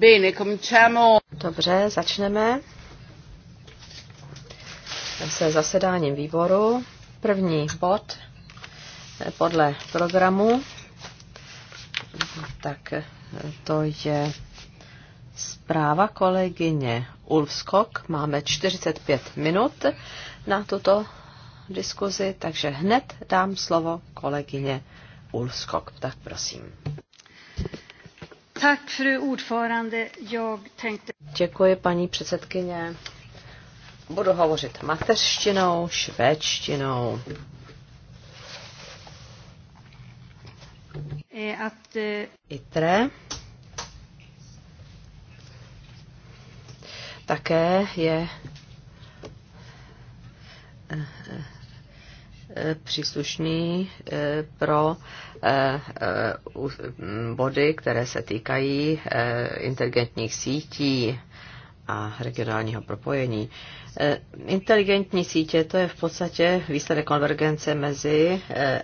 Bene, cominciamo. Dobře, začneme se zasedáním výboru. První bod podle programu, tak to je zpráva kolegyně Ulfskok. Máme 45 minut na tuto diskuzi, takže hned dám slovo kolegyně Ulfskok. Tak prosím. Tak, fru ordförande, jag tänkte... Děkuji, paní předsedkyně. Budu hovořit mateřštinou, švédštinou. Eh, att, eh- ITRE. Také je eh, příslušný eh, pro eh, body, které se týkají eh, inteligentních sítí a regionálního propojení. Eh, inteligentní sítě, to je v podstatě výsledek konvergence mezi eh,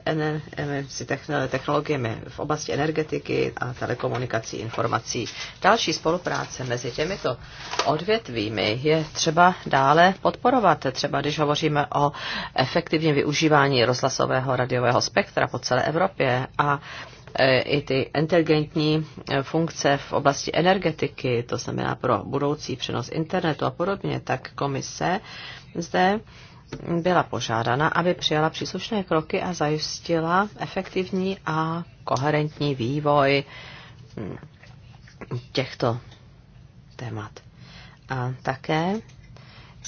eh, technologiemi v oblasti energetiky a telekomunikací informací. Další spolupráce mezi těmito odvětvími je třeba dále podporovat, třeba když hovoříme o efektivním využívání rozhlasového radiového spektra po celé Evropě a E, i ty inteligentní e, funkce v oblasti energetiky, to znamená pro budoucí přenos internetu a podobně, tak komise zde byla požádána, aby přijala příslušné kroky a zajistila efektivní a koherentní vývoj hm, těchto témat. A také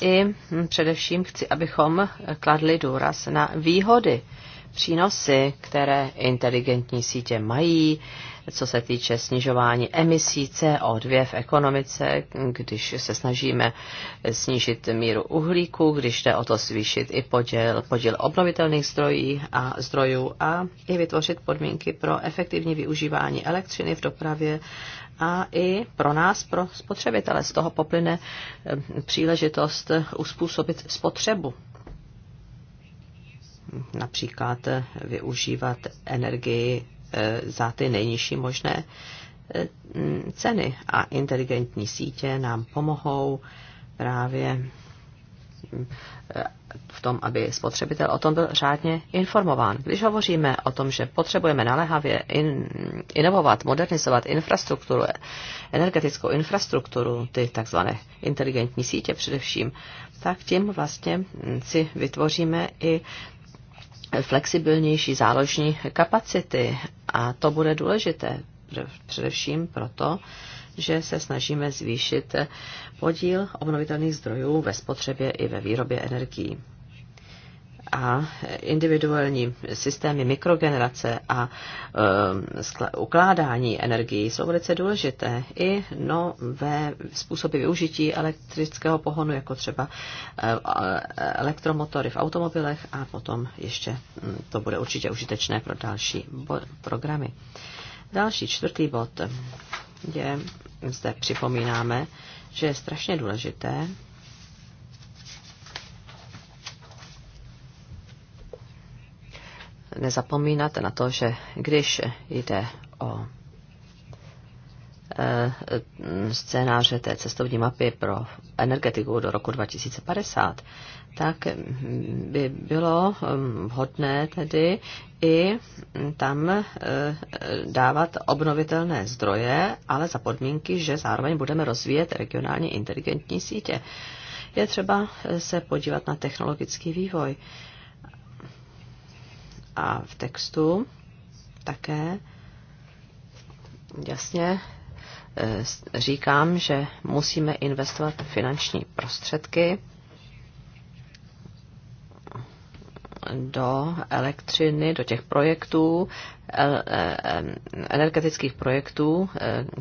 i hm, především chci, abychom kladli důraz na výhody přínosy, které inteligentní sítě mají, co se týče snižování emisí CO2 v ekonomice, když se snažíme snížit míru uhlíku, když jde o to zvýšit i podíl, podíl obnovitelných zdrojí a zdrojů a i vytvořit podmínky pro efektivní využívání elektřiny v dopravě a i pro nás, pro spotřebitele. Z toho poplyne eh, příležitost uspůsobit spotřebu například využívat energii e, za ty nejnižší možné e, ceny. A inteligentní sítě nám pomohou právě e, v tom, aby spotřebitel o tom byl řádně informován. Když hovoříme o tom, že potřebujeme naléhavě in, inovovat, modernizovat infrastrukturu, energetickou infrastrukturu, ty takzvané inteligentní sítě především, tak tím vlastně si vytvoříme i flexibilnější záložní kapacity. A to bude důležité především proto, že se snažíme zvýšit podíl obnovitelných zdrojů ve spotřebě i ve výrobě energií a individuální systémy mikrogenerace a e, ukládání energií jsou velice důležité. I nové způsoby využití elektrického pohonu, jako třeba e, e, elektromotory v automobilech a potom ještě mm, to bude určitě užitečné pro další programy. Další čtvrtý bod je, zde připomínáme, že je strašně důležité nezapomínat na to, že když jde o e, scénáře té cestovní mapy pro energetiku do roku 2050, tak by bylo mm, vhodné tedy i tam e, dávat obnovitelné zdroje, ale za podmínky, že zároveň budeme rozvíjet regionálně inteligentní sítě. Je třeba se podívat na technologický vývoj. A v textu také jasně e, říkám, že musíme investovat finanční prostředky do elektřiny, do těch projektů, e, e, energetických projektů,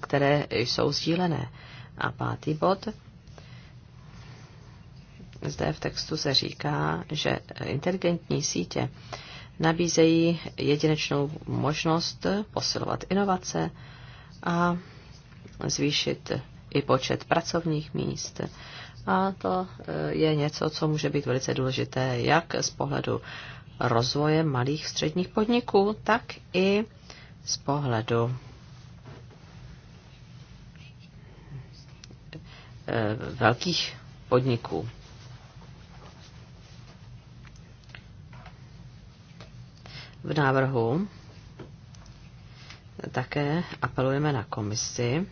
které jsou sdílené. A pátý bod. Zde v textu se říká, že inteligentní sítě nabízejí jedinečnou možnost posilovat inovace a zvýšit i počet pracovních míst. A to eh, je něco, co může být velice důležité jak z pohledu rozvoje malých středních podniků, tak i z pohledu eh, velkých podniků. V návrhu také apelujeme na komisi,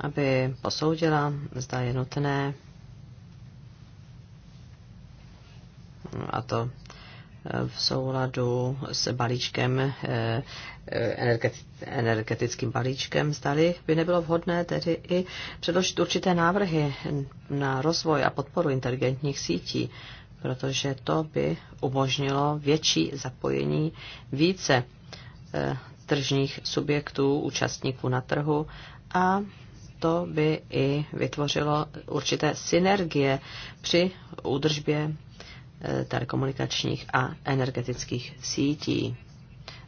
aby posoudila, zda je nutné, a to v souladu s balíčkem, eh, energetickým balíčkem, zdali by nebylo vhodné tedy i předložit určité návrhy na rozvoj a podporu inteligentních sítí protože to by umožnilo větší zapojení více eh, tržních subjektů, účastníků na trhu a to by i vytvořilo určité synergie při údržbě eh, telekomunikačních a energetických sítí.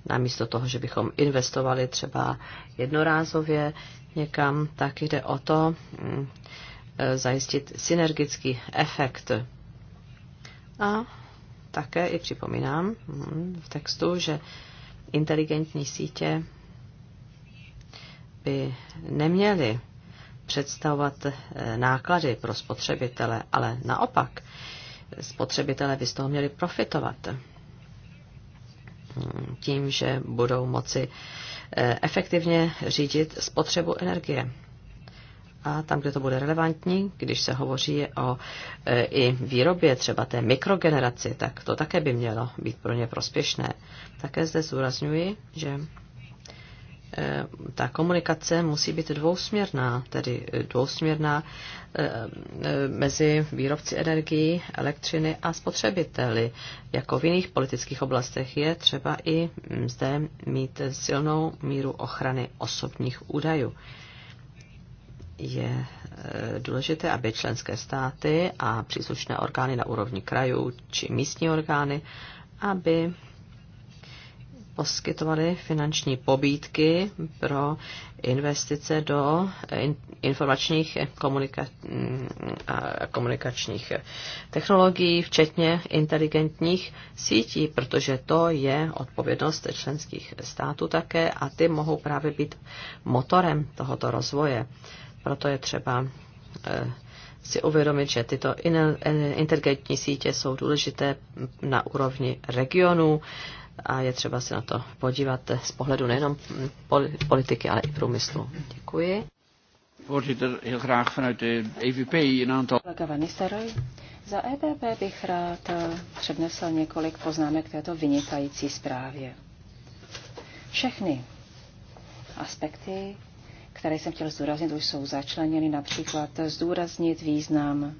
Namísto toho, že bychom investovali třeba jednorázově někam, tak jde o to mm, eh, zajistit synergický efekt a také i připomínám hm, v textu, že inteligentní sítě by neměly představovat eh, náklady pro spotřebitele, ale naopak spotřebitele by z toho měli profitovat hm, tím, že budou moci eh, efektivně řídit spotřebu energie a tam, kde to bude relevantní, když se hovoří o e, i výrobě třeba té mikrogeneraci, tak to také by mělo být pro ně prospěšné. Také zde zúraznuji, že e, ta komunikace musí být dvousměrná, tedy dvousměrná e, e, mezi výrobci energií, elektřiny a spotřebiteli. Jako v jiných politických oblastech je třeba i zde mít silnou míru ochrany osobních údajů je eh, důležité, aby členské státy a příslušné orgány na úrovni krajů či místní orgány, aby poskytovaly finanční pobídky pro investice do eh, informačních eh, komunika- mm, a komunikačních technologií, včetně inteligentních sítí, protože to je odpovědnost členských států také a ty mohou právě být motorem tohoto rozvoje. Proto je třeba eh, si uvědomit, že tyto eh, inteligentní sítě jsou důležité na úrovni regionu a je třeba se na to podívat z pohledu nejenom politiky, ale i průmyslu. Děkuji. E Za EPP bych rád eh, přednesl několik poznámek této vynikající zprávě. Všechny aspekty které jsem chtěl zdůraznit, už jsou začleněny například zdůraznit význam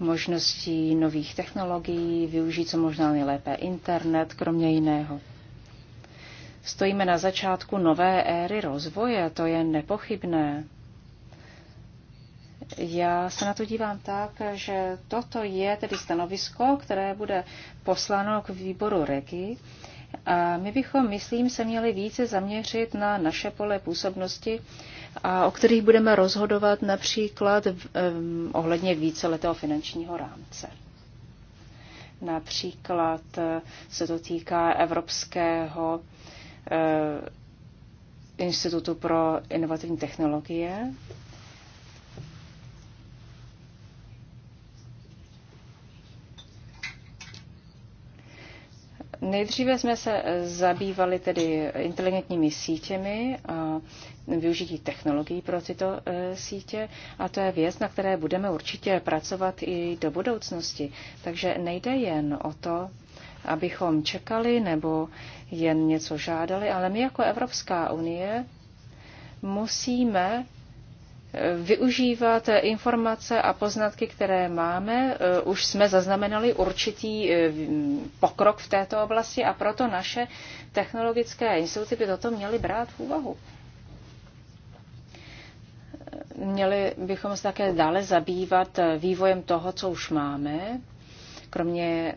možností nových technologií, využít co možná nejlépe internet, kromě jiného. Stojíme na začátku nové éry rozvoje, to je nepochybné. Já se na to dívám tak, že toto je tedy stanovisko, které bude posláno k výboru REGI a my bychom, myslím, se měli více zaměřit na naše pole působnosti, a o kterých budeme rozhodovat například v, um, ohledně víceletého finančního rámce. Například eh, se to týká Evropského uh, institutu pro inovativní technologie, Nejdříve jsme se eh, zabývali tedy inteligentními sítěmi a využití technologií pro tyto eh, sítě a to je věc, na které budeme určitě pracovat i do budoucnosti. Takže nejde jen o to, abychom čekali nebo jen něco žádali, ale my jako Evropská unie musíme využívat informace a poznatky, které máme. Eh, už jsme zaznamenali určitý eh, pokrok v této oblasti a proto naše technologické instituty by toto měly brát v úvahu. Eh, měli bychom se také dále zabývat vývojem toho, co už máme, kromě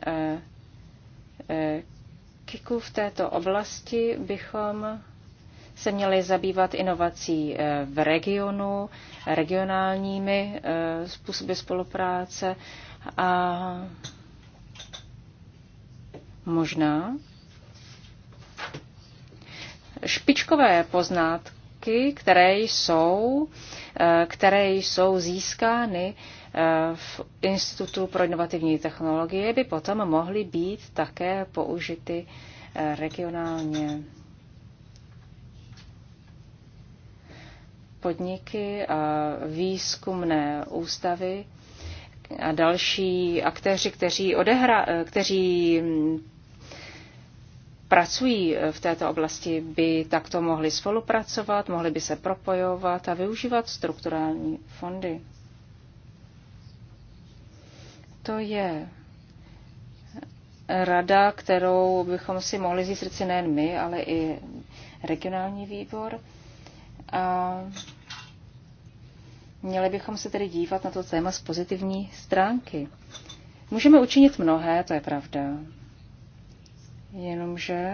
kiku v této oblasti bychom se měly zabývat inovací eh, v regionu, regionálními eh, způsoby spolupráce a možná špičkové poznátky, které jsou, eh, které jsou získány v Institutu pro inovativní technologie, by potom mohly být také použity regionálně. podniky a výzkumné ústavy a další aktéři, kteří, odehra, kteří pracují v této oblasti, by takto mohli spolupracovat, mohli by se propojovat a využívat strukturální fondy. To je rada, kterou bychom si mohli zjistit nejen my, ale i regionální výbor. A měli bychom se tedy dívat na to téma z pozitivní stránky. Můžeme učinit mnohé, to je pravda. Jenomže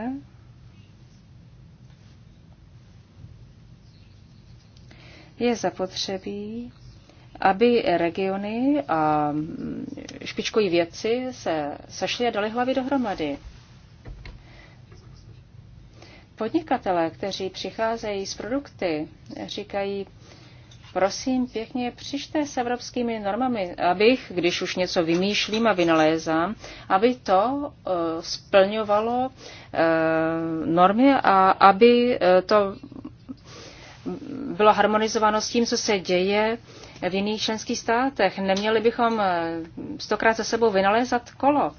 je zapotřebí, aby regiony a špičkoví vědci se sešli a dali hlavy dohromady. Podnikatelé, kteří přicházejí s produkty, říkají, prosím pěkně, přište s evropskými normami, abych, když už něco vymýšlím a vynalézám, aby to uh, splňovalo uh, normy a aby uh, to bylo harmonizováno s tím, co se děje v jiných členských státech. Neměli bychom stokrát za sebou vynalézat kolo.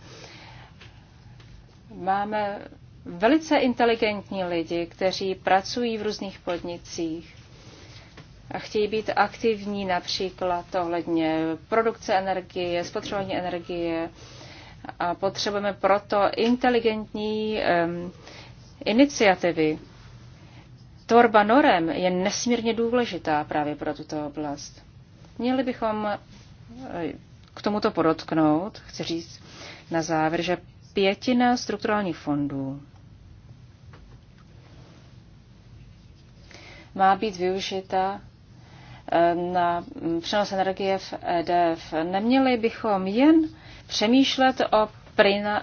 Máme velice inteligentní lidi, kteří pracují v různých podnicích a chtějí být aktivní například ohledně produkce energie, spotřebování energie. A potřebujeme proto inteligentní um, iniciativy. Tvorba norem je nesmírně důležitá právě pro tuto oblast. Měli bychom e, k tomuto podotknout, chci říct na závěr, že pětina strukturálních fondů má být využita eh, na mm, přenos energie v EDF. Neměli bychom jen přemýšlet o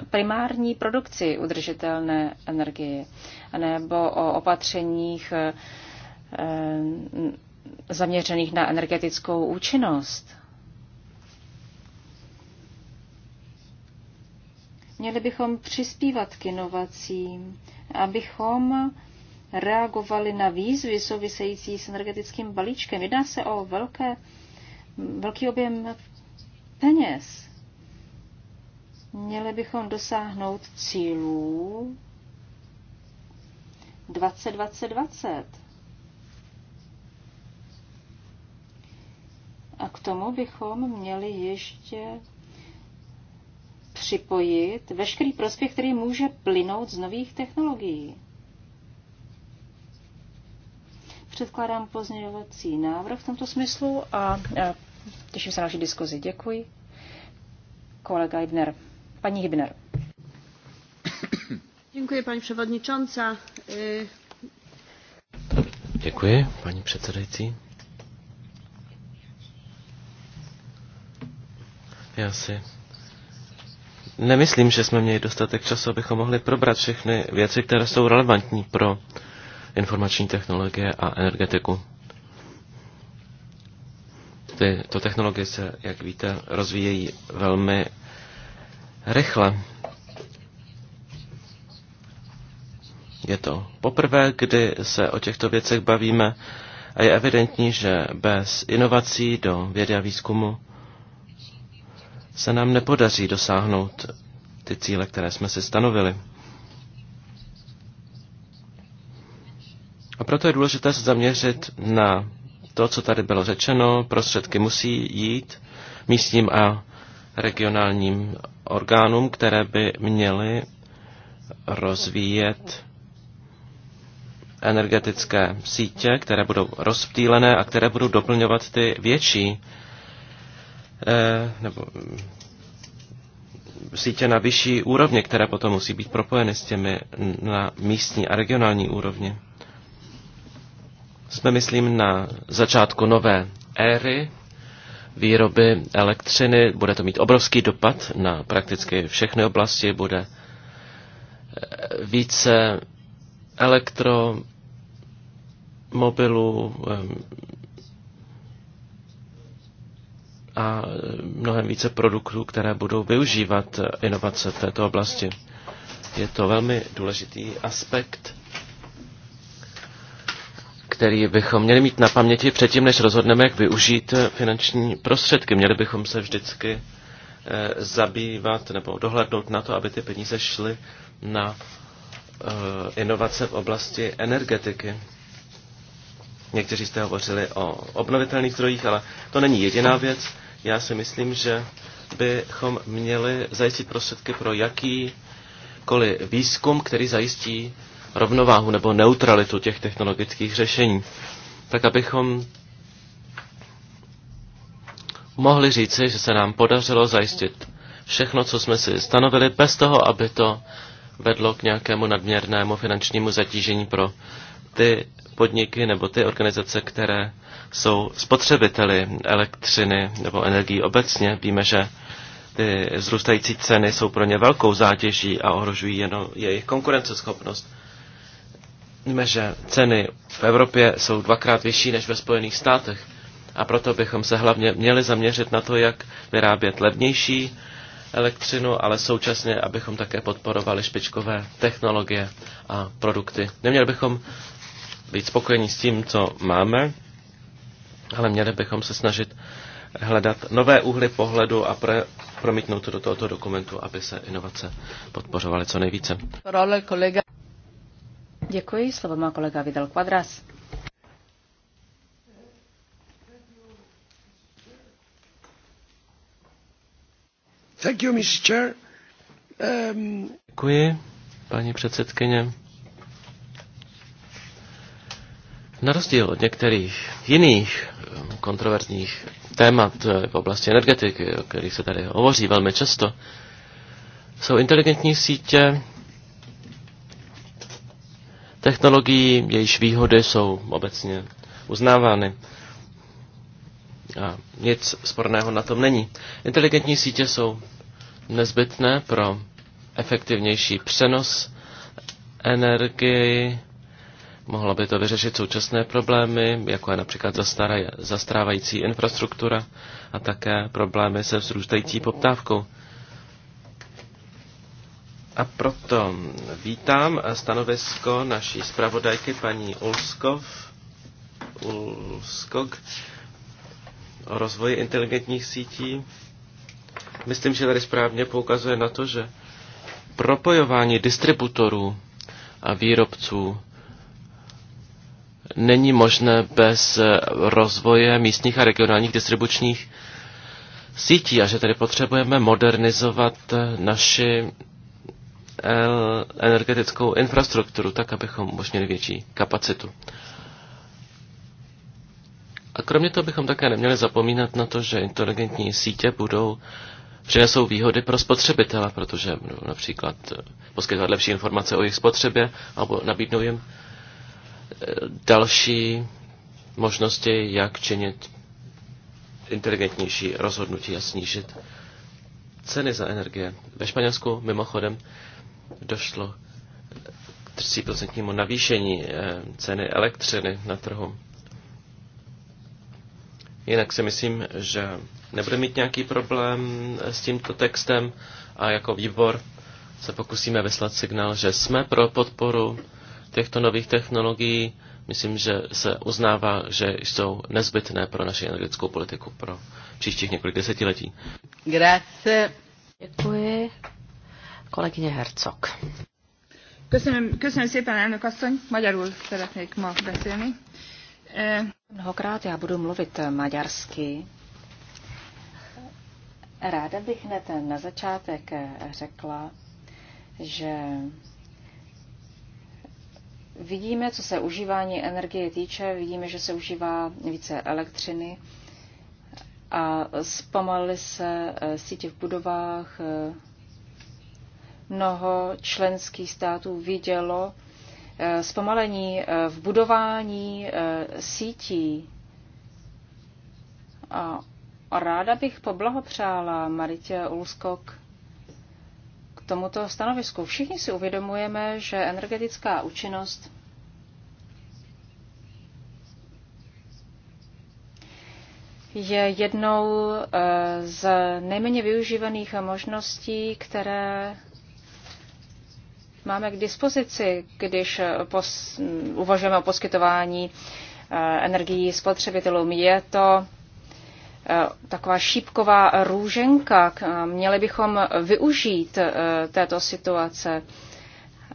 primární produkci udržitelné energie nebo o opatřeních eh, mm, zaměřených na energetickou účinnost. Měli bychom přispívat k inovacím, abychom reagovali na výzvy související s energetickým balíčkem. Jedná se o velké, velký objem peněz. Měli bychom dosáhnout cílů 2020 A k tomu bychom měli ještě připojit veškerý prospěch, který může plynout z nových technologií. Předkládám pozměňovací návrh v tomto smyslu a těším se na naši diskuzi. Děkuji. Kolega Hibner. Paní Hibner. Děkuji, paní převodničonca. Děkuji, paní předsedající. Já si nemyslím, že jsme měli dostatek času, abychom mohli probrat všechny věci, které jsou relevantní pro informační technologie a energetiku. Tyto technologie se, jak víte, rozvíjejí velmi rychle. Je to poprvé, kdy se o těchto věcech bavíme a je evidentní, že bez inovací do vědy a výzkumu se nám nepodaří dosáhnout ty cíle, které jsme si stanovili. A proto je důležité se zaměřit na to, co tady bylo řečeno. Prostředky musí jít místním a regionálním orgánům, které by měly rozvíjet energetické sítě, které budou rozptýlené a které budou doplňovat ty větší eh, nebo mm, sítě na vyšší úrovni, které potom musí být propojeny s těmi na místní a regionální úrovni. Jsme, myslím, na začátku nové éry výroby elektřiny. Bude to mít obrovský dopad na prakticky všechny oblasti. Bude eh, více elektromobilů eh, a mnohem více produktů, které budou využívat inovace v této oblasti. Je to velmi důležitý aspekt který bychom měli mít na paměti předtím, než rozhodneme, jak využít eh, finanční prostředky. Měli bychom se vždycky eh, zabývat nebo dohlednout na to, aby ty peníze šly na eh, inovace v oblasti energetiky. Někteří jste hovořili o obnovitelných zdrojích, ale to není jediná věc. Já si myslím, že bychom měli zajistit prostředky pro jakýkoliv výzkum, který zajistí rovnováhu nebo neutralitu těch technologických řešení, tak abychom mohli říci, že se nám podařilo zajistit všechno, co jsme si stanovili, bez toho, aby to vedlo k nějakému nadměrnému finančnímu zatížení pro ty podniky nebo ty organizace, které jsou spotřebiteli elektřiny nebo energii obecně. Víme, že ty zrůstající ceny jsou pro ně velkou zátěží a ohrožují jenom jejich konkurenceschopnost. Víme, že ceny v Evropě jsou dvakrát vyšší než ve Spojených státech a proto bychom se hlavně měli zaměřit na to, jak vyrábět levnější elektřinu, ale současně, abychom také podporovali špičkové technologie a produkty. Neměli bychom být spokojení s tím, co máme, ale měli bychom se snažit hledat nové úhly pohledu a pro, promítnout to do tohoto dokumentu, aby se inovace podpořovaly co nejvíce. Role kolega. Děkuji. Slovo má kolega Vidal Quadras. Thank you, Mr. Chair. Um... Děkuji, paní předsedkyně. Na rozdíl od některých jiných um, kontroverzních témat eh, v oblasti energetiky, o kterých se tady hovoří velmi často, jsou inteligentní sítě technologií, jejíž výhody jsou obecně uznávány. A nic sporného na tom není. Inteligentní sítě jsou nezbytné pro efektivnější přenos energii, mohlo by to vyřešit současné problémy, jako je například zastarávající zastrávající infrastruktura a také problémy se vzrůstající poptávkou. A proto vítám stanovisko naší zpravodajky paní Ulskov, Ulskog o rozvoji inteligentních sítí. Myslím, že tady správně poukazuje na to, že propojování distributorů a výrobců není možné bez rozvoje místních a regionálních distribučních sítí a že tedy potřebujeme modernizovat naši energetickou infrastrukturu, tak abychom umožnili větší kapacitu. A kromě toho bychom také neměli zapomínat na to, že inteligentní sítě budou přinesou výhody pro spotřebitele, protože například eh, poskytovat lepší informace o jejich spotřebě nebo nabídnou jim eh, další možnosti, jak činit inteligentnější rozhodnutí a snížit ceny za energie. Ve Španělsku mimochodem došlo k 30% navýšení eh, ceny elektřiny na trhu. Jinak si myslím, že nebude mít nějaký problém eh, s tímto textem a jako výbor se pokusíme vyslat signál, že jsme pro podporu těchto nových technologií. Myslím, že se uznává, že jsou nezbytné pro naši energetickou politiku pro příštích několik desetiletí. Grazie. Děkuji. Kolegyně Hercog. Köszönöm, köszönöm szépen, elnök asszony. Magyarul szeretnék ma beszélni. E, Mnohokrát já budu mluvit maďarsky. Ráda bych hned na začátek řekla, že vidíme, co se užívání energie týče, vidíme, že se užívá více elektřiny a zpomalily se e, sítě v budovách, e, Mnoho členských států vidělo eh, zpomalení eh, v budování eh, sítí. A ráda bych poblahopřála Maritě Ulskok k tomuto stanovisku. Všichni si uvědomujeme, že energetická účinnost je jednou z nejméně využívaných možností, které máme k dispozici, když pos, uvažujeme o poskytování eh, energií spotřebitelům. Je to eh, taková šípková růženka. Eh, měli bychom využít této situace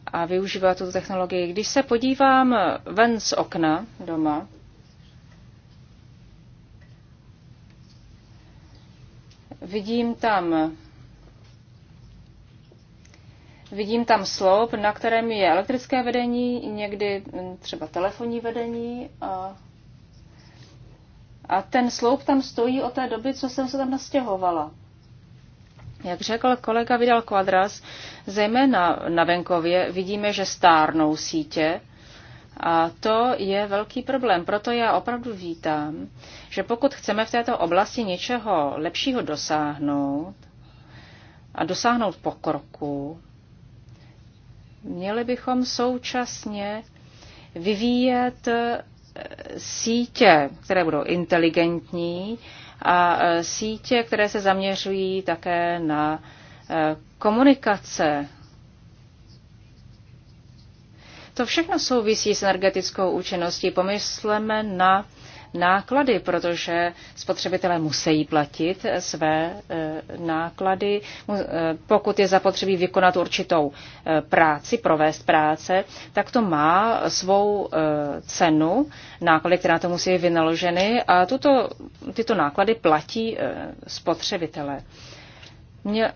a využívat tuto technologii. Když se podívám ven z okna doma, vidím tam Vidím tam sloup, na kterém je elektrické vedení, někdy hm, třeba telefonní vedení a, a ten sloup tam stojí od té doby, co jsem se tam nastěhovala. Jak řekl kolega Vidal Quadras, zejména na venkově vidíme, že stárnou sítě a to je velký problém. Proto já opravdu vítám, že pokud chceme v této oblasti něčeho lepšího dosáhnout a dosáhnout pokroku, Měli bychom současně vyvíjet eh, sítě, které budou inteligentní a eh, sítě, které se zaměřují také na eh, komunikace. To všechno souvisí s energetickou účinností. Pomysleme na náklady, protože spotřebitelé musí platit eh, své eh, náklady. Eh, pokud je zapotřebí vykonat určitou práci, provést práce, tak to má svou cenu, náklady, která to musí být vynaloženy a tuto, tyto náklady platí spotřebitelé. Mě,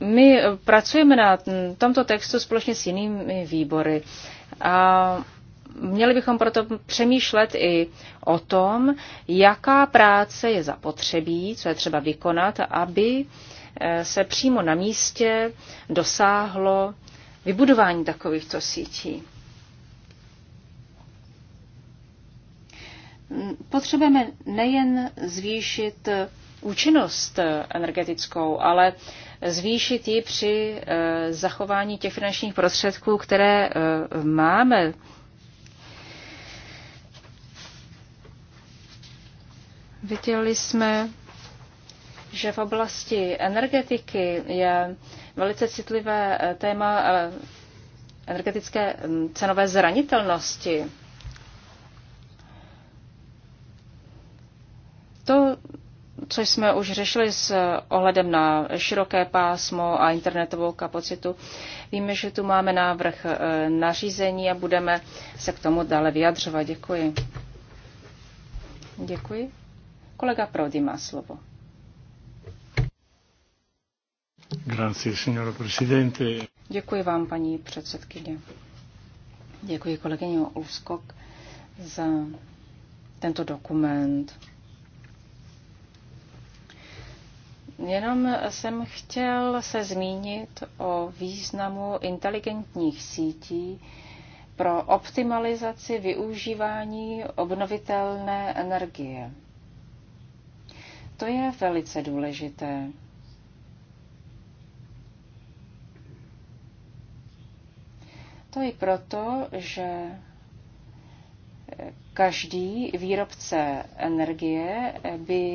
my pracujeme na mm, tomto textu společně s jinými výbory a Měli bychom proto přemýšlet i o tom, jaká práce je zapotřebí, co je třeba vykonat, aby eh, se přímo na místě dosáhlo vybudování takovýchto sítí. Potřebujeme nejen zvýšit účinnost energetickou, ale zvýšit ji při eh, zachování těch finančních prostředků, které eh, máme Viděli jsme, že v oblasti energetiky je velice citlivé eh, téma eh, energetické hm, cenové zranitelnosti. To, co jsme už řešili s eh, ohledem na široké pásmo a internetovou kapacitu, víme, že tu máme návrh nařízení a budeme se k tomu dále vyjadřovat. Děkuji. Děkuji. Kolega Prodi má slovo. Děkuji vám, paní předsedkyně. Děkuji kolegyně Úskok za tento dokument. Jenom jsem chtěl se zmínit o významu inteligentních sítí pro optimalizaci využívání obnovitelné energie. To je velice důležité. To i proto, že každý výrobce energie by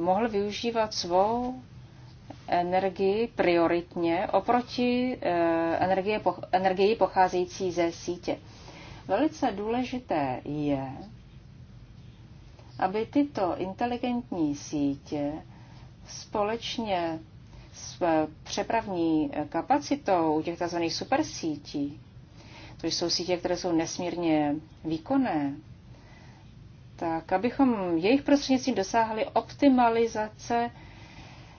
mohl využívat svou energii prioritně oproti eh, energii pocházející ze sítě. Velice důležité je, aby tyto inteligentní sítě společně s přepravní kapacitou těch tzv. supersítí, to jsou sítě, které jsou nesmírně výkonné, tak abychom jejich prostřednictvím dosáhli optimalizace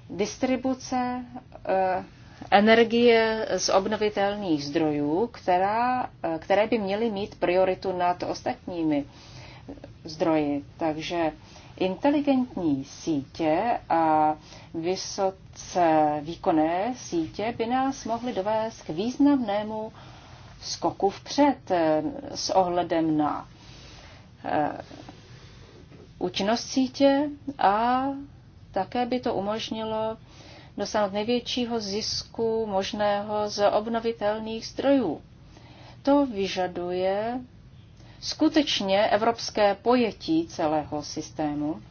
distribuce eh, energie z obnovitelných zdrojů, která, eh, které by měly mít prioritu nad ostatními zdroji. Takže inteligentní sítě a vysoce výkonné sítě by nás mohly dovést k významnému skoku vpřed eh, s ohledem na eh, účinnost sítě a také by to umožnilo dosáhnout největšího zisku možného z obnovitelných zdrojů. To vyžaduje skutečně evropské pojetí celého systému.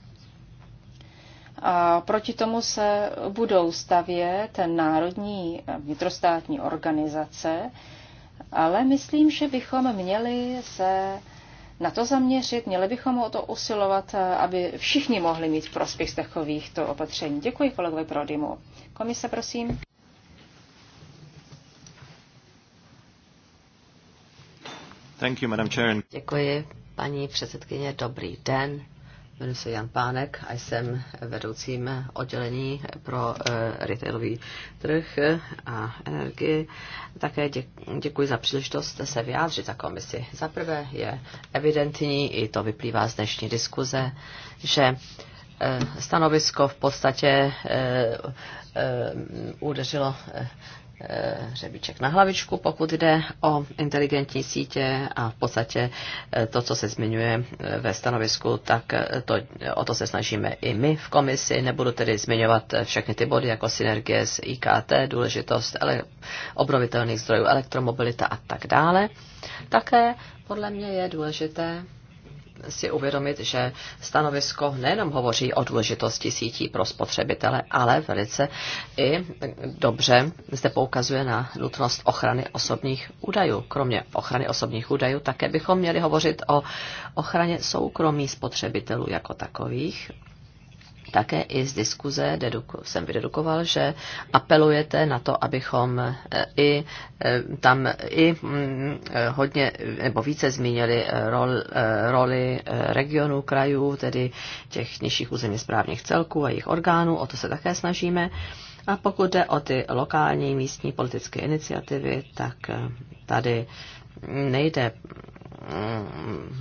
A proti tomu se budou stavět národní vnitrostátní organizace, ale myslím, že bychom měli se na to zaměřit, měli bychom o to usilovat, aby všichni mohli mít prospěch z takovýchto opatření. Děkuji kolegovi Prodimu. Komise, prosím. Thank you, Madam Chair. Děkuji, paní předsedkyně. Dobrý den. Jmenuji se Jan Pánek a jsem vedoucím oddělení pro eh, retailový trh a energii. Také děkuji za příležitost se vyjádřit za komisi. Za prvé je evidentní, i to vyplývá z dnešní diskuze, že eh, stanovisko v podstatě eh, udeřilo Eh, hřebíček na hlavičku, pokud jde o inteligentní sítě a v podstatě eh, to, co se zmiňuje eh, ve stanovisku, tak to, o to se snažíme i my v komisi. Nebudu tedy zmiňovat všechny ty body jako synergie s IKT, důležitost ele- obnovitelných zdrojů, elektromobilita a tak dále. Také podle mě je důležité si uvědomit, že stanovisko nejenom hovoří o důležitosti sítí pro spotřebitele, ale velice i dobře zde poukazuje na nutnost ochrany osobních údajů. Kromě ochrany osobních údajů také bychom měli hovořit o ochraně soukromí spotřebitelů jako takových také i z diskuze jsem vydedukoval, že apelujete na to, abychom e, i e, tam i mm, e, hodně nebo více zmínili rol, roli regionů, krajů, tedy těch nižších územně správních celků a jejich orgánů, o to se také snažíme. A pokud jde o ty lokální místní politické iniciativy, tak tady nejde mm,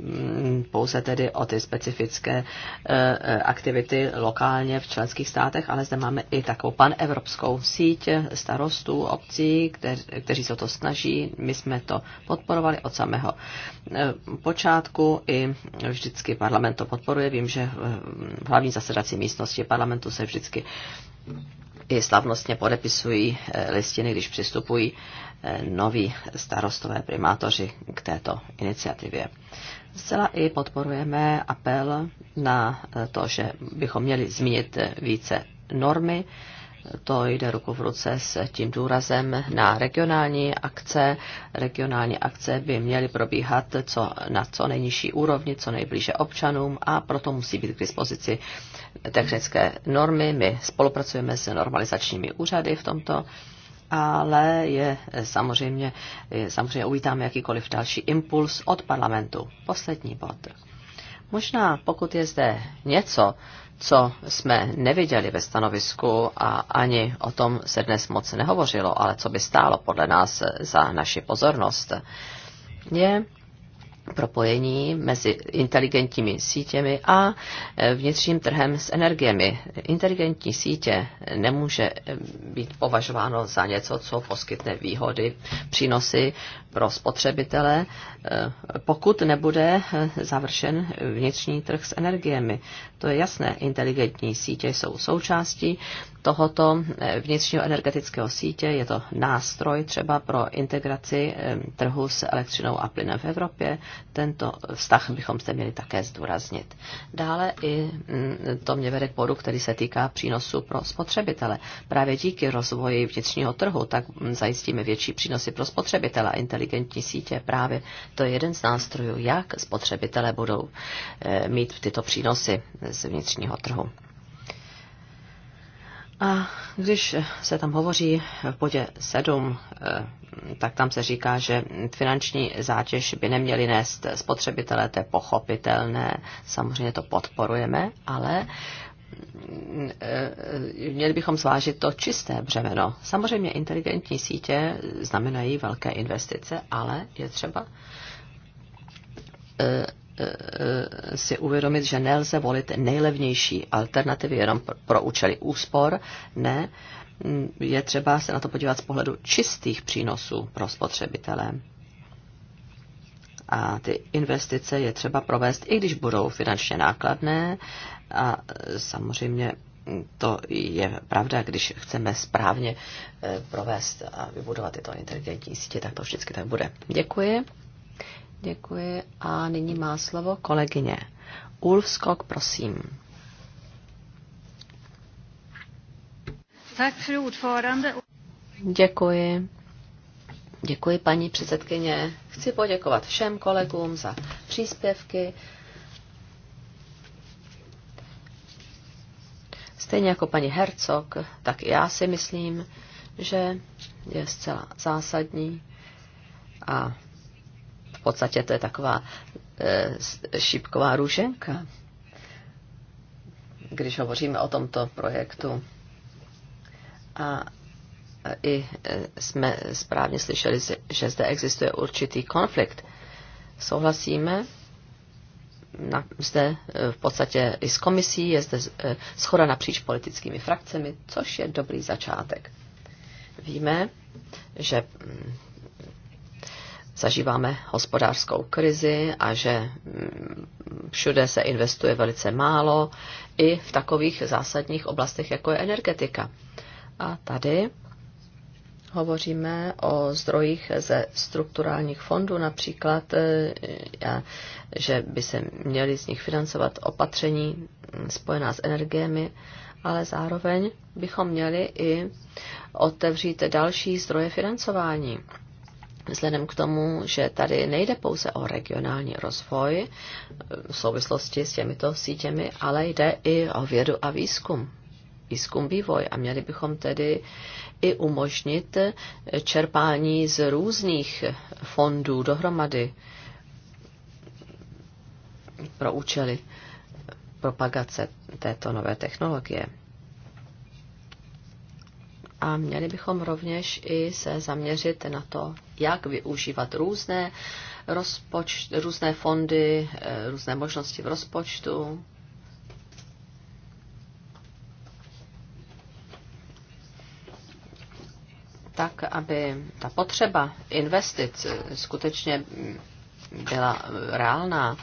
Mm, pouze tedy o ty specifické eh, eh, aktivity lokálně v členských státech, ale zde máme i takovou panevropskou síť starostů, obcí, kteří se to snaží. My jsme to podporovali od samého eh, počátku i vždycky parlament to podporuje. Vím, že v hlavní zasedací místnosti parlamentu se vždycky i slavnostně podepisují listiny, když přistupují noví starostové primátoři k této iniciativě. Zcela i podporujeme apel na to, že bychom měli zmínit více normy. To jde ruku v ruce s tím důrazem na regionální akce. Regionální akce by měly probíhat co, na co nejnižší úrovni, co nejblíže občanům a proto musí být k dispozici technické normy. My spolupracujeme s normalizačními úřady v tomto ale je eh, samozřejmě, je samozřejmě uvítám jakýkoliv další impuls od parlamentu. Poslední bod. Možná pokud je zde něco, co jsme neviděli ve stanovisku a ani o tom se dnes moc nehovořilo, ale co by stálo podle nás za naši pozornost, je propojení mezi inteligentními sítěmi a e, vnitřním trhem s energiemi. Inteligentní sítě nemůže e, být považováno za něco, co poskytne výhody, přínosy pro spotřebitele, e, pokud nebude završen vnitřní trh s energiemi. To je jasné, inteligentní sítě jsou součástí tohoto eh, vnitřního energetického sítě. Je to nástroj třeba pro integraci eh, trhu s elektřinou a plynem v Evropě. Tento vztah bychom se měli také zdůraznit. Dále i mm, to mě vede k bodu, který se týká přínosu pro spotřebitele. Právě díky rozvoji vnitřního trhu tak mm, zajistíme větší přínosy pro spotřebitele a inteligentní sítě. Právě to je jeden z nástrojů, jak spotřebitele budou eh, mít tyto přínosy z vnitřního trhu. A když se tam hovoří v bodě 7, eh, tak tam se říká, že finanční zátěž by neměli nést spotřebitelé, to je pochopitelné, samozřejmě to podporujeme, ale eh, měli bychom zvážit to čisté břemeno. Samozřejmě inteligentní sítě znamenají velké investice, ale je třeba eh, Eh, si uvědomit, že nelze volit nejlevnější alternativy jenom pro účely úspor. Ne, mm, je třeba se na to podívat z pohledu čistých přínosů pro spotřebitele. A ty investice je třeba provést, i když budou finančně nákladné. A samozřejmě to je pravda, když chceme správně eh, provést a vybudovat tyto inteligentní sítě, tak to vždycky tak bude. Děkuji. Děkuji a nyní má slovo kolegyně. Ulf Skok, prosím. Tak, Děkuji. Děkuji, paní předsedkyně. Chci poděkovat všem kolegům za příspěvky. Stejně jako paní Hercog, tak i já si myslím, že je zcela zásadní a podstatě to je taková e, šipková růženka, když hovoříme o tomto projektu. A i e, jsme správně slyšeli, že zde existuje určitý konflikt. Souhlasíme na, zde e, v podstatě i s komisí, je zde schoda napříč politickými frakcemi, což je dobrý začátek. Víme, že mm, zažíváme hospodářskou krizi a že mm, všude se investuje velice málo, i v takových zásadních oblastech, jako je energetika. A tady hovoříme o zdrojích ze strukturálních fondů, například, e, že by se měly z nich financovat opatření mm, spojená s energiemi, ale zároveň bychom měli i otevřít další zdroje financování Vzhledem k tomu, že tady nejde pouze o regionální rozvoj eh, v souvislosti s těmito sítěmi, ale jde i o vědu a výzkum, výzkum vývoj. A měli bychom tedy i umožnit eh, čerpání z různých fondů dohromady pro účely propagace této nové technologie a měli bychom rovněž i se zaměřit na to, jak využívat různé, rozpoč, různé fondy, eh, různé možnosti v rozpočtu. Tak, aby ta potřeba investic skutečně byla reálná.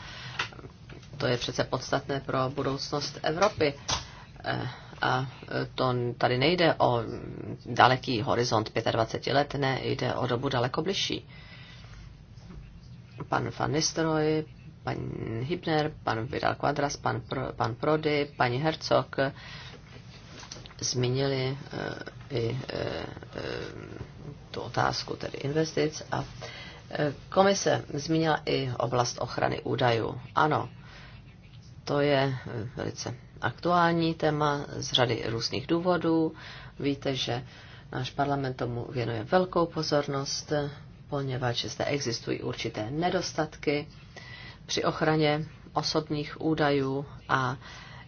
To je přece podstatné pro budoucnost Evropy eh, a e, to tady nejde o daleký horizont 25 let, ne, jde o dobu daleko bližší. Pan Van Nistelrooy, pan Hibner, pan Vidal Quadras, pan, Pro, pan Prody, paní Herzog zmínili e, i e, tu otázku tedy investic a komise zmínila i oblast ochrany údajů. Ano, to je velice aktuální téma z řady různých důvodů. Víte, že náš parlament tomu věnuje velkou pozornost, poněvadž zde existují určité nedostatky při ochraně osobních údajů a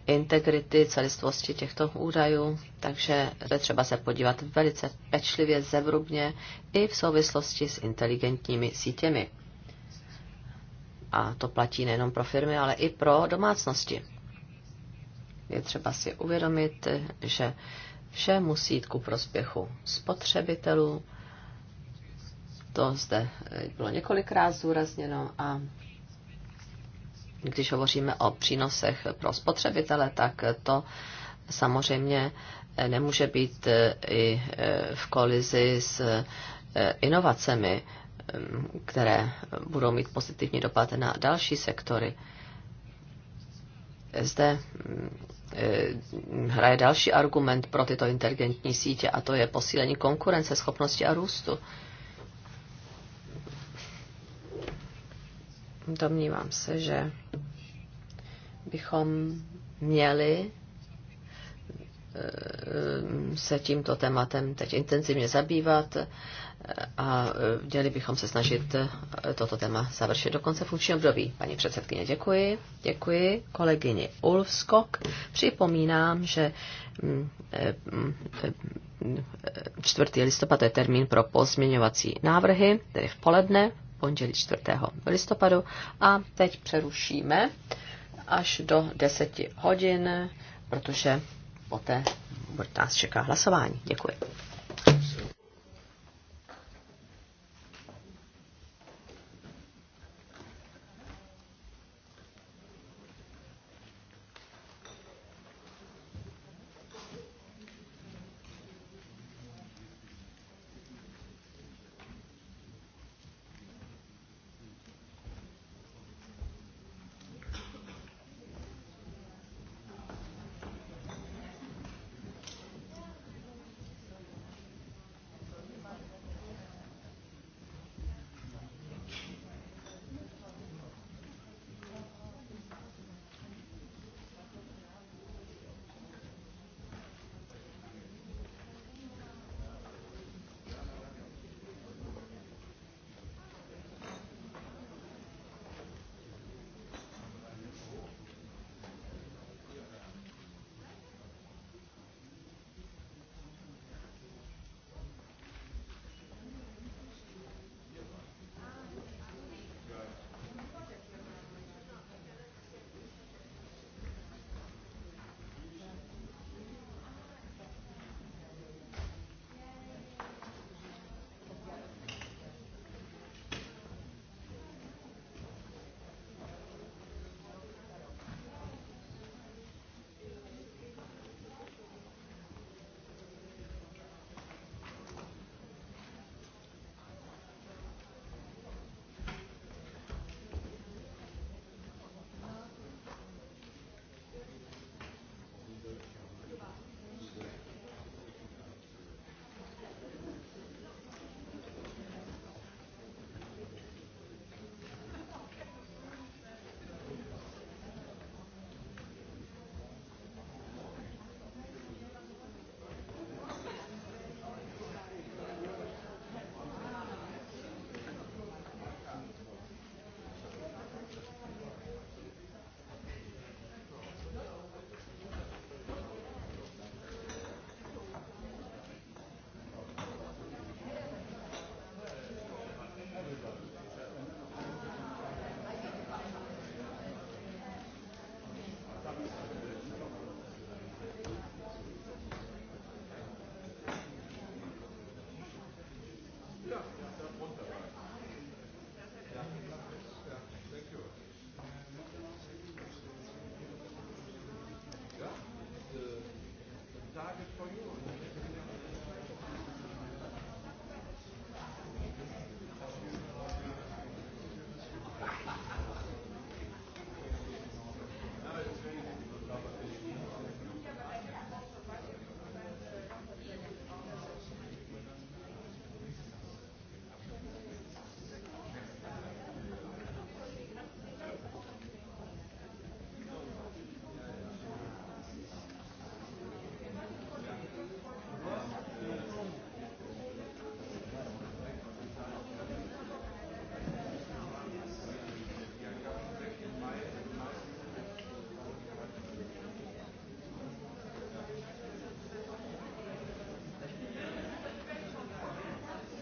integrity, celistvosti těchto údajů, takže je třeba se podívat velice pečlivě, zevrubně i v souvislosti s inteligentními sítěmi. A to platí nejenom pro firmy, ale i pro domácnosti je třeba si uvědomit, že vše musí jít ku prospěchu spotřebitelů. To zde bylo několikrát zúrazněno a když hovoříme o přínosech pro spotřebitele, tak to samozřejmě nemůže být i v kolizi s inovacemi, které budou mít pozitivní dopad na další sektory. Zde Eh, hraje další argument pro tyto inteligentní sítě a to je posílení konkurence, schopnosti a růstu. Domnívám se, že bychom měli eh, se tímto tématem teď intenzivně zabývat a e, měli bychom se snažit e, toto téma završit do konce funkčního období. Paní předsedkyně, děkuji. Děkuji kolegyni Ulfskok. Připomínám, že 4. Mm, e, mm, mm, listopad je termín pro pozměňovací návrhy, tedy v poledne, pondělí 4. listopadu. A teď přerušíme až do 10 hodin, protože poté nás čeká hlasování. Děkuji.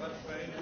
Perfeito.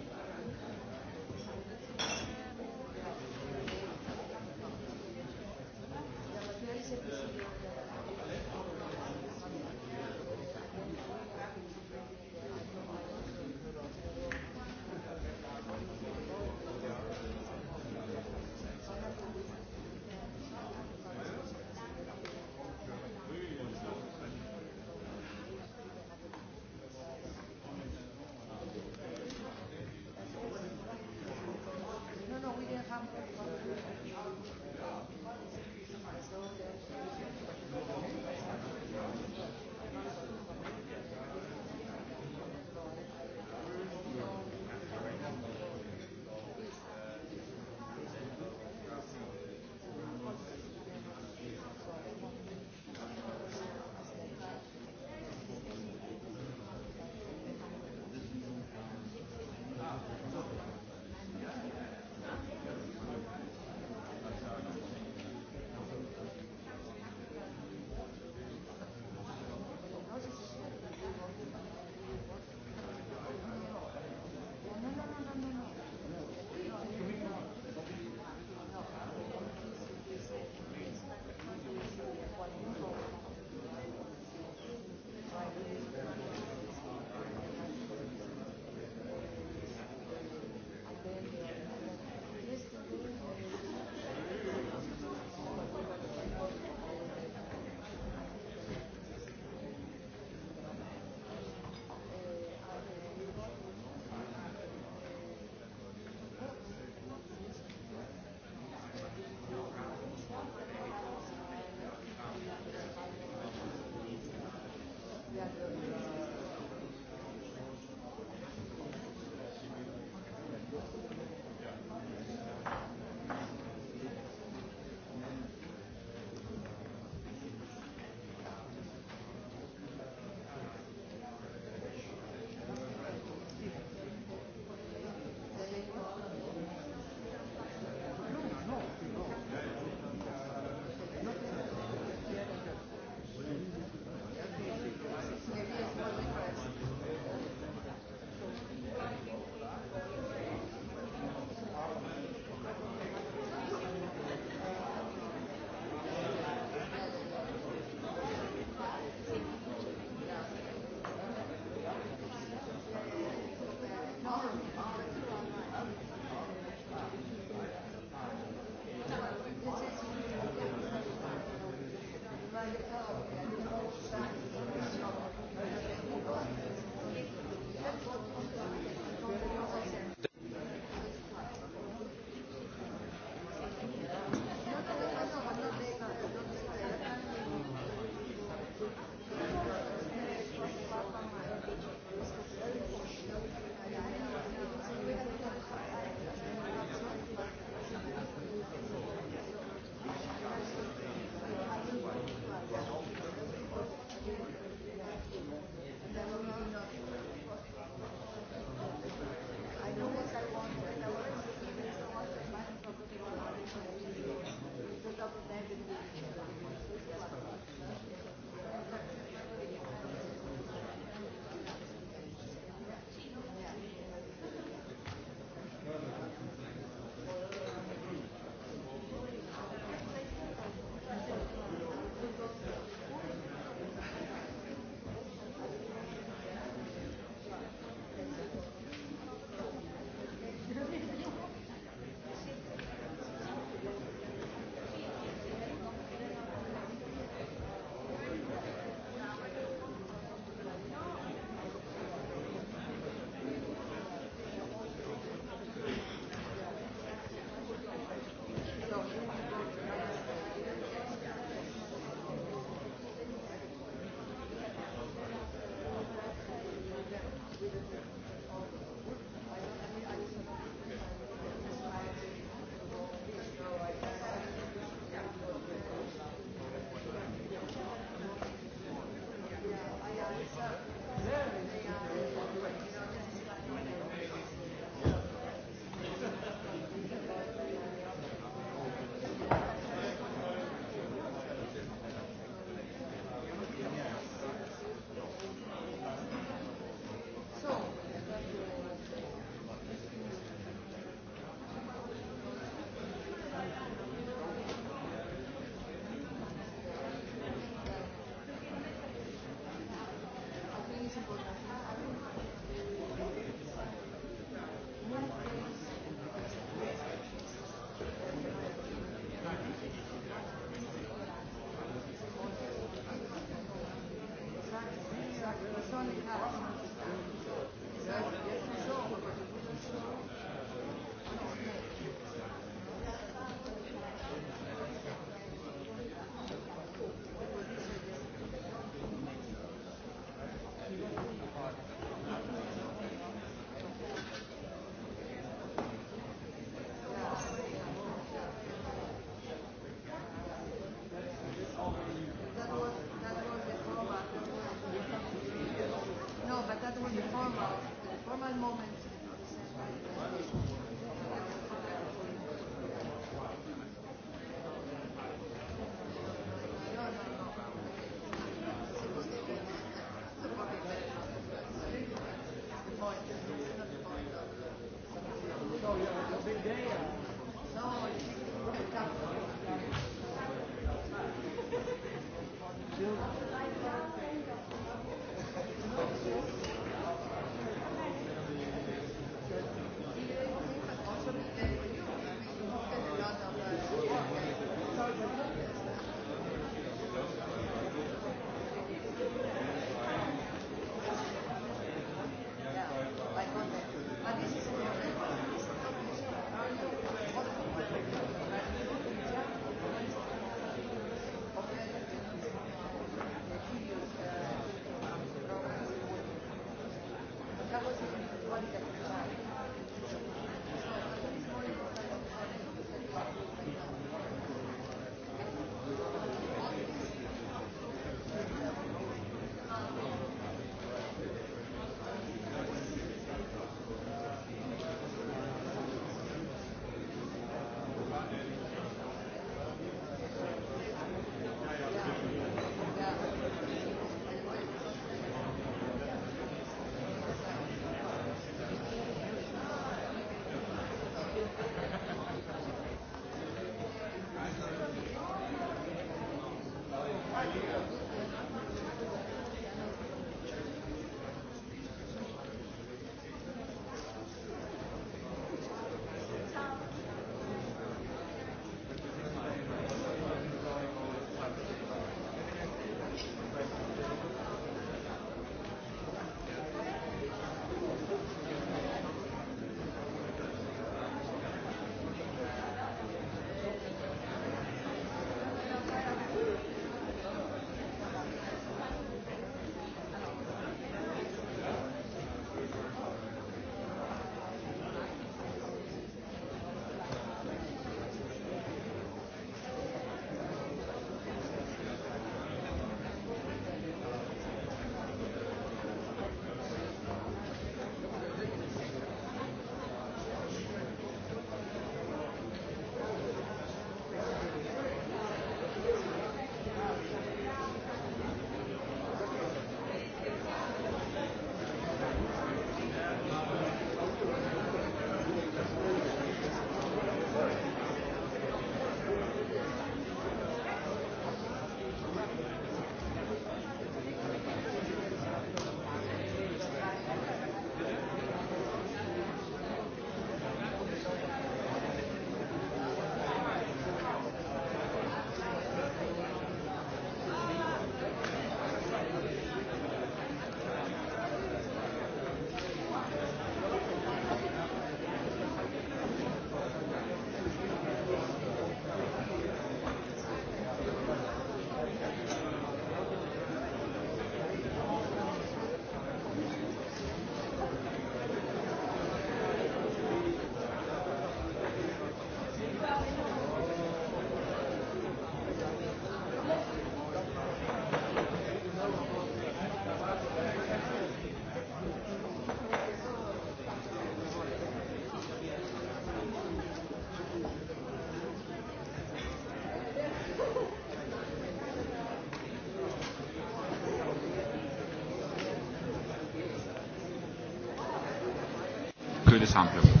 senso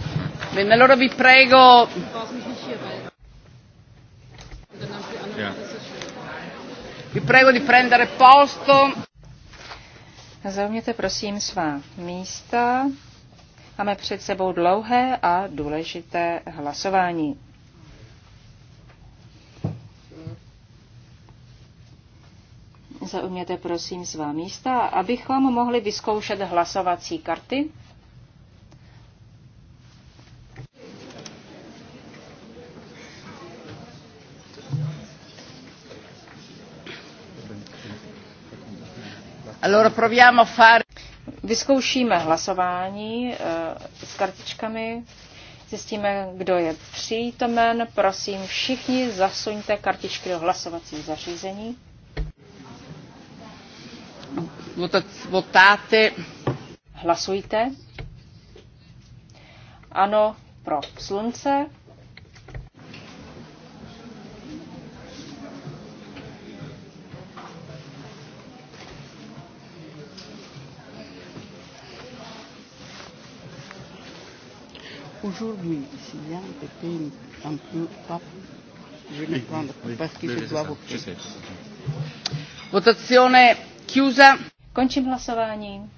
Bene, allora vi prego. Vi prego di prendere posto. Zaujměte prosím svá místa. Máme před sebou dlouhé a důležité hlasování. Zaujměte prosím svá místa, abychom mohli vyzkoušet hlasovací karty. proviamo fare... Vyzkoušíme hlasování eh, s kartičkami, zjistíme, kdo je přítomen. Prosím, všichni zasuňte kartičky do hlasovacích zařízení. Votáte. Hlasujte. Ano, pro slunce. aujourd'hui, s'il y a un côté un peu pas, je vais oui, oui, parce que oui, je dois vous. voter. Votazione chiusa. Končím hlasování.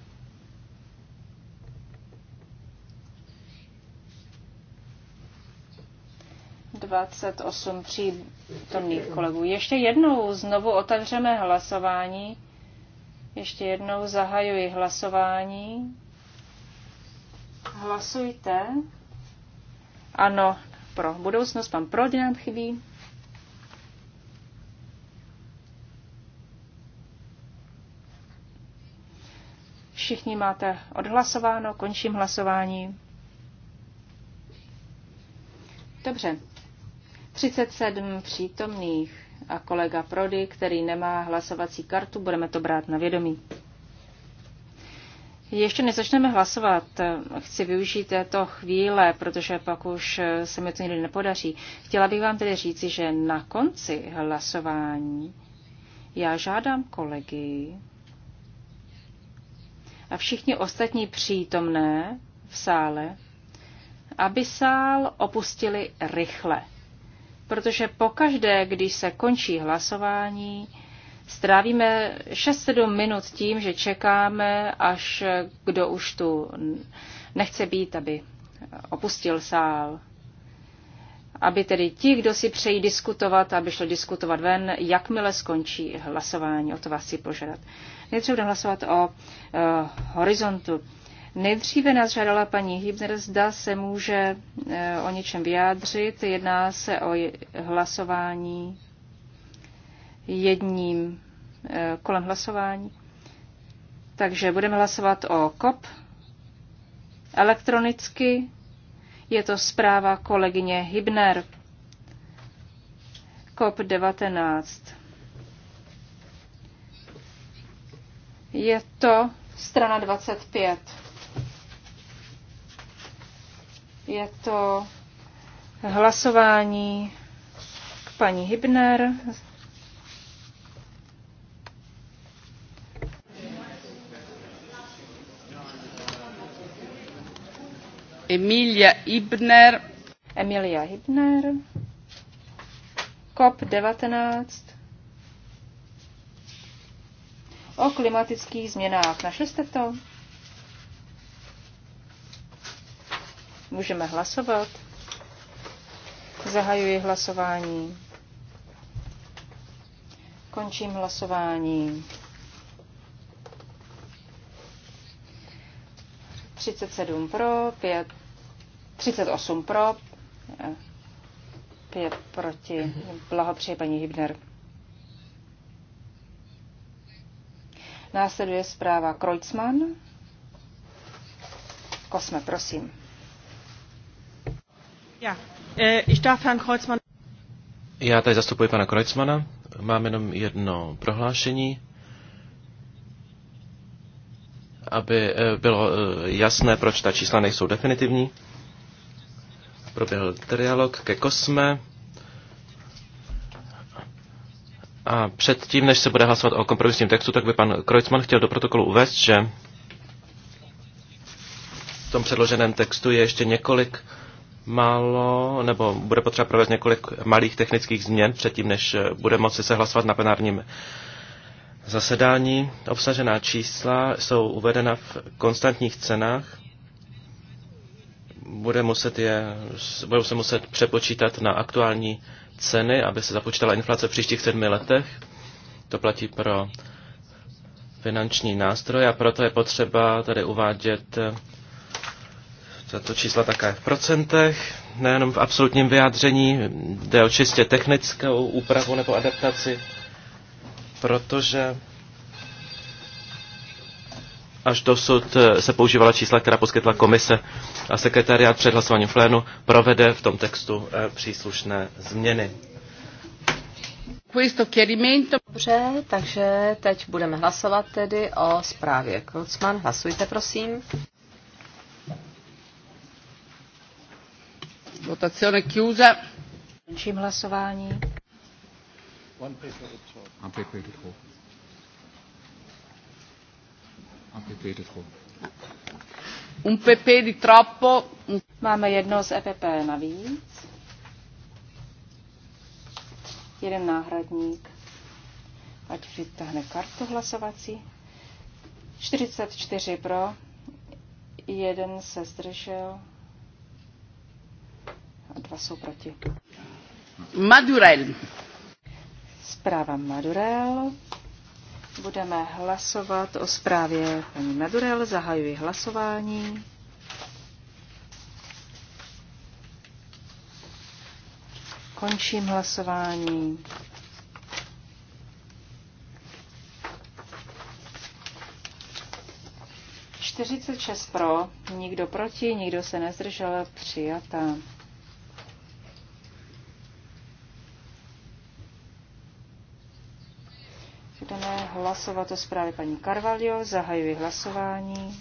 Dvacet osm přítomných kolegů. Ještě jednou znovu otevřeme hlasování. Ještě jednou zahajuji hlasování. Hlasujte. Ano, pro budoucnost pan Prodinant chybí. Všichni máte odhlasováno, končím hlasování. Dobře. 37 přítomných a kolega Prody, který nemá hlasovací kartu, budeme to brát na vědomí. Ještě než začneme hlasovat, chci využít této chvíle, protože pak už se mi to nikdy nepodaří. Chtěla bych vám tedy říci, že na konci hlasování já žádám kolegy a všichni ostatní přítomné v sále, aby sál opustili rychle. Protože pokaždé, když se končí hlasování, strávíme 6-7 minut tím, že čekáme, až kdo už tu nechce být, aby opustil sál. Aby tedy ti, kdo si přejí diskutovat, aby šlo diskutovat ven, jakmile skončí hlasování, o to vás si požadat. Nejdříve budeme hlasovat o uh, horizontu. Nejdříve nás žádala paní Hibner, zda se může uh, o něčem vyjádřit. Jedná se o hlasování jedním eh, kolem hlasování. Takže budeme hlasovat o COP elektronicky. Je to zpráva kolegyně Hibner. COP 19. Je to strana 25. Je to hlasování k paní Hibner Emilia Ibner. Emilia Hibner. COP19. O klimatických změnách. Našli jste to? Můžeme hlasovat. Zahajuji hlasování. Končím hlasování. 37 pro, 5, 38 pro, 5 proti. Blahopřeji paní Hibner. Následuje zpráva Kreutzmann. Kosme, prosím. Já, eh, ich darf Herrn Kreuzmann... Já tady zastupuji pana Kreutzmana. Mám jenom jedno prohlášení aby eh, bylo eh, jasné, proč ta čísla nejsou definitivní. Proběhl trialog ke Kosme. A předtím, než se bude hlasovat o kompromisním textu, tak by pan Kreuzmann chtěl do protokolu uvést, že v tom předloženém textu je ještě několik málo, nebo bude potřeba provést několik malých technických změn předtím, než eh, bude moci se hlasovat na plenárním zasedání. Obsažená čísla jsou uvedena v konstantních cenách. Bude muset je, budou se muset přepočítat na aktuální ceny, aby se započítala inflace v příštích sedmi letech. To platí pro finanční nástroje. a proto je potřeba tady uvádět eh, tato čísla také v procentech, nejenom v absolutním vyjádření, jde o čistě technickou úpravu nebo adaptaci protože až dosud eh, se používala čísla, která poskytla komise a sekretariát před hlasováním plénu provede v tom textu eh, příslušné změny. Dobře, takže teď budeme hlasovat tedy o zprávě Kocman. Hlasujte, prosím. Votazione chiusa. Končím hlasování. One paper de trop. Un PP de trop. Un PP Un PP di troppo. Máme jedno z EPP navíc. Jeden náhradník. Ať vytáhne kartu hlasovací. 44 pro, jeden se zdržel a dva jsou proti. Madurel. Zpráva Madurel. Budeme hlasovat o zprávě paní Madurel. Zahajuji hlasování. Končím hlasování. Čtyřicet šest pro, nikdo proti, nikdo se nezdržel, přijatá. hlasovat o zprávě paní Carvalho. Zahajuji hlasování.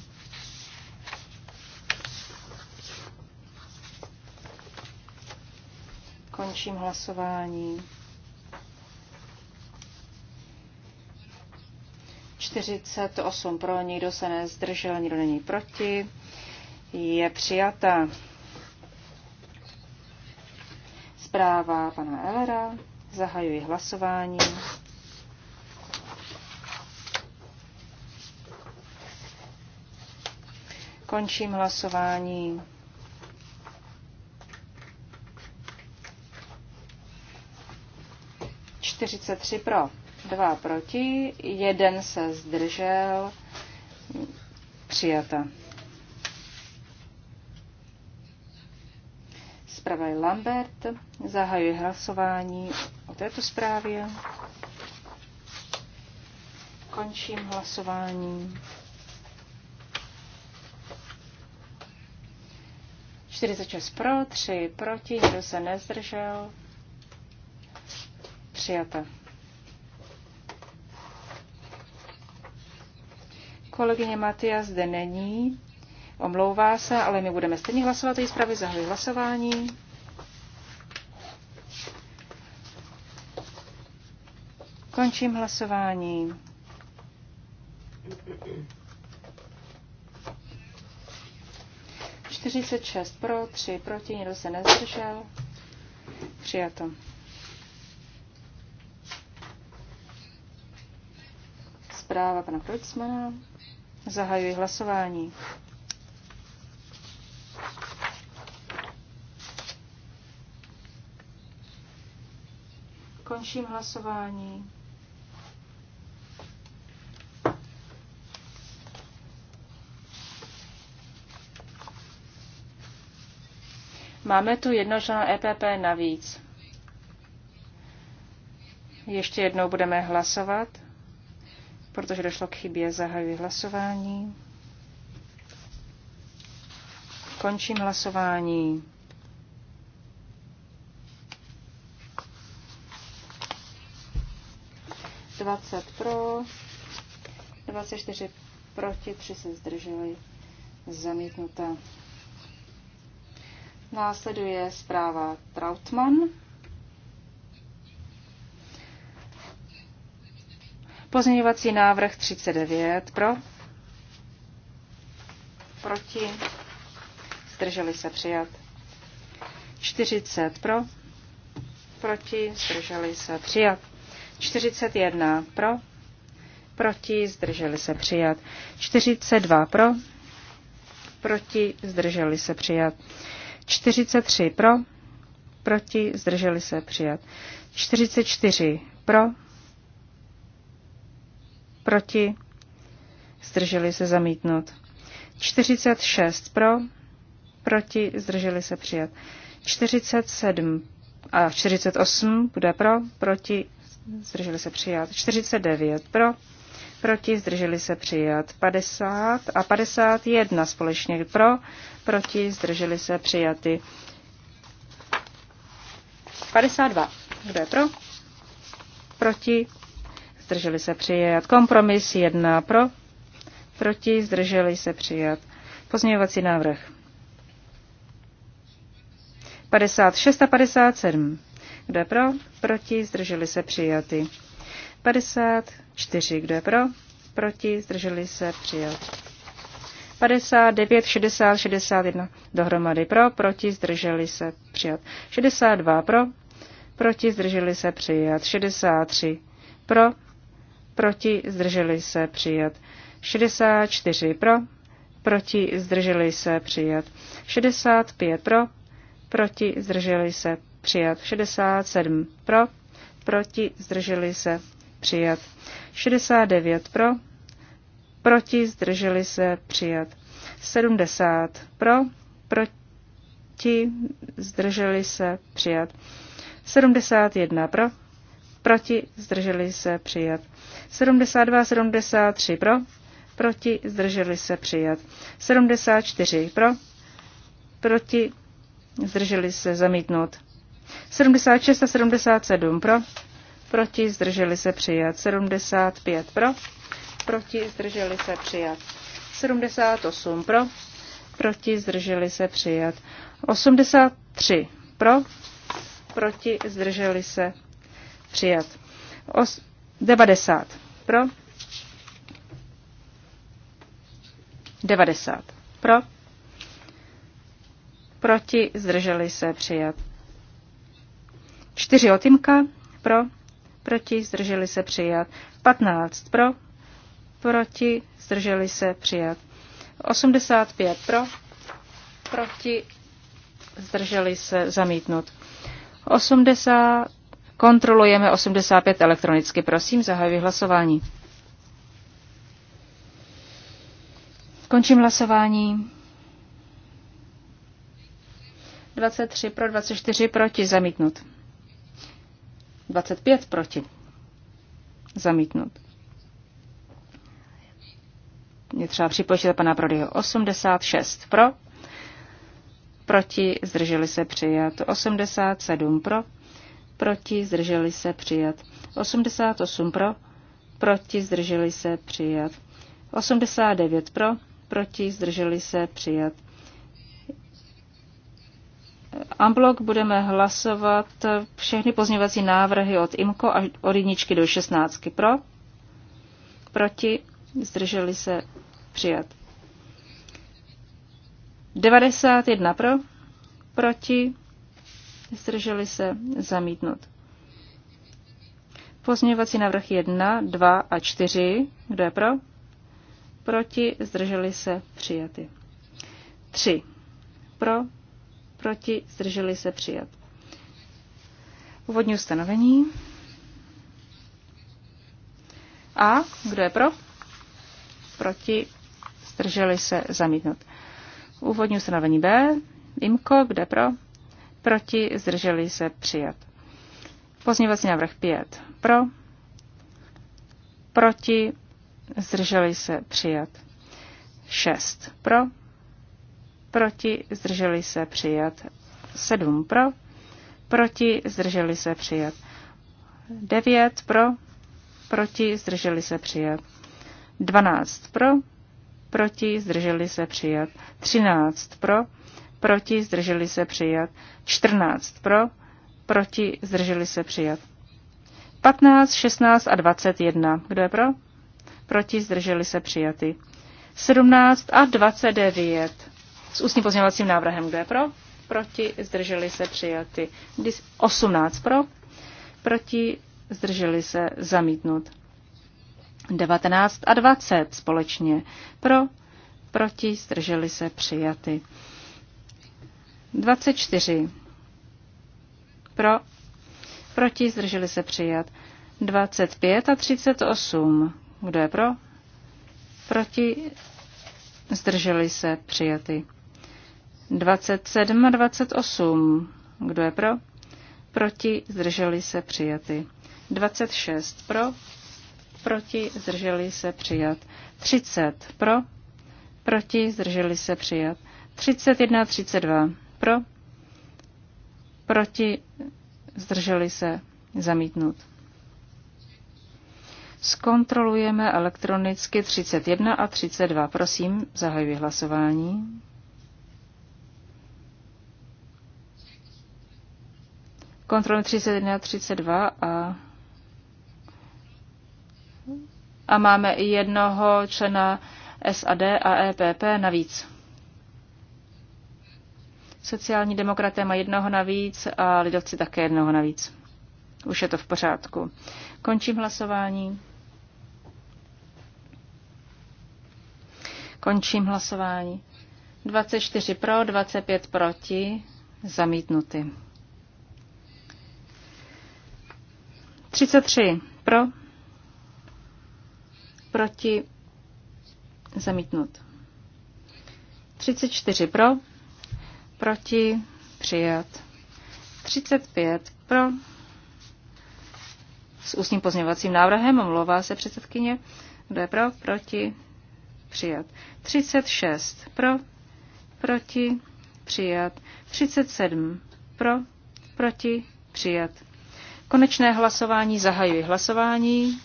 Končím hlasování. 48 pro, nikdo se nezdržel, nikdo není proti. Je přijata zpráva pana Elera. Zahajuji hlasování. Končím hlasování. Čtyřicet tři pro, dva proti, jeden se zdržel, přijata. je Lambert. zahajuje hlasování o této zprávě. Končím hlasování. 46 pro, 3 proti, kdo se nezdržel. Přijata. Kolegyně Matia zde není, omlouvá se, ale my budeme stejně hlasovat o její zprávě, zahajuji hlasování. Končím hlasování. 46 pro, 3 proti, nikdo se nezdržel. Přijato. Zpráva pana Kreutzmana. Zahajuji hlasování. Končím hlasování. Máme tu jedno člena EPP navíc. Ještě jednou budeme hlasovat, protože došlo k chybě. Zahajuji hlasování. Končím hlasování. Dvacet pro, 24 proti, 3 se zdrželi, zamítnuta. Následuje zpráva Trautmann. Pozměňovací návrh 39 pro. Proti. Zdrželi se přijat. 40 pro. Proti. Zdrželi se přijat. 41 pro. Proti. Zdrželi se přijat. 42 pro. Proti. Zdrželi se přijat. 43 pro, proti, zdrželi se přijat. 44 pro, proti, zdrželi se zamítnout. 46 pro, proti, zdrželi se přijat. 47 a 48 bude pro, proti, zdrželi se přijat. 49 pro, proti, zdrželi se přijat 50 a 51 společně pro, proti, zdrželi se přijaty 52. Kdo je pro? Proti, zdrželi se přijat. Kompromis 1 pro, proti, zdrželi se přijat. Pozměňovací návrh 56 a 57. Kdo je pro? Proti, zdrželi se přijaty. 54, kdo je pro? Proti, zdrželi se, přijel. 59, 60, 61 dohromady pro, proti, zdrželi se, přijat. 62 pro, proti, zdrželi se, přijat. 63 pro, proti, zdrželi se, přijat. 64 pro, proti, zdrželi se, přijat. 65 pro, proti, zdrželi se, přijat. 67 pro, proti, zdrželi se, přijat. 69 pro, proti, zdrželi se, přijat. 70 pro, proti, zdrželi se, přijat. 71 pro, proti, zdrželi se, přijat. 72, 73 pro, proti, zdrželi se, přijat. 74 pro, proti, zdrželi se, zamítnout. 76 a 77 pro, proti, zdrželi se přijat 75 pro, proti, zdrželi se přijat 78 pro, proti, zdrželi se přijat 83 pro, proti, zdrželi se přijat 90 pro, 90 pro, proti, zdrželi se přijat 4 otimka pro, proti, zdrželi se přijat. 15 pro, proti, zdrželi se přijat. 85 pro, proti, zdrželi se zamítnut. 80, kontrolujeme 85 elektronicky, prosím, zahajuji hlasování. Končím hlasování. 23 pro, 24 proti, zamítnut. 25 proti. Zamítnut. Je třeba připočítat pana Prodyho 86 pro, proti zdrželi se přijat 87 pro, proti zdrželi se přijat 88 pro, proti zdrželi se přijat 89 pro, proti zdrželi se přijat Amblok budeme hlasovat všechny pozměňovací návrhy od IMKO až od jedničky do 16. Pro? Proti? Zdrželi se přijat. 91 pro? Proti? Zdrželi se zamítnut. Pozměňovací návrh 1, 2 a 4. Kdo je pro? Proti? Zdrželi se přijaty. 3. Pro? proti, zdrželi se přijat. Úvodní ustanovení. A, kdo je pro? Proti, zdrželi se zamítnout. Úvodní ustanovení B, Imko, kde pro? Proti, zdrželi se přijat. Pozměňovací návrh 5. Pro. Proti. Zdrželi se přijat. 6. Pro proti, zdrželi se přijat. 7 pro, proti, zdrželi se přijat. 9 pro, proti, zdrželi se přijat. 12 pro, proti, zdrželi se přijat. 13 pro, proti, zdrželi se přijat. 14 pro, proti, zdrželi se přijat. 15, 16 a 21. Kdo je pro? Proti, zdrželi se přijaty. 17 a 29 s ústním pozměňovacím návrhem. Kdo je pro? Proti? Zdrželi se přijaty. 18 pro? Proti? Zdrželi se zamítnut. 19 a 20 společně. Pro? Proti? Zdrželi se přijaty. 24 pro? Proti? Zdrželi se přijat. 25 a 38. Kdo je pro? Proti? Zdrželi se přijaty. 27 a 28. Kdo je pro? Proti zdrželi se přijaty. 26 pro. Proti zdrželi se přijat. 30 pro. Proti zdrželi se přijat. 31 a 32 pro. Proti zdrželi se zamítnut. Zkontrolujeme elektronicky 31 a 32. Prosím, zahajuji hlasování. kontrolní 31 a 32 a, a máme i jednoho člena SAD a EPP navíc. Sociální demokraté mají jednoho navíc a lidovci také jednoho navíc. Už je to v pořádku. Končím hlasování. Končím hlasování. 24 pro, 25 proti, zamítnuty. 33 pro, proti, zamítnut. 34 pro, proti, přijat. 35 pro, s ústním pozměňovacím návrhem, omlouvá se předsedkyně, kdo je pro, proti, přijat. 36 pro, proti, přijat. 37 pro, proti, přijat. Konečné hlasování, zahajuji hlasování.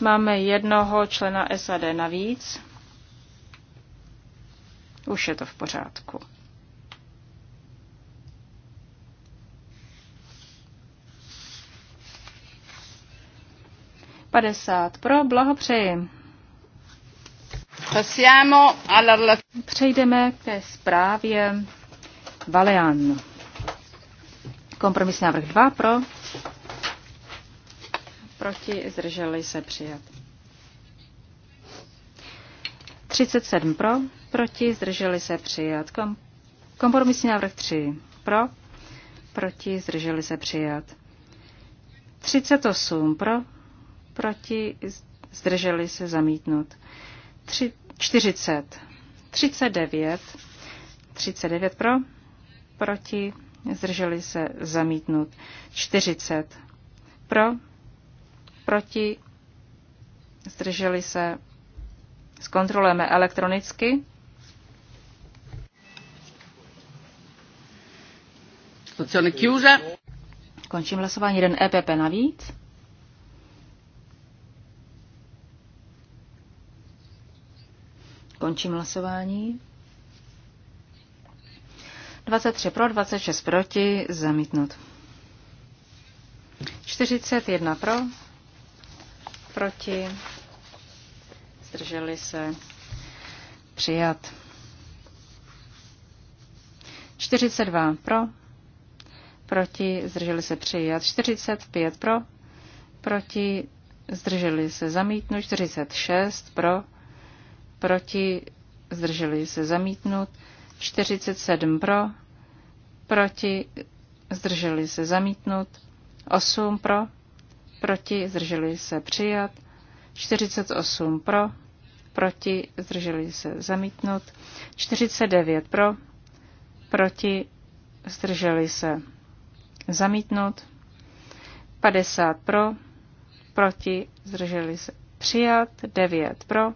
Máme jednoho člena SAD navíc. Už je to v pořádku. Padesát pro, blahopřeji. Přejdeme ke zprávě Valean. Kompromisní návrh 2 pro. Proti zdrželi se přijat. 37 pro, proti zdrželi se přijat. Kom- kompromisní návrh 3 pro, proti zdrželi se přijat. 38 pro, proti zdrželi se zamítnout. 3, 40. 39. 39 pro, proti, zdrželi se zamítnut. 40 pro, proti, zdrželi se. Zkontrolujeme elektronicky. Stazione Končím hlasování jeden EPP navíc. Končím hlasování. 23 pro, 26 proti, zamítnut. 41 pro, proti, zdrželi se, přijat. 42 pro, proti, zdrželi se, přijat. 45 pro, proti, zdrželi se, zamítnut. 46 pro, proti, zdrželi se zamítnut, 47 pro, proti, zdrželi se zamítnut, 8 pro, proti, zdrželi se přijat, 48 pro, proti, zdrželi se zamítnut, 49 pro, proti, zdrželi se zamítnout 50 pro, proti, zdrželi se přijat, 9 pro,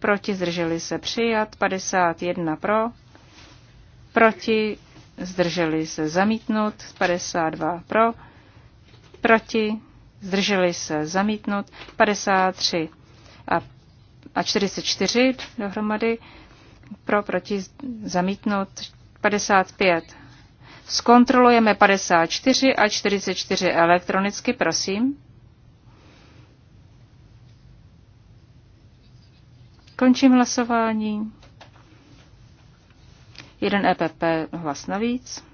proti zdrželi se přijat, 51 pro, proti zdrželi se zamítnut, 52 pro, proti zdrželi se zamítnut, 53 a, a 44 dohromady, pro, proti zamítnut, 55. Zkontrolujeme 54 a 44 elektronicky, prosím. Končím hlasování. Jeden EPP hlas navíc.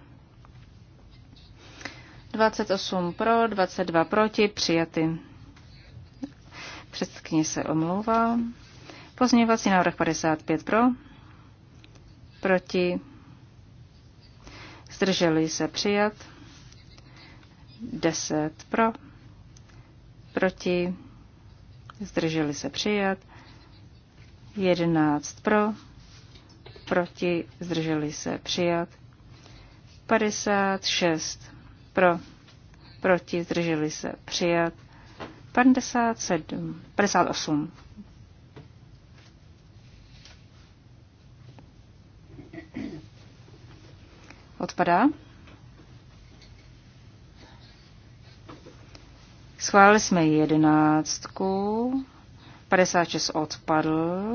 28 pro, 22 proti, přijaty. Předkně se omlouvá. Pozměňovací návrh 55 pro, proti, zdrželi se přijat, 10 pro, proti, zdrželi se přijat, 11 pro, proti, zdrželi se přijat. 56 pro, proti, zdrželi se přijat. 57, 58 odpadá. Schválili jsme jedenáctku. 56 odpadl,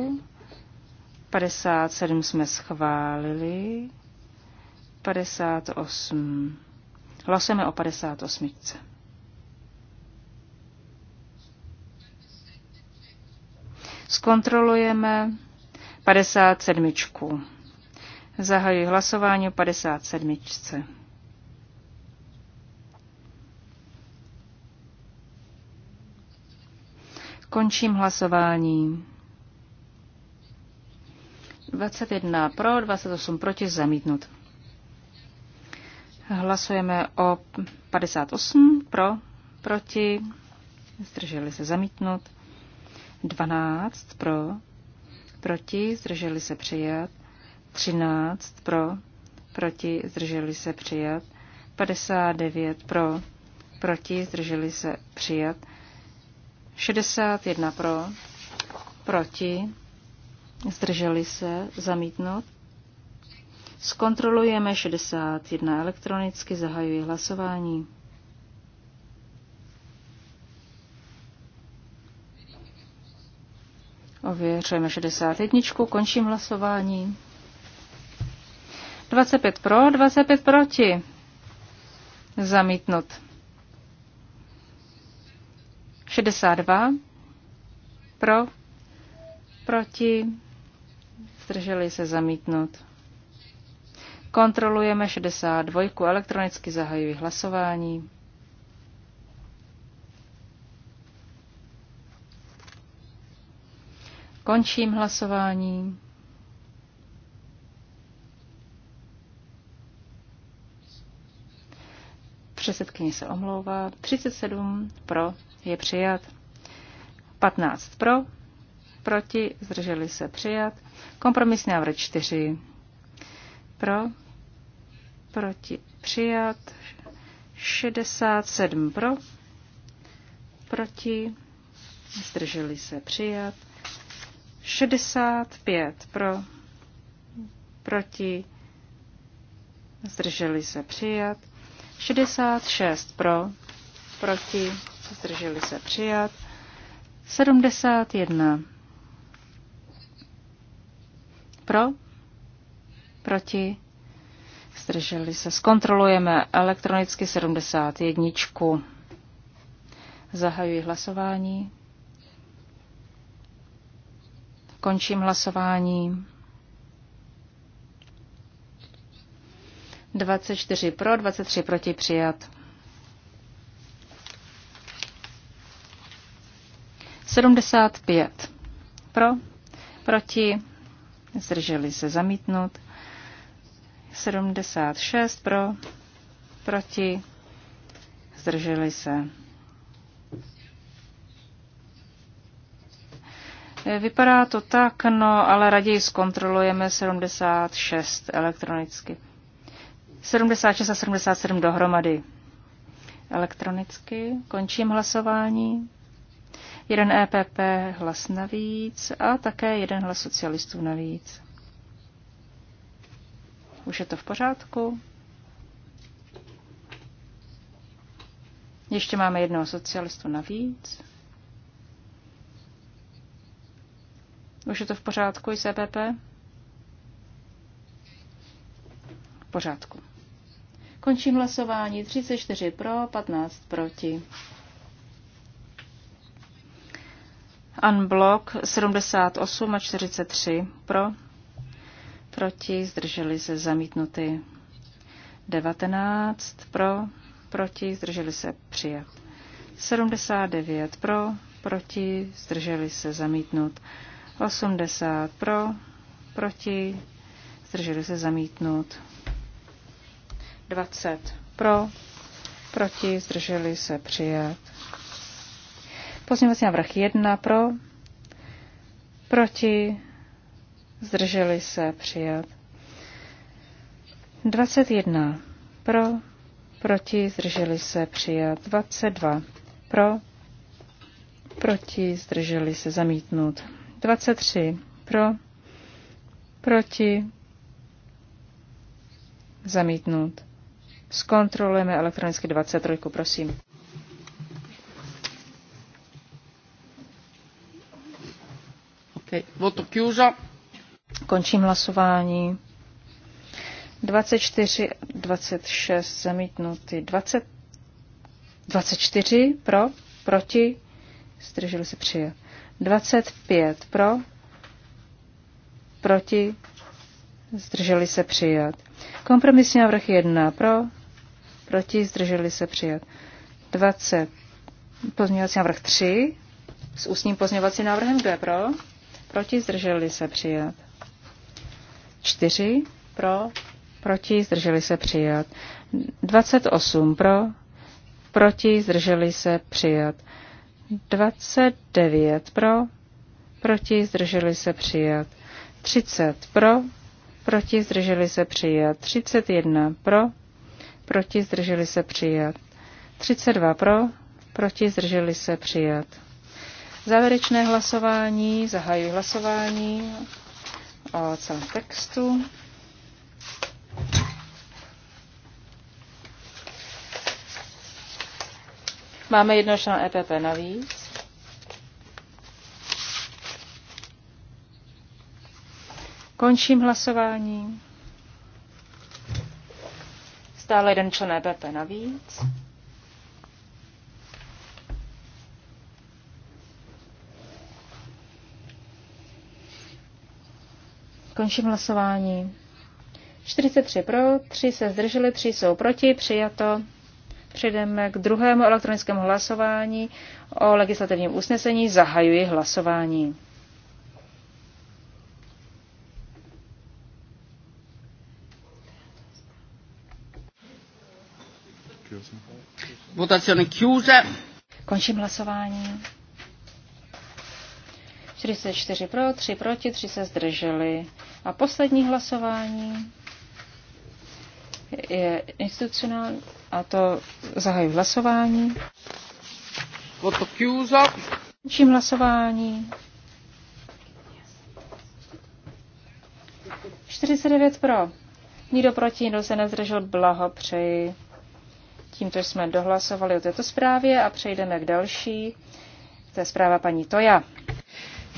57 jsme schválili, 58. Hlasujeme o 58. Zkontrolujeme 57. Zahajuji hlasování o 57. Končím hlasování. 21 pro, 28 proti, zamítnut. Hlasujeme o 58 pro, proti, zdrželi se zamítnut. 12 pro, proti, zdrželi se přijat. 13 pro, proti, zdrželi se přijat. 59 pro, proti, zdrželi se přijat. 61 pro, proti, zdrželi se, zamítnout. Zkontrolujeme 61 elektronicky, zahajuji hlasování. Ověřujeme 61, končím hlasování. 25 pro, 25 proti. Zamítnout. 62 pro, proti, zdrželi se zamítnout. Kontrolujeme 62, elektronicky zahajuji hlasování. Končím hlasování. Předsedkyně se omlouvá. 37 pro, je přijat. 15 pro, proti, zdrželi se přijat. Kompromisní návrh 4 pro, proti, přijat. 67 pro, proti, zdrželi se přijat. 65 pro, proti, zdrželi se přijat. 66 pro, proti, zdrželi se přijat. 71 pro, proti, zdrželi se. Zkontrolujeme elektronicky 71. Zahajuji hlasování. Končím hlasování. 24 pro, 23 proti přijat. 75 pro, proti, zdrželi se zamítnout. 76 pro, proti, zdrželi se. Vypadá to tak, no ale raději zkontrolujeme 76 elektronicky. 76 a 77 dohromady. Elektronicky končím hlasování jeden EPP hlas navíc a také jeden hlas socialistů navíc. Už je to v pořádku? Ještě máme jednoho socialistu navíc. Už je to v pořádku i CPP? E v pořádku. Končím hlasování. 34 pro, 15 proti. Unblock 78 a 43 pro, proti, zdrželi se zamítnuty 19 pro, proti, zdrželi se přijat. 79 pro, proti, zdrželi se zamítnut. 80 pro, proti, zdrželi se zamítnut. 20 pro, proti, zdrželi se přijat. Pozměňovací návrh 1 pro, proti, zdrželi se přijat. 21 pro, proti, zdrželi se přijat. 22 pro, proti, zdrželi se zamítnout. 23 pro, proti, zamítnout. Zkontrolujeme elektronicky 23, prosím. Voto chiuso. Končím hlasování. 24, 26 zamítnuty, 20, 24 pro, proti, zdrželi se přijel. 25 pro, proti, zdrželi se přijat. Kompromisní návrh 1 pro, proti, zdrželi se přijat. 20, pozměňovací návrh 3 s ústním pozměňovacím návrhem, kdo je pro? proti, zdrželi se přijat. 4 pro, proti, zdrželi se přijat. 28 pro, proti, zdrželi se přijat. 29 pro, proti, zdrželi se přijat. 30 pro, proti, zdrželi se přijat. 31 pro, proti, zdrželi se přijat. 32 pro, proti, zdrželi se přijat. Závěrečné hlasování, zahajuji hlasování o celém textu. Máme jedno člena EPP navíc. Končím hlasování. Stále jeden člen EPP navíc. Končím hlasování. 43 pro, 3 se zdrželi, 3 jsou proti, přijato. Přejdeme k druhému elektronickému hlasování o legislativním usnesení. Zahajuji hlasování. Votazione chiusa. Končím hlasování. 44 pro, 3 proti, 3 se zdrželi. A poslední hlasování je institucionální a to zahají hlasování. Voto Končím hlasování. 49 pro. Nikdo proti, nikdo se nezdržel, blahopřeji. Tímto jsme dohlasovali o této zprávě a přejdeme k další. To je zpráva paní Toja.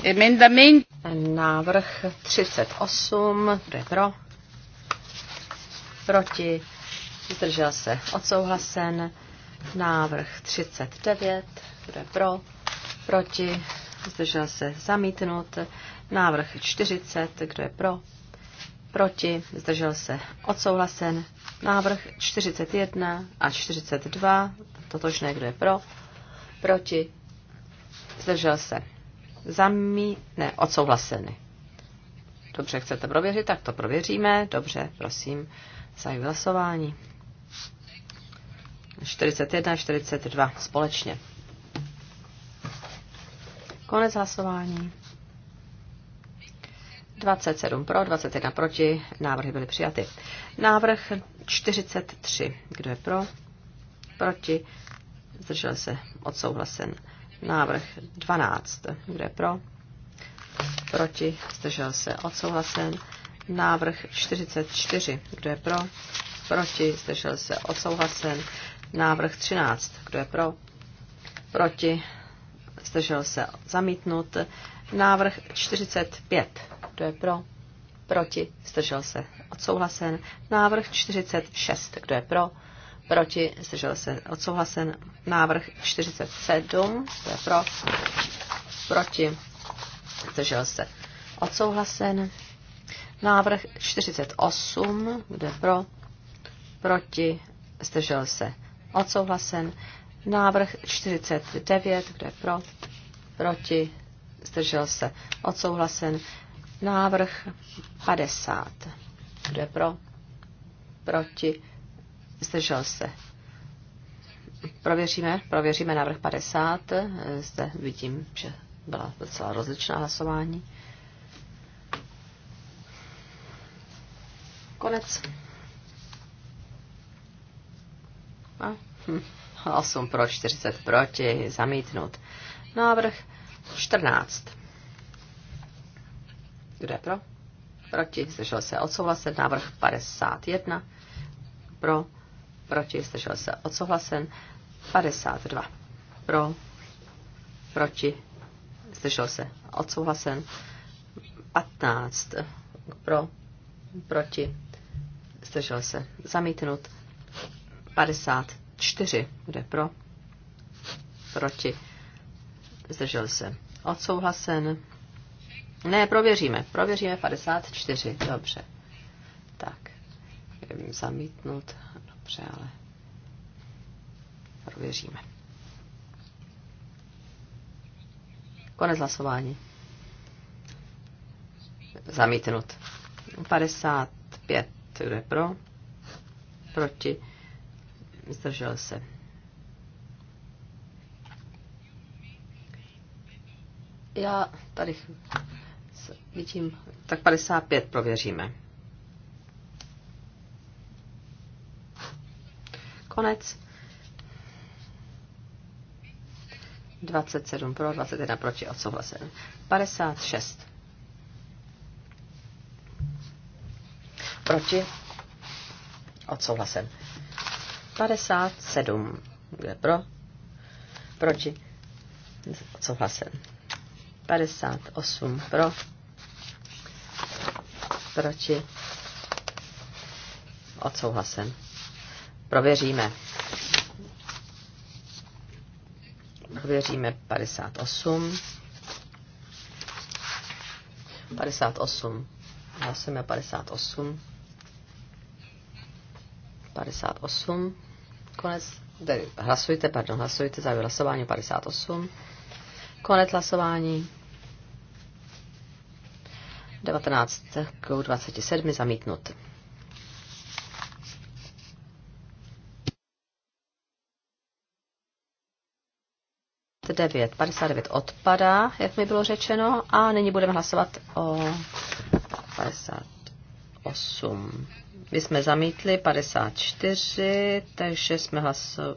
Emendament. Návrh 38. Kdo je pro? Proti? Zdržel se. Odsouhlasen. Návrh 39. Kdo je pro? Proti? Zdržel se. Zamítnut. Návrh 40. Kdo je pro? Proti? Zdržel se. Odsouhlasen. Návrh 41 a 42. Totožné. Kdo je pro? Proti? Zdržel se zamí... ne, odsouhlaseny. Dobře, chcete prověřit, tak to prověříme. Dobře, prosím, zahajuji hlasování. 41 42 společně. Konec hlasování. 27 pro, 21 proti, návrhy byly přijaty. Návrh 43, kdo je pro, proti, zdržel se, odsouhlasen. Návrh 12. Kdo je pro? Proti? Zdržel se? Odsouhlasen. Návrh 44. Kdo je pro? Proti? Zdržel se? Odsouhlasen. Návrh 13. Kdo je pro? Proti? Zdržel se? Zamítnut. Návrh 45. Kdo je pro? Proti? Zdržel se? Odsouhlasen. Návrh 46. Kdo je pro? proti, zdržel se odsouhlasen. Návrh 47, to je pro, proti, zdržel se odsouhlasen. Návrh 48, kde pro, proti, zdržel se odsouhlasen. Návrh 49, kde pro, proti, zdržel se odsouhlasen. Návrh 50, kde pro, proti, zdržel se. Prověříme, prověříme návrh 50. Zde vidím, že byla docela rozličná hlasování. Konec. A, hm, 8 pro, 40 proti, zamítnut. Návrh 14. Kdo je pro? Proti, zdržel se odsouhlasit. Návrh 51 pro, proti, zdržel se odsouhlasen, 52 pro, proti, zdržel se odsouhlasen, 15 pro, proti, zdržel se zamítnut, 54 kde pro, proti, zdržel se odsouhlasen, ne, prověříme, prověříme 54, dobře, tak, zamítnut, Dobře, ale prověříme. Konec hlasování. Zamítnut. 55, kdo je pro? Proti? Zdržel se. Já tady vidím, tak 55 prověříme. Konec. 27 pro, 21 proti, odsouhlasen. 56. Proti, odsouhlasen. 57 je pro, proti, odsouhlasen. 58 pro, proti, odsouhlasen. Prověříme. Prověříme 58. 58. Hlasujeme 58. 58. Konec. Tedy hlasujte, pardon, hlasujte za hlasování 58. Konec hlasování. 19 k 27 zamítnut. 59. 59 odpadá, jak mi bylo řečeno, a nyní budeme hlasovat o 58. My jsme zamítli 54, takže jsme hlasovali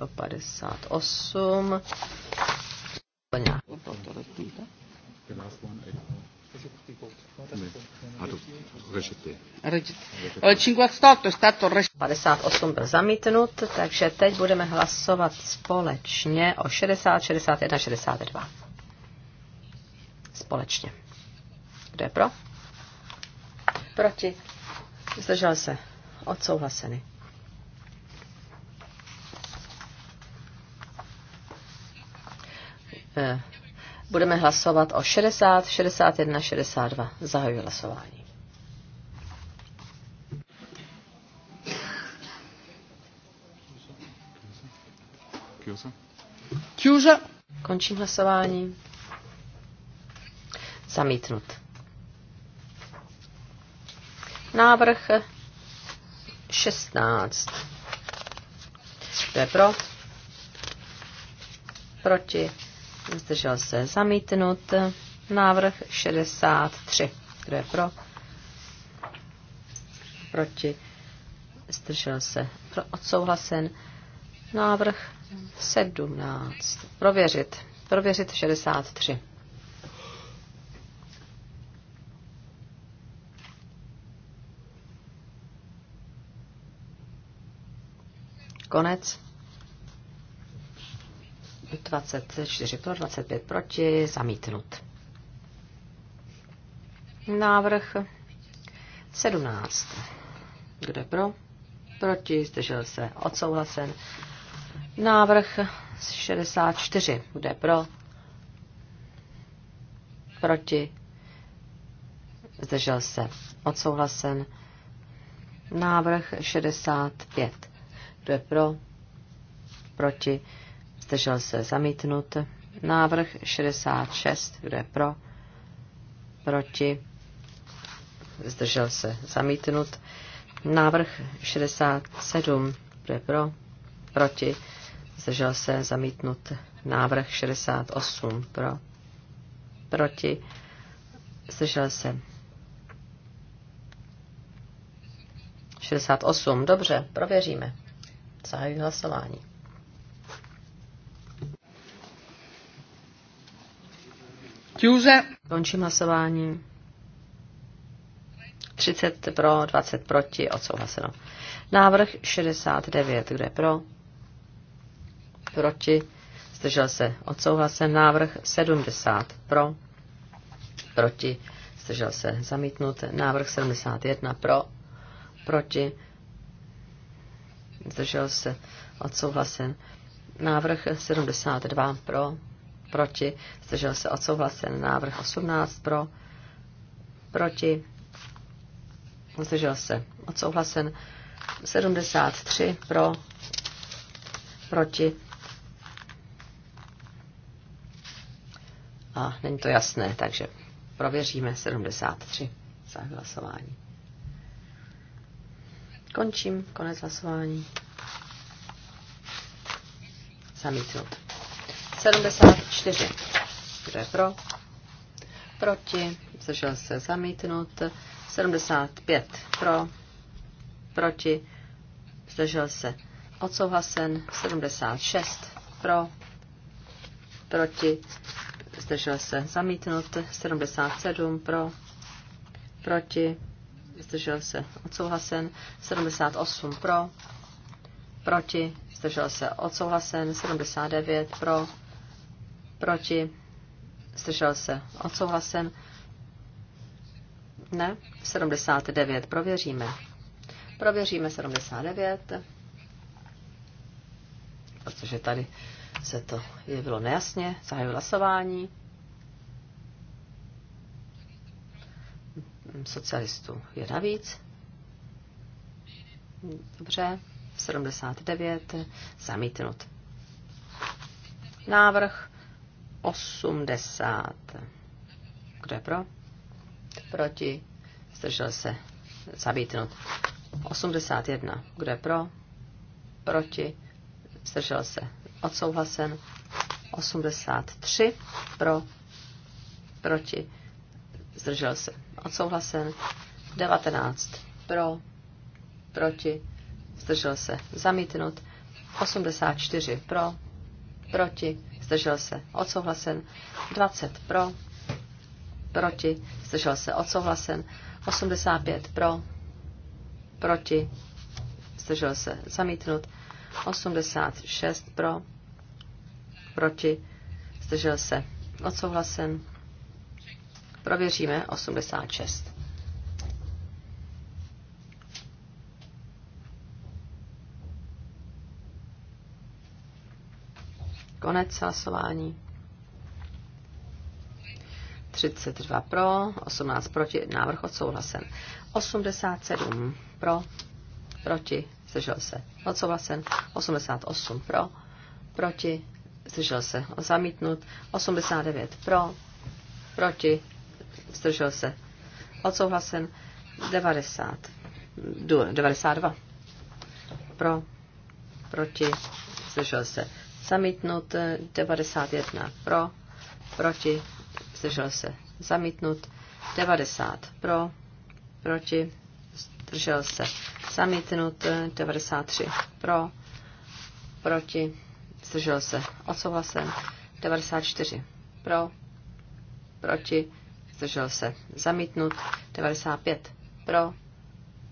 o 58. 58 byl zamítnut, takže teď budeme hlasovat společně o 60, 61, 62. Společně. Kdo je pro? Proti. Zdržel se. Odsouhlasený. Uh. Budeme hlasovat o 60, 61, 62. Zahajuji hlasování. Kjuža. Končím hlasování. Zamítnut. Návrh 16. Kdo je pro? Proti? zdržel se zamítnut. Návrh 63. Kdo je pro? Proti. Zdržel se. Pro odsouhlasen. Návrh 17. Prověřit. Prověřit 63. Konec. 24 pro, 25 proti, zamítnut. Návrh 17. Kdo je pro? Proti, zdržel se, odsouhlasen. Návrh 64. Kdo je pro? Proti, zdržel se, odsouhlasen. Návrh 65. Kdo je pro? Proti, zdržel se zamítnut. Návrh 66, kdo je pro, proti, zdržel se zamítnut. Návrh 67, kdo je pro, proti, zdržel se zamítnut. Návrh 68, pro, proti, zdržel se 68, dobře, prověříme. Zahajuji hlasování. Chiuse. Končím hlasování. 30 pro, 20 proti, odsouhlaseno. Návrh 69, kde pro? Proti, zdržel se, odsouhlasen. Návrh 70 pro, proti, zdržel se, zamítnut. Návrh 71 pro, proti, zdržel se, odsouhlasen. Návrh 72 pro, proti, zdržel se odsouhlasen. Návrh 18 pro, proti, zdržel se odsouhlasen. 73 pro, proti. A není to jasné, takže prověříme 73 za hlasování. Končím, konec hlasování. Zamítnout. 74. Kdo je pro? Proti. Zdržel se zamítnut. 75. Pro. Proti. Zdržel se odsouhlasen. 76. Pro. Proti. Zdržel se zamítnut. 77. Pro. Proti. Zdržel se odsouhlasen. 78. Pro. Proti. Zdržel se odsouhlasen. 79. Pro proti, zdržel se odsouhlasen. Ne, 79, prověříme. Prověříme 79, protože tady se to jevilo nejasně, zahajuji hlasování. Socialistů je navíc. Dobře, 79, zamítnut. Návrh 80. Kdo je pro? Proti? Zdržel se. zabítnout. 81. Kdo je pro? Proti? Zdržel se. Odsouhlasen. 83. Pro? Proti? Zdržel se. Odsouhlasen. 19. Pro? Proti? Zdržel se. Zamítnut. 84. Pro? Proti? zdržel se, odsouhlasen. 20 pro, proti, zdržel se, odsouhlasen. 85 pro, proti, zdržel se, zamítnut. 86 pro, proti, zdržel se, odsouhlasen. Prověříme 86. Konec hlasování. 32 pro, 18 proti, návrh odsouhlasen. 87 pro, proti, zdržel se, odsouhlasen. 88 pro, proti, zdržel se, zamítnut. 89 pro, proti, zdržel se, odsouhlasen. 90, 92 pro, proti, zdržel se zamítnut, 91 eh, pro, proti, zdržel se, zamítnut, 90 pro, proti, zdržel se, zamítnut, 93 eh, pro, proti, zdržel se, odsouhlasen, 94 pro, proti, zdržel se, zamítnut, 95 pro,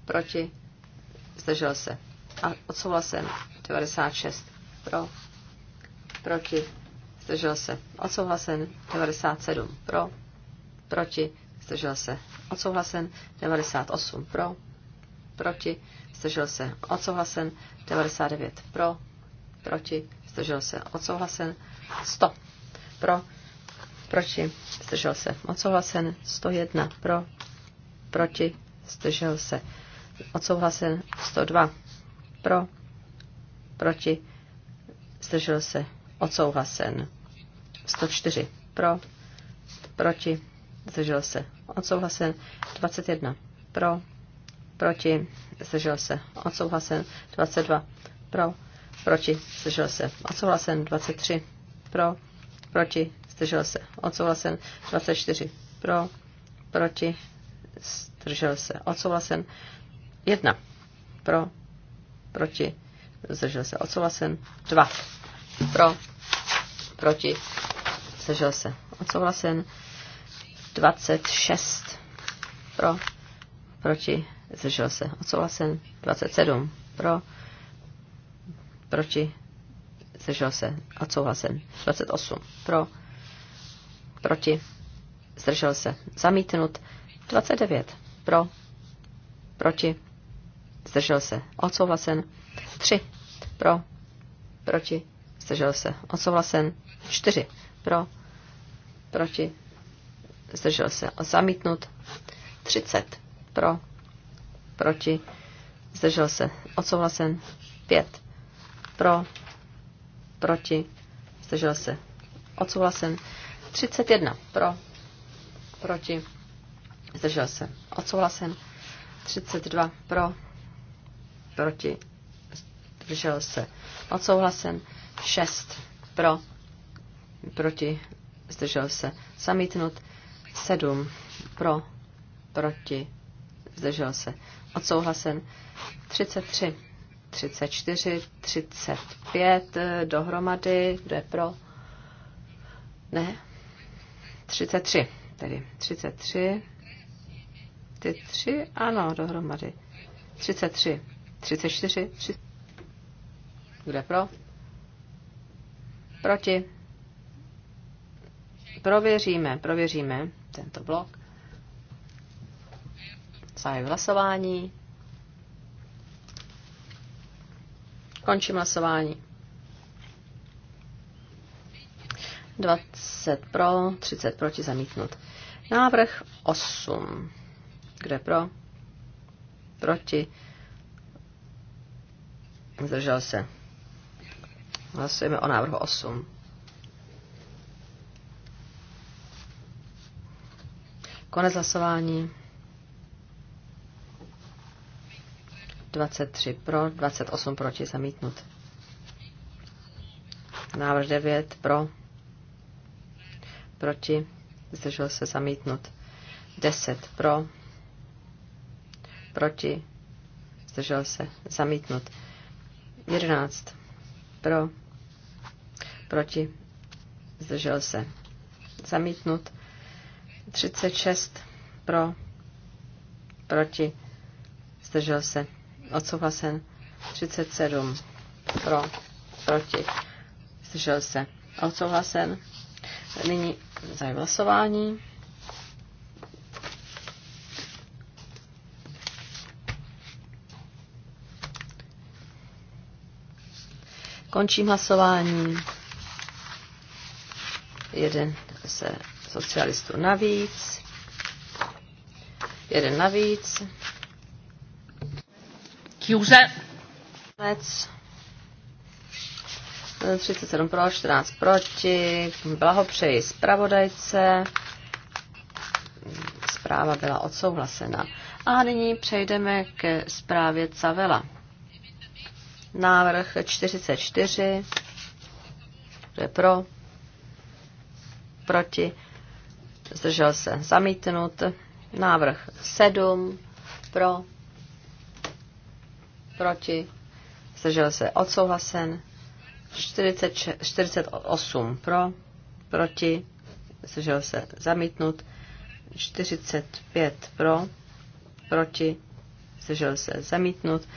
proti, zdržel se, a odsouhlasen, 96 pro, proti, zdržel se, odsouhlasen, 97 pro, proti, zdržel se, odsouhlasen, 98 pro, proti, zdržel se, odsouhlasen, 99 pro, proti, zdržel se, odsouhlasen, 100 pro, proti, zdržel se, odsouhlasen, 101 pro, proti, zdržel se, odsouhlasen, 102 pro, proti, zdržel se, odsouhlasen. 104 pro, proti, zdržel se, odsouhlasen. 21 pro, proti, zdržel se, odsouhlasen. 22 pro, proti, zdržel se, odsouhlasen. 23 pro, proti, zdržel se, odsouhlasen. 24 pro, proti, zdržel se, odsouhlasen. 1 pro, proti, zdržel se, odsouhlasen. 2 pro, proti, zdržel se odsouhlasen, 26 pro, proti, zdržel se odsouhlasen, 27 pro, proti, zdržel se odsouhlasen, 28 pro, proti, zdržel se zamítnut, 29 pro, proti, zdržel se odsouhlasen, 3 pro, proti, zdržel se odsouhlasen, 4 pro, proti, zdržel se zamítnut, 30 pro, proti, zdržel se odsouhlasen, 5 pro, proti, zdržel se odsouhlasen, 31 pro, proti, zdržel se odsouhlasen, 32 pro, proti, zdržel se odsouhlasen, 6 pro, proti, zdržel se zamítnut, 7 pro, proti, zdržel se odsouhlasen, 33, 34, 35 dohromady, kdo je pro, ne, 33, tedy 33, ty tři, ano, dohromady, 33, 34, 30. Kdo je pro? Proti? Prověříme, prověříme tento blok. Zahajuji hlasování. Končím hlasování. 20 pro, 30 proti zamítnut. Návrh 8. Kde pro? Proti. Zdržel se. Hlasujeme o návrhu 8. Konec hlasování. 23 pro, 28 proti, zamítnut. Návrh 9 pro, proti, zdržel se zamítnut. 10 pro, proti, zdržel se zamítnut. 11 pro, proti, zdržel se zamítnut. 36 pro, proti, zdržel se, odsouhlasen. 37 pro, proti, zdržel se, odsouhlasen. Nyní zahajuji hlasování. Končím hlasování. Jeden se socialistů navíc. Jeden navíc. Kjuze. 37 pro, 14 proti. Blahopřeji zpravodajce. Zpráva byla odsouhlasena. A nyní přejdeme k zprávě Cavela. Návrh 44. Kdo je pro? Proti? zdržel se zamítnut. Návrh 7 pro, proti, zdržel se odsouhlasen. 40, 48 pro, proti, zdržel se zamítnut. 45 pro, proti, zdržel se zamítnut.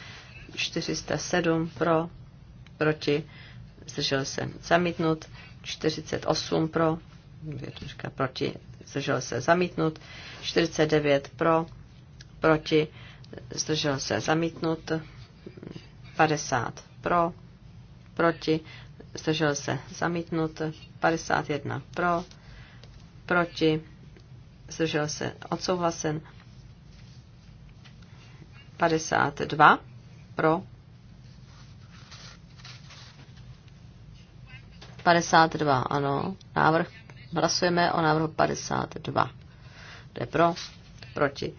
407 pro, proti, zdržel se zamítnut. 48 pro, proti, zdržel se zamítnut, 49 pro, proti, zdržel se zamítnut, 50 pro, proti, zdržel se zamítnut, 51 pro, proti, zdržel se odsouhlasen, 52 pro, 52, ano, návrh Hlasujeme o návrhu 52. Kdo je pro? Proti?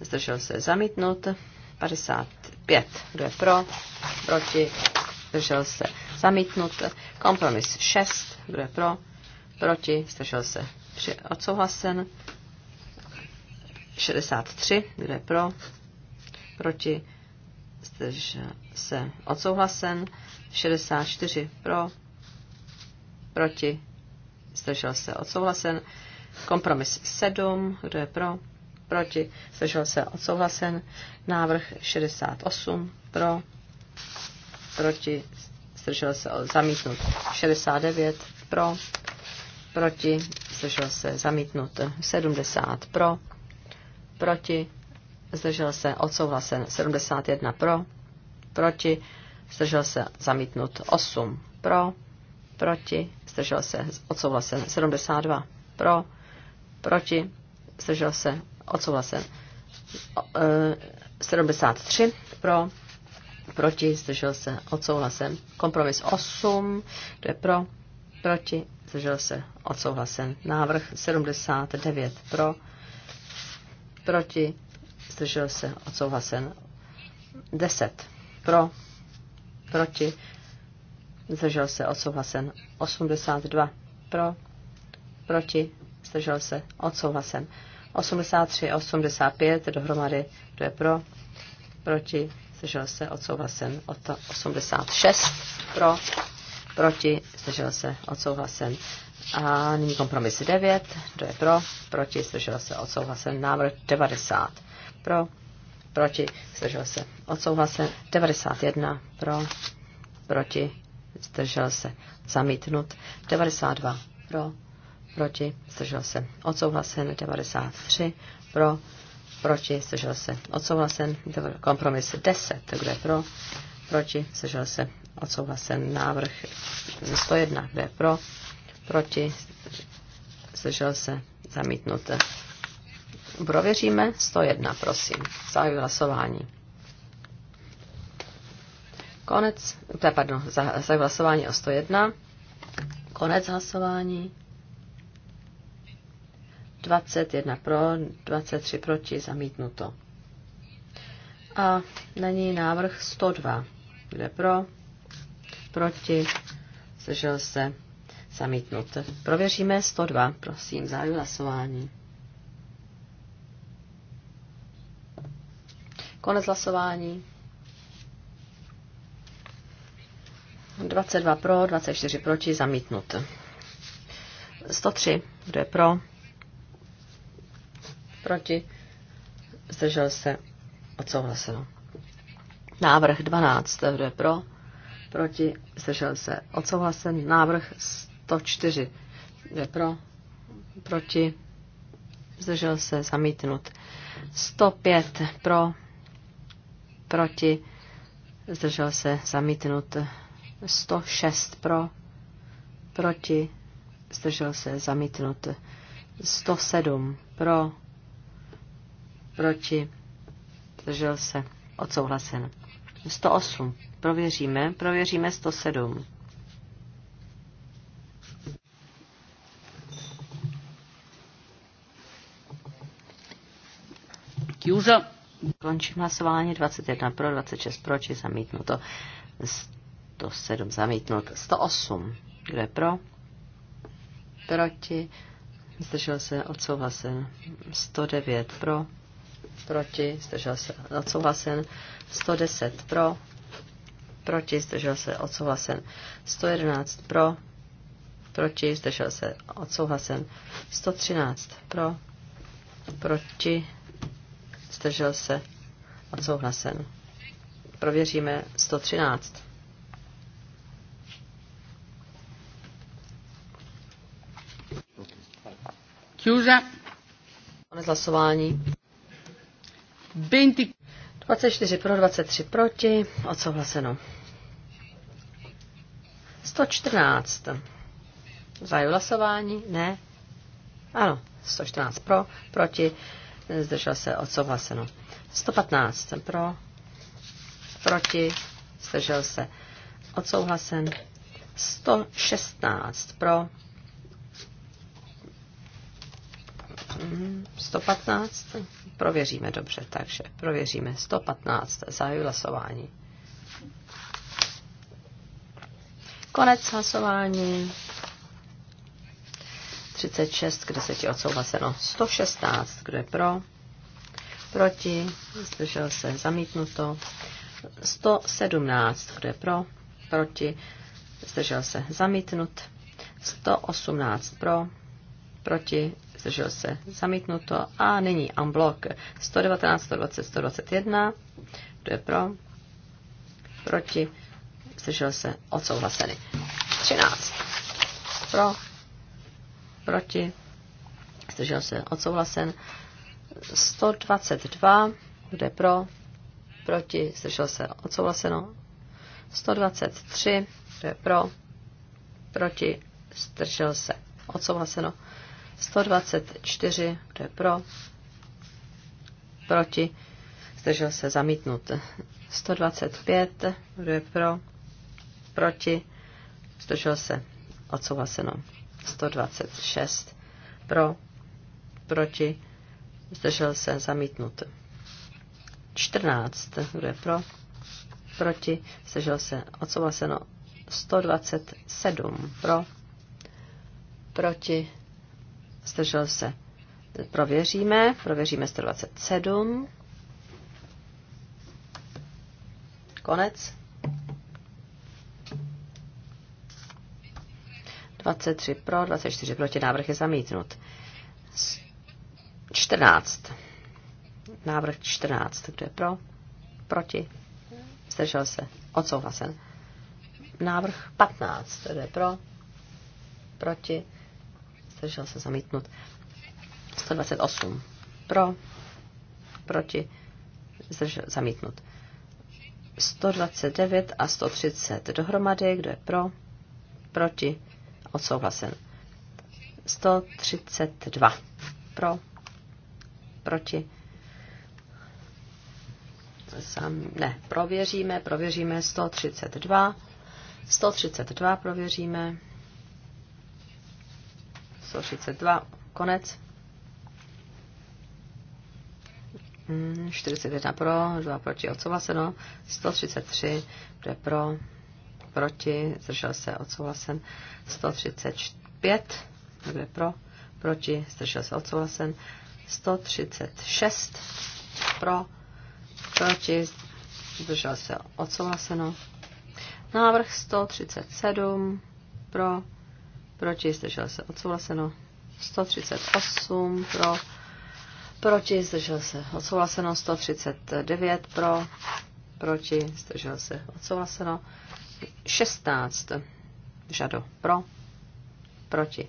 Zdržel se zamítnut. 55. Kdo je pro? Proti? Zdržel se zamítnut. Kompromis 6. Kdo je pro? Proti? Zdržel se při odsouhlasen. 63. Kdo je pro? Proti? Zdržel se odsouhlasen. 64. Pro? Proti? zdržel se odsouhlasen. Kompromis 7, kdo je pro, proti, zdržel se odsouhlasen. Návrh 68, pro, proti, zdržel se zamítnut. 69, pro, proti, zdržel se zamítnut. 70, pro, proti, zdržel se odsouhlasen. 71, pro, proti, zdržel se zamítnut. 8, pro, proti, zdržel se, odsouhlasen. 72 pro, proti, zdržel se, odsouhlasen. 73 e, pro, proti, zdržel se, odsouhlasen. Kompromis 8, to je pro, proti, zdržel se, odsouhlasen. Návrh 79 pro, proti, zdržel se, odsouhlasen. 10 pro, proti, zdržel se odsouhlasen 82 pro, proti, zdržel se odsouhlasen 83 85 dohromady, kdo je pro, proti, zdržel se odsouhlasen 86 pro, proti, zdržel se odsouhlasen a nyní kompromis 9, kdo je pro, proti, zdržel se odsouhlasen návrh 90 pro, proti, zdržel se odsouhlasen 91 pro, proti, zdržel se, zamítnut, 92 pro, proti, zdržel se, odsouhlasen, 93 pro, proti, zdržel se, odsouhlasen, kompromis 10, kdo je pro, proti, zdržel se, odsouhlasen, návrh 101, kdo je pro, proti, zdržel se, zamítnut. Prověříme 101, prosím. Zahajuji hlasování. Konec, je, pardon, za hlasování o 101. Konec hlasování. 21 pro, 23 proti, zamítnuto. A není návrh 102. Kde pro, proti, zdržel se, zamítnut. Prověříme 102, prosím, zahajuji hlasování. Konec hlasování. 22 pro, 24 proti, zamítnut. 103, kdo je pro? Proti, zdržel se, odsouhlaseno. Návrh 12, kdo je pro? Proti, zdržel se, odsouhlasen. Návrh 104, kdo je pro? Proti, zdržel se, zamítnut. 105 pro, proti, zdržel se, zamítnut. 106 pro, proti, zdržel se, zamítnut. 107 pro, proti, zdržel se, odsouhlasen. 108, prověříme, prověříme 107. Kjuza. Končím hlasování 21 pro, 26 proti, zamítnuto. 107 zamítnut. 108. Kdo je pro? Proti. Zdržel se odsouhlasen. 109 pro. Proti. Zdržel se odsouhlasen. 110 pro. Proti. Zdržel se odsouhlasen. 111 pro. Proti. Zdržel se odsouhlasen. 113 pro. Proti. Zdržel se odsouhlasen. Prověříme 113. Chiusa. Konec hlasování. 20. 24 pro, 23 proti. Odsouhlaseno. 114. Zajím hlasování? Ne. Ano, 114 pro, proti. Zdržel se odsouhlaseno. 115 pro, proti. Zdržel se odsouhlasen. 116 pro, 115? Prověříme dobře, takže prověříme 115, zahajuji hlasování. Konec hlasování. 36 se ti odsouhlaseno. 116, kdo je pro? Proti? Zdržel se zamítnuto. 117, kdo je pro? Proti? Zdržel se zamítnut. 118 pro? Proti? zdržel se, zamítnuto. A nyní unblock 119, 120, 121. Kdo je pro? Proti? Zdržel se, odsouhlaseny. 13. Pro? Proti? Zdržel se, odsouhlasen. 122. Kdo je pro? Proti? Zdržel se, odsouhlaseno. 123. Kdo je pro? Proti? Zdržel se, odsouhlaseno. 124, kdo je pro, proti, zdržel se zamítnut. 125, kdo je pro, proti, zdržel se odsouhlaseno. 126, pro, proti, zdržel se zamítnut. 14, kdo je pro, proti, zdržel se odsouhlaseno. 127, pro, proti, zdržel se. Prověříme, prověříme 127. Konec. 23 pro, 24 proti, návrh je zamítnut. 14. Návrh 14. Kdo je pro? Proti? Zdržel se. Odsouhlasen. Návrh 15. Kdo je pro? Proti? zdržel se zamítnut. 128 pro, proti, zdržel zamítnut. 129 a 130 dohromady, kdo je pro, proti, odsouhlasen. 132 pro, proti, Sam, ne, prověříme, prověříme 132, 132 prověříme. 132, konec. 41 mm, pro, 2 proti, odsouhlaseno. 133, kde pro, proti, zdržel se, odsouhlasen. 135, kde pro, proti, zdržel se, odsouhlasen. 136, pro, proti, zdržel se, odsouhlaseno. Návrh 137, pro, proti, zdržel se odsouhlaseno. 138 pro, proti, zdržel se odsouhlaseno. 139 pro, proti, zdržel se odsouhlaseno. 16 žado pro, proti,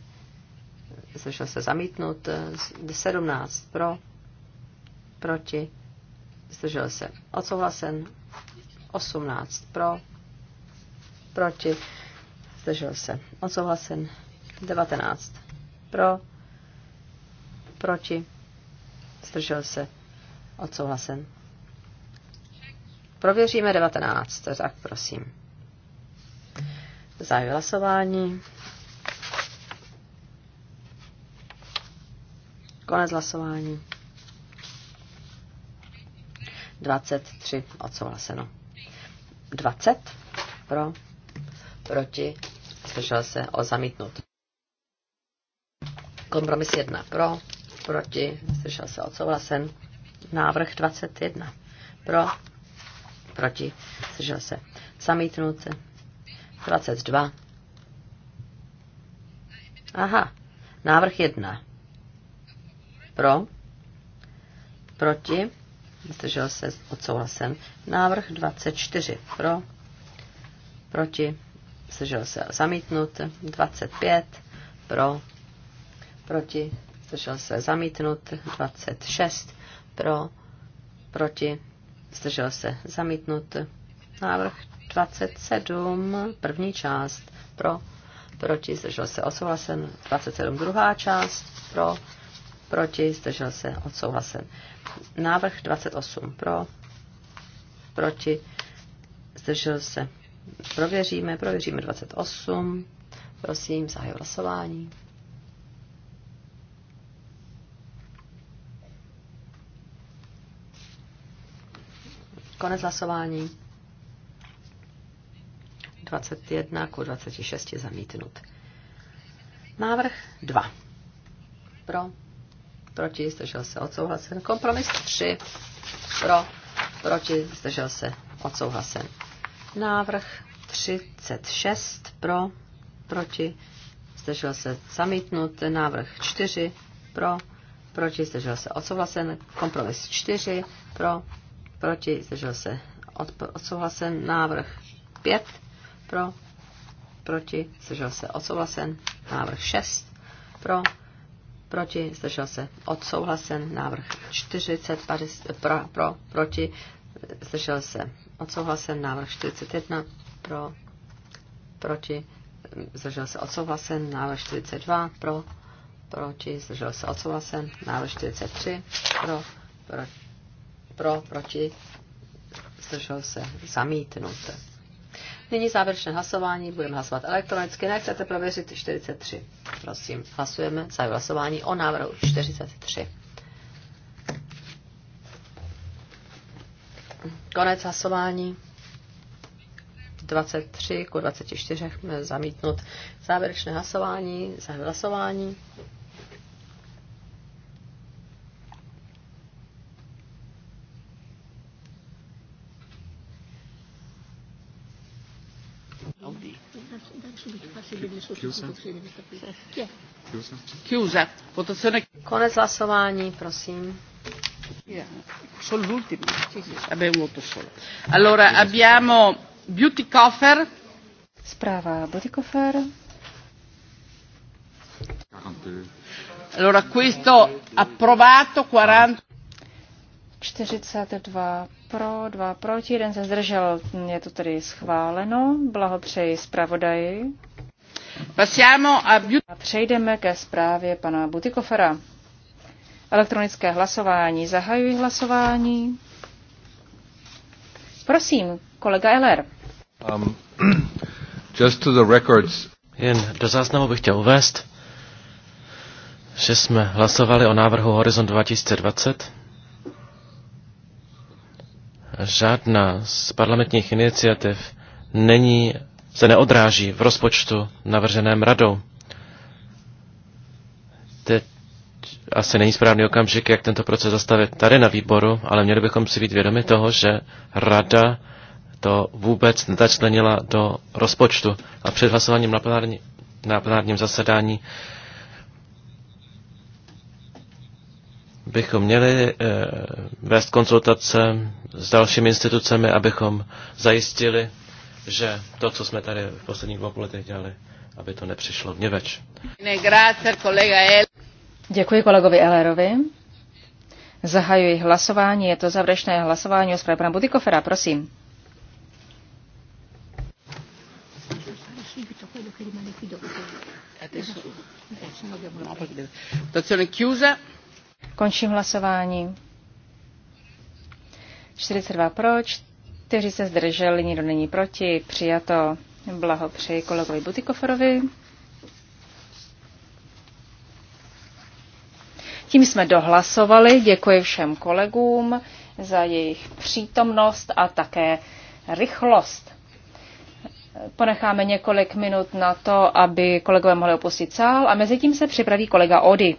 zdržel se zamítnut. 17 pro, proti, zdržel se odsouhlasen. 18 pro, proti, zdržel se odsouhlasen. 19. Pro, proti, zdržel se, odsouhlasen. Prověříme 19, tak prosím. Zájem hlasování. Konec hlasování. 23 odsouhlaseno. 20 pro, proti, zdržel se o zamítnut. Kompromis 1 pro, proti, zdržel se odsouhlasen. Návrh 21 pro, proti, zdržel se zamítnut. 22. Aha, návrh 1 pro, proti, zdržel se odsouhlasen. Návrh 24 pro, proti, zdržel se zamítnut. 25 pro, proti, zdržel se zamítnut, 26 pro, proti, zdržel se zamítnut, návrh 27, první část pro, proti, zdržel se odsouhlasen, 27 druhá část pro, proti, zdržel se odsouhlasen. Návrh 28 pro, proti, zdržel se. Prověříme, prověříme 28. Prosím, zahaj hlasování. Konec hlasování. 21 ku 26 je zamítnut. Návrh 2. Pro, proti, zdržel se, odsouhlasen. Kompromis 3. Pro, proti, zdržel se, odsouhlasen. Návrh 36. Pro, proti, zdržel se, zamítnut. Návrh 4. Pro, proti, zdržel se, odsouhlasen. Kompromis 4. Pro, proti, zdržel se odsouhlasen. Návrh 5 pro, proti, zdržel se odsouhlasen. Návrh 6 pro, proti, zdržel se odsouhlasen. Návrh 40 pro, pro proti, zdržel se odsouhlasen. Návrh 41 pro, proti, zdržel se odsouhlasen. Návrh 42 pro, proti, zdržel se odsouhlasen. Návrh 43 pro, proti pro, proti, zdržel se, zamítnout. Nyní závěrečné hlasování, budeme hlasovat elektronicky, nechcete prověřit 43. Prosím, hlasujeme za hlasování o návrhu 43. Konec hlasování. 23 ku 24 eh, zamítnut závěrečné hlasování, za hlasování. Chiusa. Votazione. Konec hlasování, prosím. Sono l'ultimo. Abbiamo voto solo. Allora abbiamo Beauty Coffer. Sprava Beauty Coffer. Allora questo approvato 40 42 pro, 2 proti, jeden se zdržel. Je to tedy schváleno. Blahopřeji zpravodaji. A přejdeme ke zprávě pana Butikofera. Elektronické hlasování. Zahajuji hlasování. Prosím, kolega Eller. Um, just to the records. Jen do záznamu bych chtěl uvést, že jsme hlasovali o návrhu Horizon 2020. Žádná z parlamentních iniciativ není se neodráží v rozpočtu navrženém radou. Teď asi není správný okamžik, jak tento proces zastavit tady na výboru, ale měli bychom si být vědomi toho, že rada to vůbec nezačlenila do rozpočtu a před hlasováním na, plenární, na plenárním zasedání bychom měli e, vést konzultace s dalšími institucemi, abychom zajistili že to, co jsme tady v posledních dvou letech dělali, aby to nepřišlo vněveč. Děkuji kolegovi Ellerovi. Zahajuji hlasování, je to závěrečné hlasování o zprávě pana Budikofera, prosím. Končím hlasování. 42 Proč? kteří se zdrželi, nikdo není proti, přijato. Blahopřeji kolegovi Butikoforovi. Tím jsme dohlasovali. Děkuji všem kolegům za jejich přítomnost a také rychlost. Ponecháme několik minut na to, aby kolegové mohli opustit sál a mezi tím se připraví kolega Ody.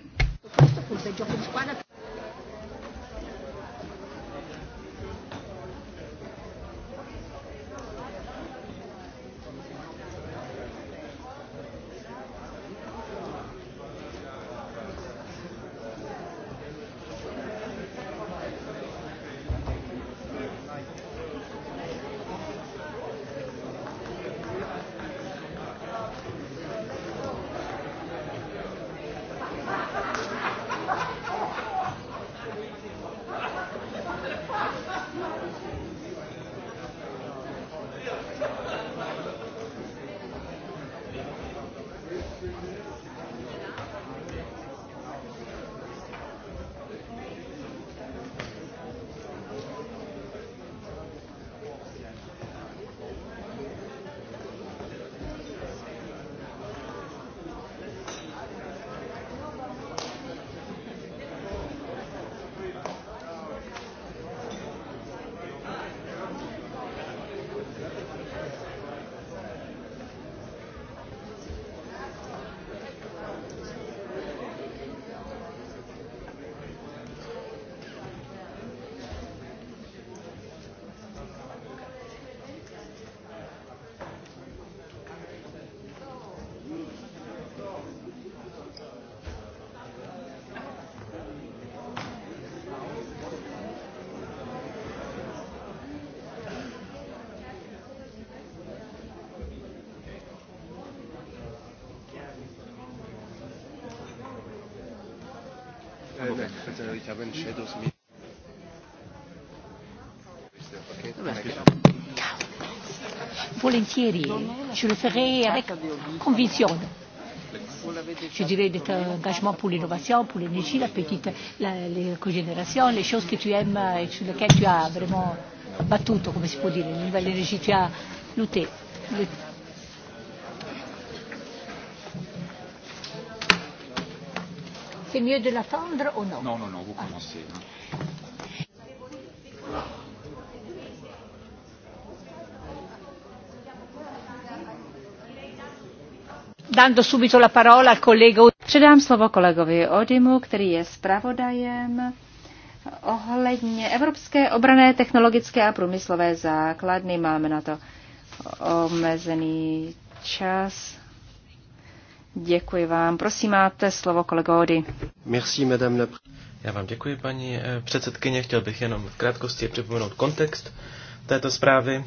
Ich habe ein Shadows Meeting. Volentieri, je le ferai avec conviction. Je dirais d'être engagement pour l'innovation, pour l'énergie, la petite, la, les cogénérations, les choses que tu aimes et sur lesquelles tu as vraiment battu, comme si peut dire, l'énergie, tu ha lutté. C'est mieux de l'attendre ou non Non, non, non, vous commencez. Hein. Dando subito la parola al collega. Předám slovo kolegovi Odimu, který je zpravodajem ohledně Evropské obrané technologické a průmyslové základny. Máme na to omezený čas. Děkuji vám. Prosím, máte slovo kolego Ody. Merci, madame la... Já vám děkuji, paní eh, předsedkyně. Chtěl bych jenom v krátkosti připomenout kontext této zprávy.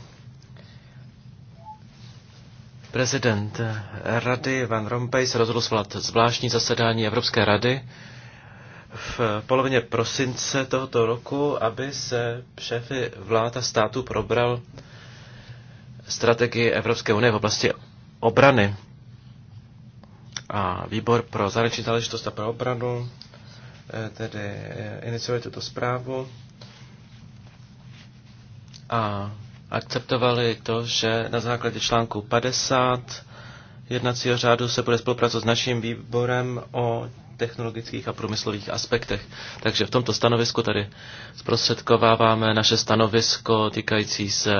Prezident eh, rady Van Rompuy se rozhodl svolat zvláštní zasedání Evropské rady v polovině prosince tohoto roku, aby se šéfy vláda státu probral strategii Evropské unie v oblasti obrany a výbor pro zahraniční záležitost a pro obranu eh, tedy eh, iniciovali tuto zprávu a akceptovali to, že na základě článku 50 jednacího řádu se bude spolupracovat s naším výborem o technologických a průmyslových aspektech. Takže v tomto stanovisku tady zprostředkováváme naše stanovisko týkající se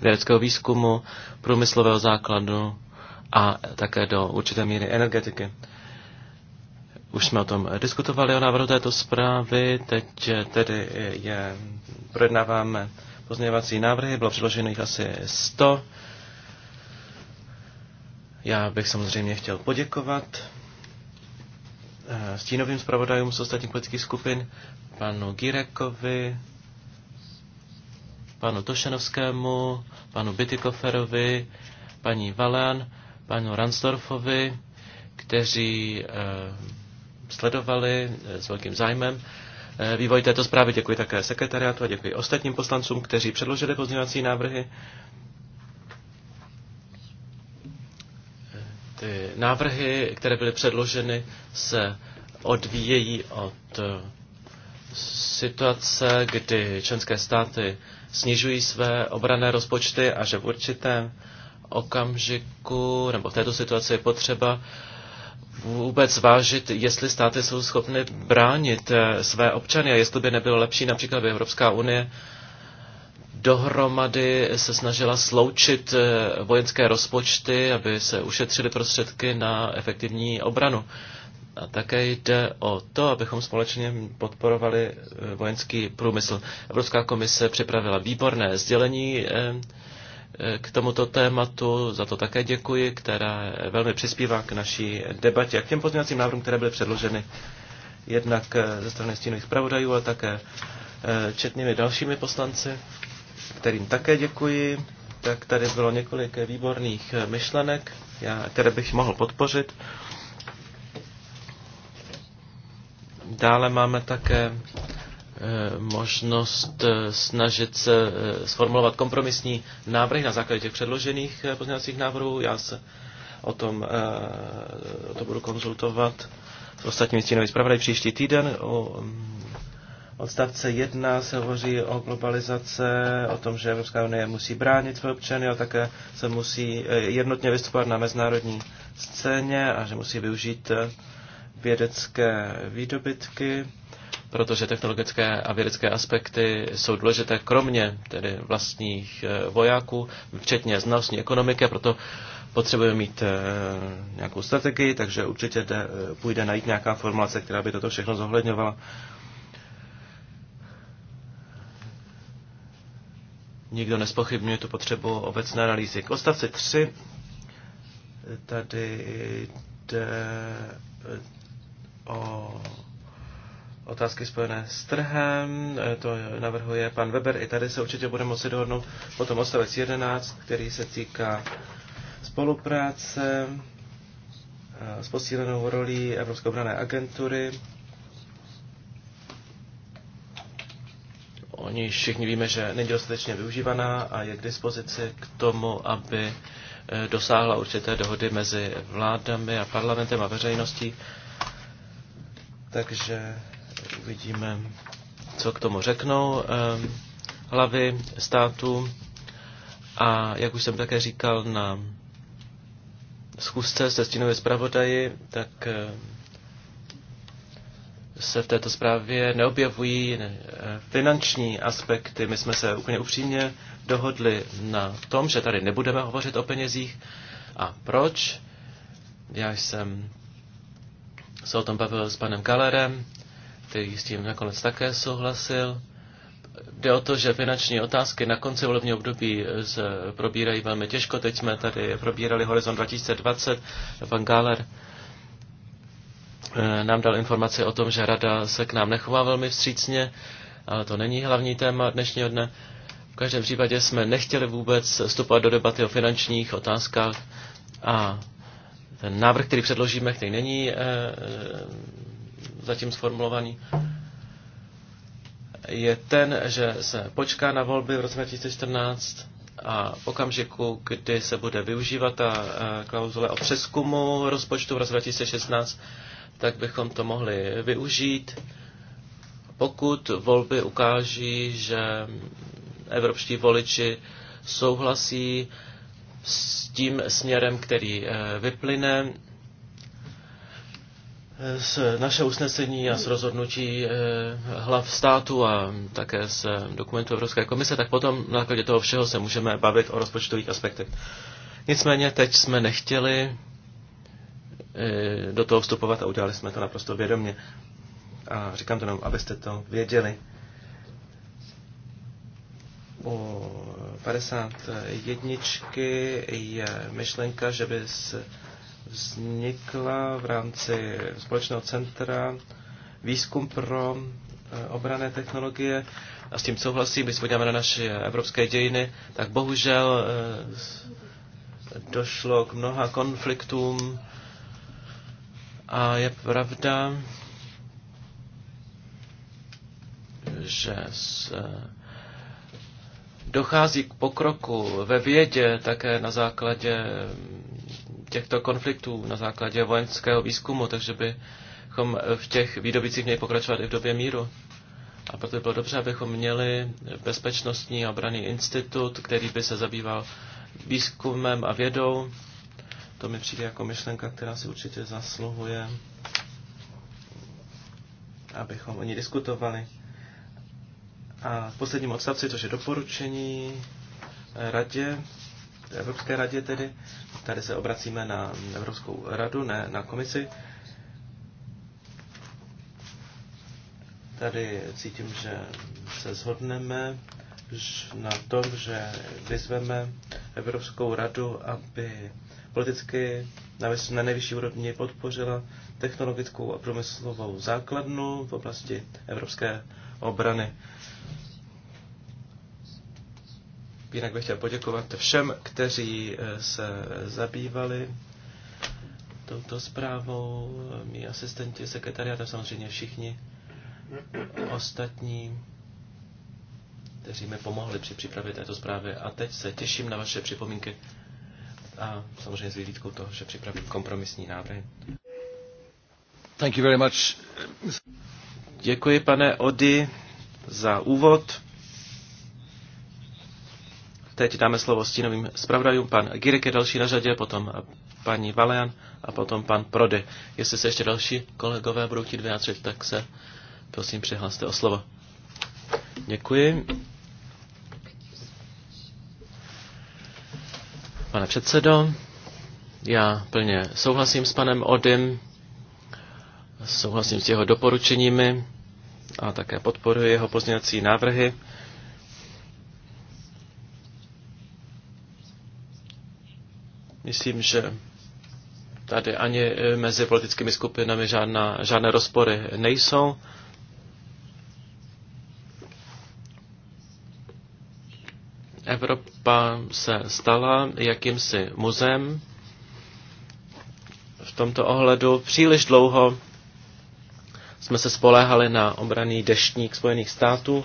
vědeckého výzkumu, průmyslového základu, a také do určité míry energetiky. Už jsme o tom diskutovali o návrhu této zprávy, teď tedy je, projednáváme pozměňovací návrhy, bylo předloženo jich asi 100. Já bych samozřejmě chtěl poděkovat eh, stínovým zpravodajům z ostatních politických skupin, panu Girekovi, panu Tošenovskému, panu Bitykoferovi, paní Valán, panu Ransdorfovi, kteří eh, sledovali eh, s velkým zájmem eh, vývoj této zprávy. Děkuji také sekretariátu a děkuji ostatním poslancům, kteří předložili pozměňovací návrhy. Ty návrhy, které byly předloženy, se odvíjejí od situace, kdy členské státy snižují své obrané rozpočty a že v určitém okamžiku nebo v této situaci je potřeba vůbec zvážit, jestli státy jsou schopny bránit eh, své občany a jestli by nebylo lepší například by Evropská unie dohromady se snažila sloučit eh, vojenské rozpočty, aby se ušetřily prostředky na efektivní obranu. A také jde o to, abychom společně podporovali eh, vojenský průmysl. Evropská komise připravila výborné sdělení k tomuto tématu, za to také děkuji, která velmi přispívá k naší debatě a k těm pozměňovacím návrhům, které byly předloženy jednak eh, ze strany stínových pravodajů, ale také eh, četnými dalšími poslanci, kterým také děkuji. Tak tady bylo několik výborných eh, myšlenek, já, které bych mohl podpořit. Dále máme také Eh, možnost eh, snažit se eh, sformulovat kompromisní návrh na základě těch předložených pozměňovacích návrhů. Já se o tom, o to budu konzultovat s ostatními stínovými zpravodaji příští týden. O mm, odstavce 1 se hovoří o globalizace, o tom, že Evropská unie musí bránit své občany a také se musí jednotně vystupovat na mezinárodní scéně a že musí využít vědecké výdobytky protože technologické a vědecké aspekty jsou důležité kromě tedy vlastních eh, vojáků, včetně znalostní ekonomiky, proto potřebujeme mít eh, nějakou strategii, takže určitě jde, eh, půjde najít nějaká formulace, která by toto všechno zohledňovala. Nikdo nespochybňuje tu potřebu obecné analýzy. K odstavci 3 tady jde o otázky spojené s trhem, eh, to navrhuje pan Weber, i tady se určitě budeme moci dohodnout potom odstavec 11, který se týká spolupráce eh, s posílenou rolí Evropské obrané agentury. Oni všichni víme, že není dostatečně využívaná a je k dispozici k tomu, aby eh, dosáhla určité dohody mezi vládami a parlamentem a veřejností. Takže Vidíme, co k tomu řeknou eh, hlavy státu A jak už jsem také říkal na schůzce se stínové zpravodaji, tak eh, se v této zprávě neobjevují eh, finanční aspekty. My jsme se úplně upřímně dohodli na tom, že tady nebudeme hovořit o penězích. A proč? Já jsem se o tom bavil s panem Kalerem, který s tím nakonec také souhlasil. Jde o to, že finanční otázky na konci volebního období eh, se probírají velmi těžko. Teď jsme tady probírali Horizon 2020. Pan Gáler eh, nám dal informaci o tom, že rada se k nám nechová velmi vstřícně, ale to není hlavní téma dnešního dne. V každém případě jsme nechtěli vůbec vstupovat do debaty o finančních otázkách a ten návrh, který předložíme, který není eh, zatím sformulovaný, je ten, že se počká na volby v roce 2014 a v okamžiku, kdy se bude využívat ta eh, klauzule o přeskumu rozpočtu v roce 2016, tak bychom to mohli využít, pokud volby ukáží, že evropští voliči souhlasí s tím směrem, který eh, vyplyne z naše usnesení a z rozhodnutí eh, hlav státu a také z dokumentu Evropské komise, tak potom na základě toho všeho se můžeme bavit o rozpočtových aspektech. Nicméně teď jsme nechtěli eh, do toho vstupovat a udělali jsme to naprosto vědomě. A říkám to jenom, abyste to věděli. U 51 je myšlenka, že by se vznikla v rámci společného centra výzkum pro eh, obrané technologie a s tím souhlasím, když podíváme na naše evropské dějiny, tak bohužel eh, došlo k mnoha konfliktům a je pravda, že eh, dochází k pokroku ve vědě také na základě těchto konfliktů na základě vojenského výzkumu, takže bychom v těch výdobicích měli pokračovat i v době míru. A proto by bylo dobře, abychom měli bezpečnostní a obraný institut, který by se zabýval výzkumem a vědou. To mi přijde jako myšlenka, která si určitě zasluhuje, abychom o ní diskutovali. A v posledním odstavci, což je doporučení eh, radě, Evropské radě tedy. Tady se obracíme na Evropskou radu, ne na komisi. Tady cítím, že se shodneme na tom, že vyzveme Evropskou radu, aby politicky na nejvyšší úrovni podpořila technologickou a průmyslovou základnu v oblasti evropské obrany. Jinak bych chtěl poděkovat všem, kteří eh, se zabývali touto zprávou, mý asistenti, a samozřejmě všichni ostatní, kteří mi pomohli při přípravě této zprávy. A teď se těším na vaše připomínky a samozřejmě s vyhlídkou toho, že připravím kompromisní návrhy. Thank you very much. Děkuji, pane Ody, za úvod. Teď dáme slovo stínovým zpravodajům. Pan Girik je další na řadě, potom paní Valean a potom pan Prody. Jestli se ještě další kolegové budou chtít vyjádřit, tak se prosím přihlaste o slovo. Děkuji. Pane předsedo, já plně souhlasím s panem Odym, souhlasím s jeho doporučeními a také podporuji jeho pozměňovací návrhy. Myslím, že tady ani eh, mezi politickými skupinami žádná, žádné rozpory nejsou. Evropa se stala jakýmsi muzem v tomto ohledu. Příliš dlouho jsme se spoléhali na obraný deštník Spojených států,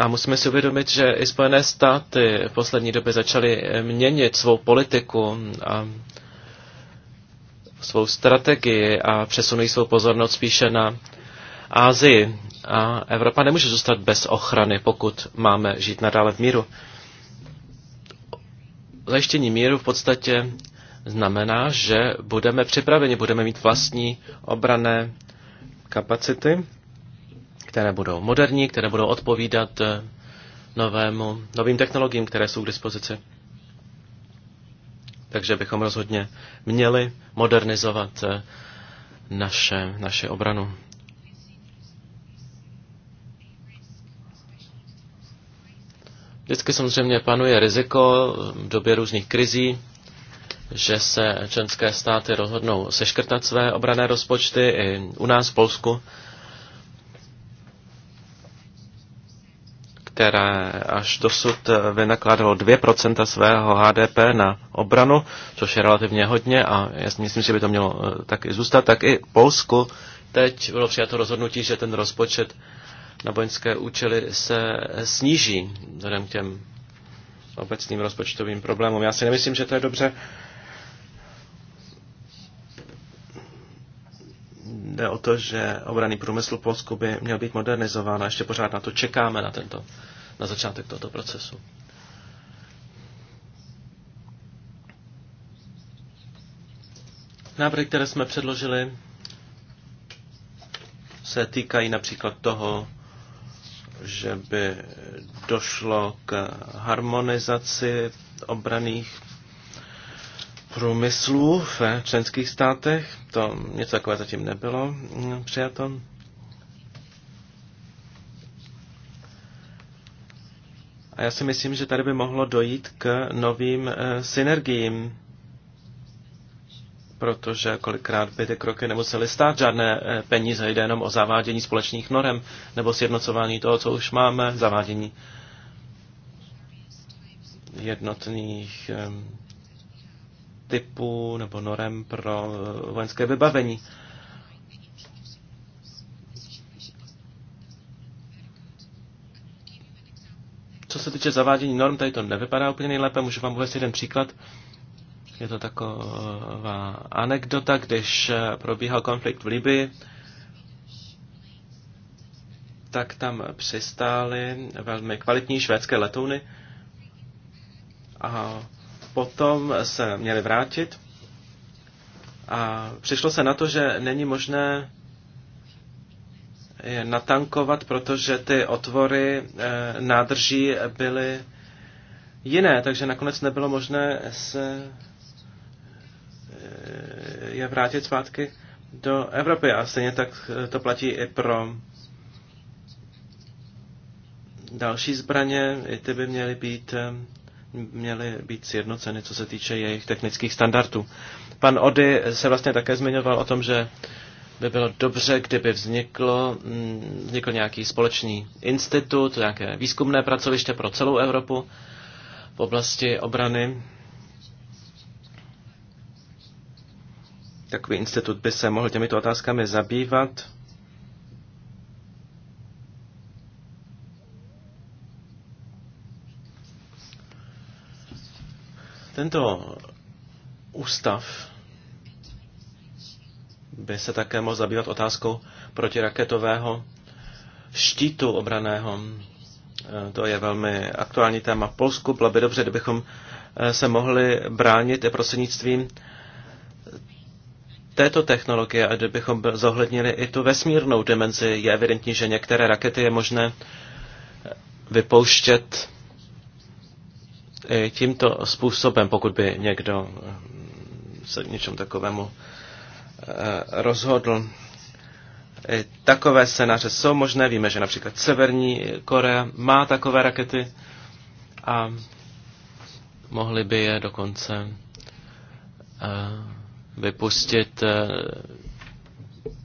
A musíme si uvědomit, že i Spojené státy v poslední době začaly měnit svou politiku a svou strategii a přesunují svou pozornost spíše na Ázii. A Evropa nemůže zůstat bez ochrany, pokud máme žít nadále v míru. Zajištění míru v podstatě znamená, že budeme připraveni, budeme mít vlastní obrané kapacity které budou moderní, které budou odpovídat eh, novému, novým technologiím, které jsou k dispozici. Takže bychom rozhodně měli modernizovat eh, naše, naše obranu. Vždycky samozřejmě panuje riziko eh, v době různých krizí, že se členské státy rozhodnou seškrtat své obrané rozpočty i u nás v Polsku které až dosud vynakládalo 2% svého HDP na obranu, což je relativně hodně a já si myslím, že by to mělo eh, tak i zůstat, tak i Polsku teď bylo přijato rozhodnutí, že ten rozpočet na vojenské účely se sníží vzhledem k těm obecným rozpočtovým problémům. Já si nemyslím, že to je dobře. Jde o to, že obraný průmysl v Polsku by měl být modernizován a ještě pořád na to čekáme, na, tento, na začátek tohoto procesu. Návrhy, které jsme předložili, se týkají například toho, že by došlo k harmonizaci obraných průmyslu v členských státech. To něco takové zatím nebylo mm, přijato. A já si myslím, že tady by mohlo dojít k novým eh, synergiím, protože kolikrát by ty kroky nemusely stát žádné eh, peníze, jde jenom o zavádění společných norem nebo sjednocování toho, co už máme, zavádění jednotných eh, typu nebo norem pro eh, vojenské vybavení. Co se týče zavádění norm, tady to nevypadá úplně nejlépe. Můžu vám uvést jeden příklad. Je to taková anekdota, když eh, probíhal konflikt v Libii, tak tam přistály velmi kvalitní švédské letouny a potom se měli vrátit a přišlo se na to, že není možné je natankovat, protože ty otvory eh, nádrží byly jiné, takže nakonec nebylo možné se eh, je vrátit zpátky do Evropy. A stejně tak eh, to platí i pro další zbraně, i ty by měly být měly být sjednoceny, co se týče jejich technických standardů. Pan Ody se vlastně také zmiňoval o tom, že by bylo dobře, kdyby vzniklo, mm, vznikl nějaký společný institut, nějaké výzkumné pracoviště pro celou Evropu v oblasti obrany. Takový institut by se mohl těmito otázkami zabývat. Tento ústav by se také mohl zabývat otázkou protiraketového štítu obraného. E, to je velmi aktuální téma v Polsku. Bylo by dobře, kdybychom e, se mohli bránit i prostřednictvím této technologie a kdybychom zohlednili i tu vesmírnou dimenzi. Je evidentní, že některé rakety je možné vypouštět E, tímto způsobem, pokud by někdo e, se něčem takovému e, rozhodl, takové scénáře jsou možné. Víme, že například Severní Korea má takové rakety a mohli by je dokonce vypustit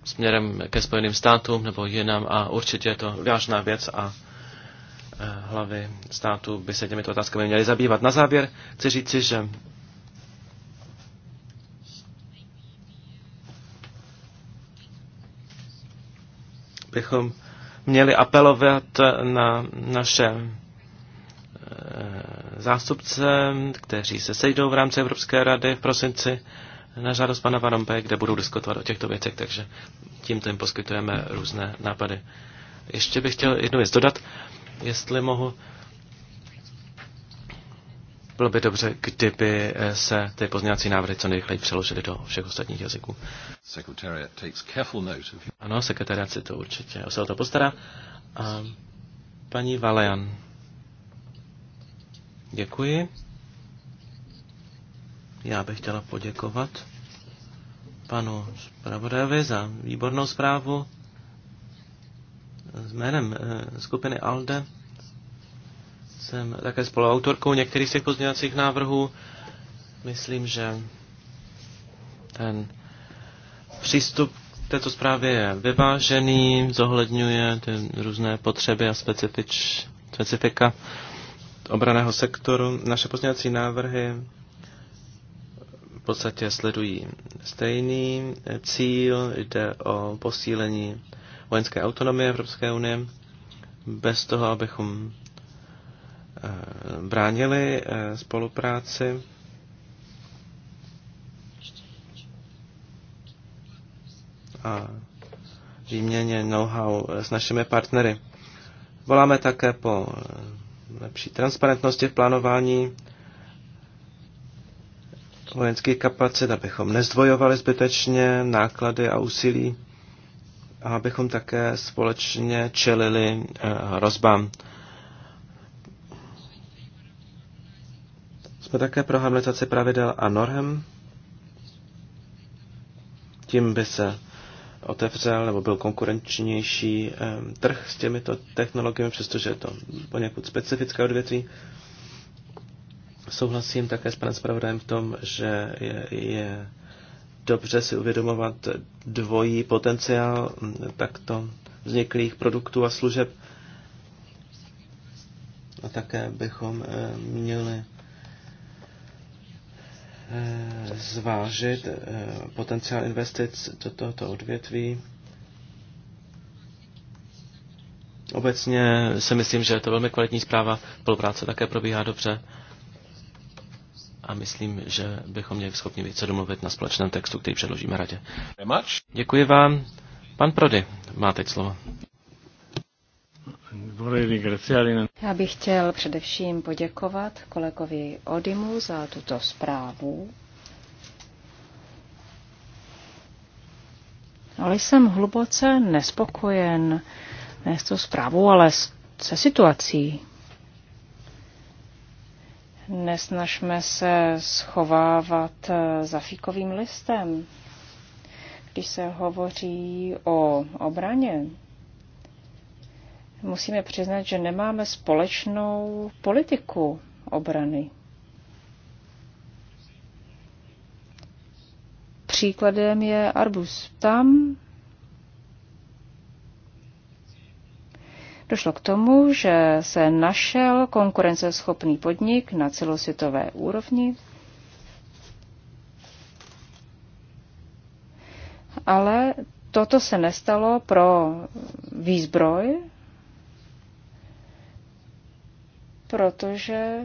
směrem ke Spojeným státům nebo jinam a určitě je to vážná věc a Eh, hlavy státu by se těmito otázkami měly zabývat. Na závěr chci říci, že bychom měli apelovat na naše eh, zástupce, kteří se sejdou v rámci Evropské rady v prosinci na žádost pana Varompe, kde budou diskutovat o těchto věcech, takže tímto jim poskytujeme různé nápady. Ještě bych chtěl jednu věc dodat jestli mohu. Bylo by dobře, kdyby eh, se ty pozměňovací návrhy co nejrychleji přeložily do všech ostatních jazyků. Ano, sekretariat si to určitě se o to postará. A paní Valejan. Děkuji. Já bych chtěla poděkovat panu zpravodajovi za výbornou zprávu. S Jménem eh, skupiny ALDE jsem také spoluautorkou některých z těch pozměňovacích návrhů. Myslím, že ten přístup k této zprávě je vyvážený, zohledňuje ty různé potřeby a specifič, specifika obraného sektoru. Naše pozměňovací návrhy v podstatě sledují stejný cíl, jde o posílení vojenské autonomie Evropské unie, bez toho, abychom eh, bránili eh, spolupráci. A výměně know-how eh, s našimi partnery. Voláme také po lepší transparentnosti v plánování vojenských kapacit, abychom nezdvojovali zbytečně náklady a úsilí a abychom také společně čelili eh, rozbám. Jsme také pro harmonizaci pravidel a norm. Tím by se otevřel nebo byl konkurenčnější eh, trh s těmito technologiemi, přestože je to poněkud specifické odvětví. Souhlasím také s panem zpravodajem v tom, že je, je dobře si uvědomovat dvojí potenciál mm, takto vzniklých produktů a služeb. A také bychom eh, měli eh, zvážit eh, potenciál investic do tohoto odvětví. Obecně si myslím, že je to velmi kvalitní zpráva, spolupráce také probíhá dobře a myslím, že bychom měli schopni více domluvit na společném textu, který předložíme radě. Děkuji vám. Pan Prody má teď slovo. Já bych chtěl především poděkovat kolegovi Odimu za tuto zprávu. Ale jsem hluboce nespokojen ne s tou zprávou, ale se situací. Nesnažme se schovávat eh, za fíkovým listem. Když se hovoří o obraně, musíme přiznat, že nemáme společnou politiku obrany. Příkladem je Arbus. Tam Došlo k tomu, že se našel konkurenceschopný podnik na celosvětové úrovni, ale toto se nestalo pro výzbroj, protože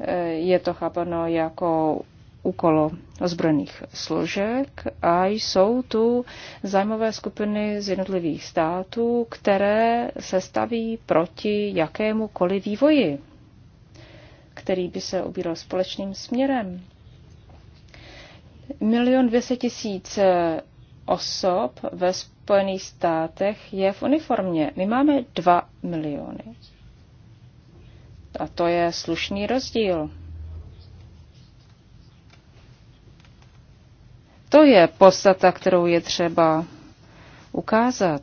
eh, je to chápano jako úkolo ozbrojených složek a jsou tu zájmové skupiny z jednotlivých států, které se staví proti jakémukoliv vývoji, který by se ubíral společným směrem. Milion dvěset tisíc osob ve Spojených státech je v uniformě. My máme dva miliony. A to je slušný rozdíl. To je podstata, kterou je třeba ukázat.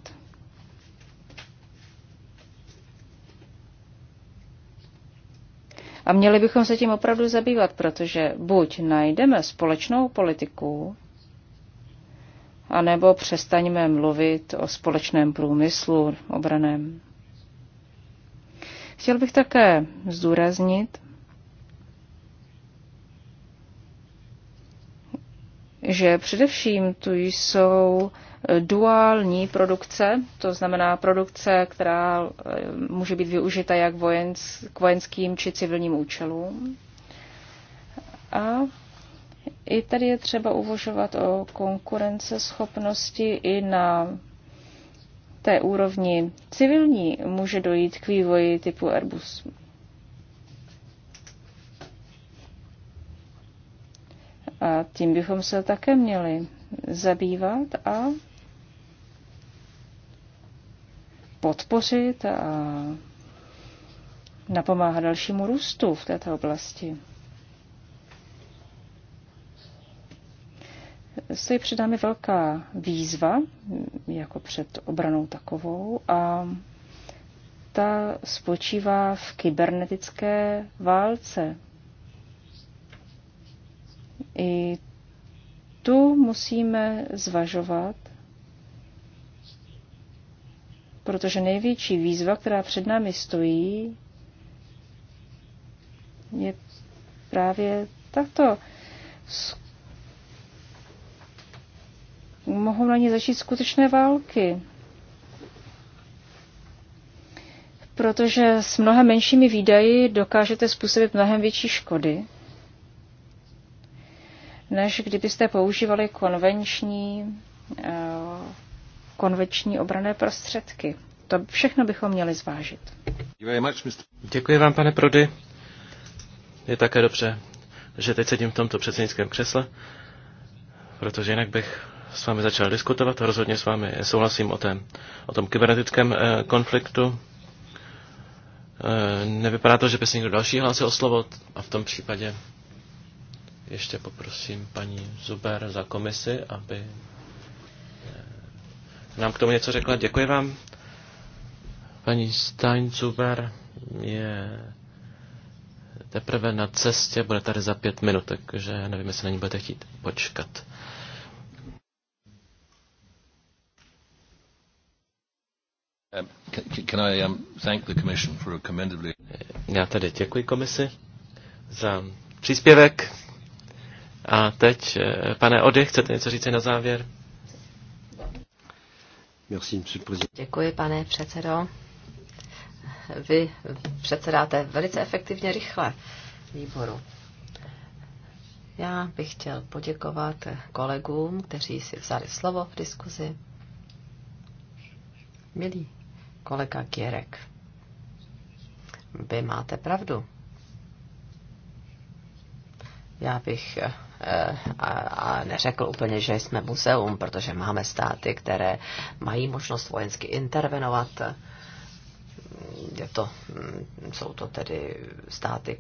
A měli bychom se tím opravdu zabývat, protože buď najdeme společnou politiku, anebo přestaňme mluvit o společném průmyslu obraném. Chtěl bych také zdůraznit, že především tu jsou eh, duální produkce, to znamená produkce, která eh, může být využita jak k vojenským či civilním účelům. A i tady je třeba uvažovat o konkurenceschopnosti i na té úrovni civilní může dojít k vývoji typu Airbus A tím bychom se také měli zabývat a podpořit a napomáhat dalšímu růstu v této oblasti. Stojí před námi velká výzva, jako před obranou takovou, a ta spočívá v kybernetické válce, i tu musíme zvažovat, protože největší výzva, která před námi stojí, je právě takto. Mohou na ně začít skutečné války. Protože s mnohem menšími výdaji dokážete způsobit mnohem větší škody než kdybyste používali konvenční, eh, konvenční obrané prostředky. To všechno bychom měli zvážit. Děkuji vám, pane Prody. Je také dobře, že teď sedím v tomto předsednickém křesle, protože jinak bych s vámi začal diskutovat. Rozhodně s vámi souhlasím o, tém, o tom kybernetickém eh, konfliktu. Eh, nevypadá to, že by se někdo další hlásil o slovo a v tom případě ještě poprosím paní Zuber za komisi, aby eh, nám k tomu něco řekla. Děkuji vám. Paní Stein Zuber je teprve na cestě, bude tady za pět minut, takže nevím, jestli na ní budete chtít počkat. Já tady děkuji komisi za příspěvek. A teď, eh, pane Ody, chcete něco říct na závěr? Děkuji, pane předsedo. Vy předsedáte velice efektivně rychle výboru. Já bych chtěl poděkovat kolegům, kteří si vzali slovo v diskuzi. Milý kolega Kierek, vy máte pravdu. Já bych Eh, a, a neřekl úplně, že jsme muzeum, protože máme státy, které mají možnost vojensky intervenovat. Je to, mm, jsou to tedy státy,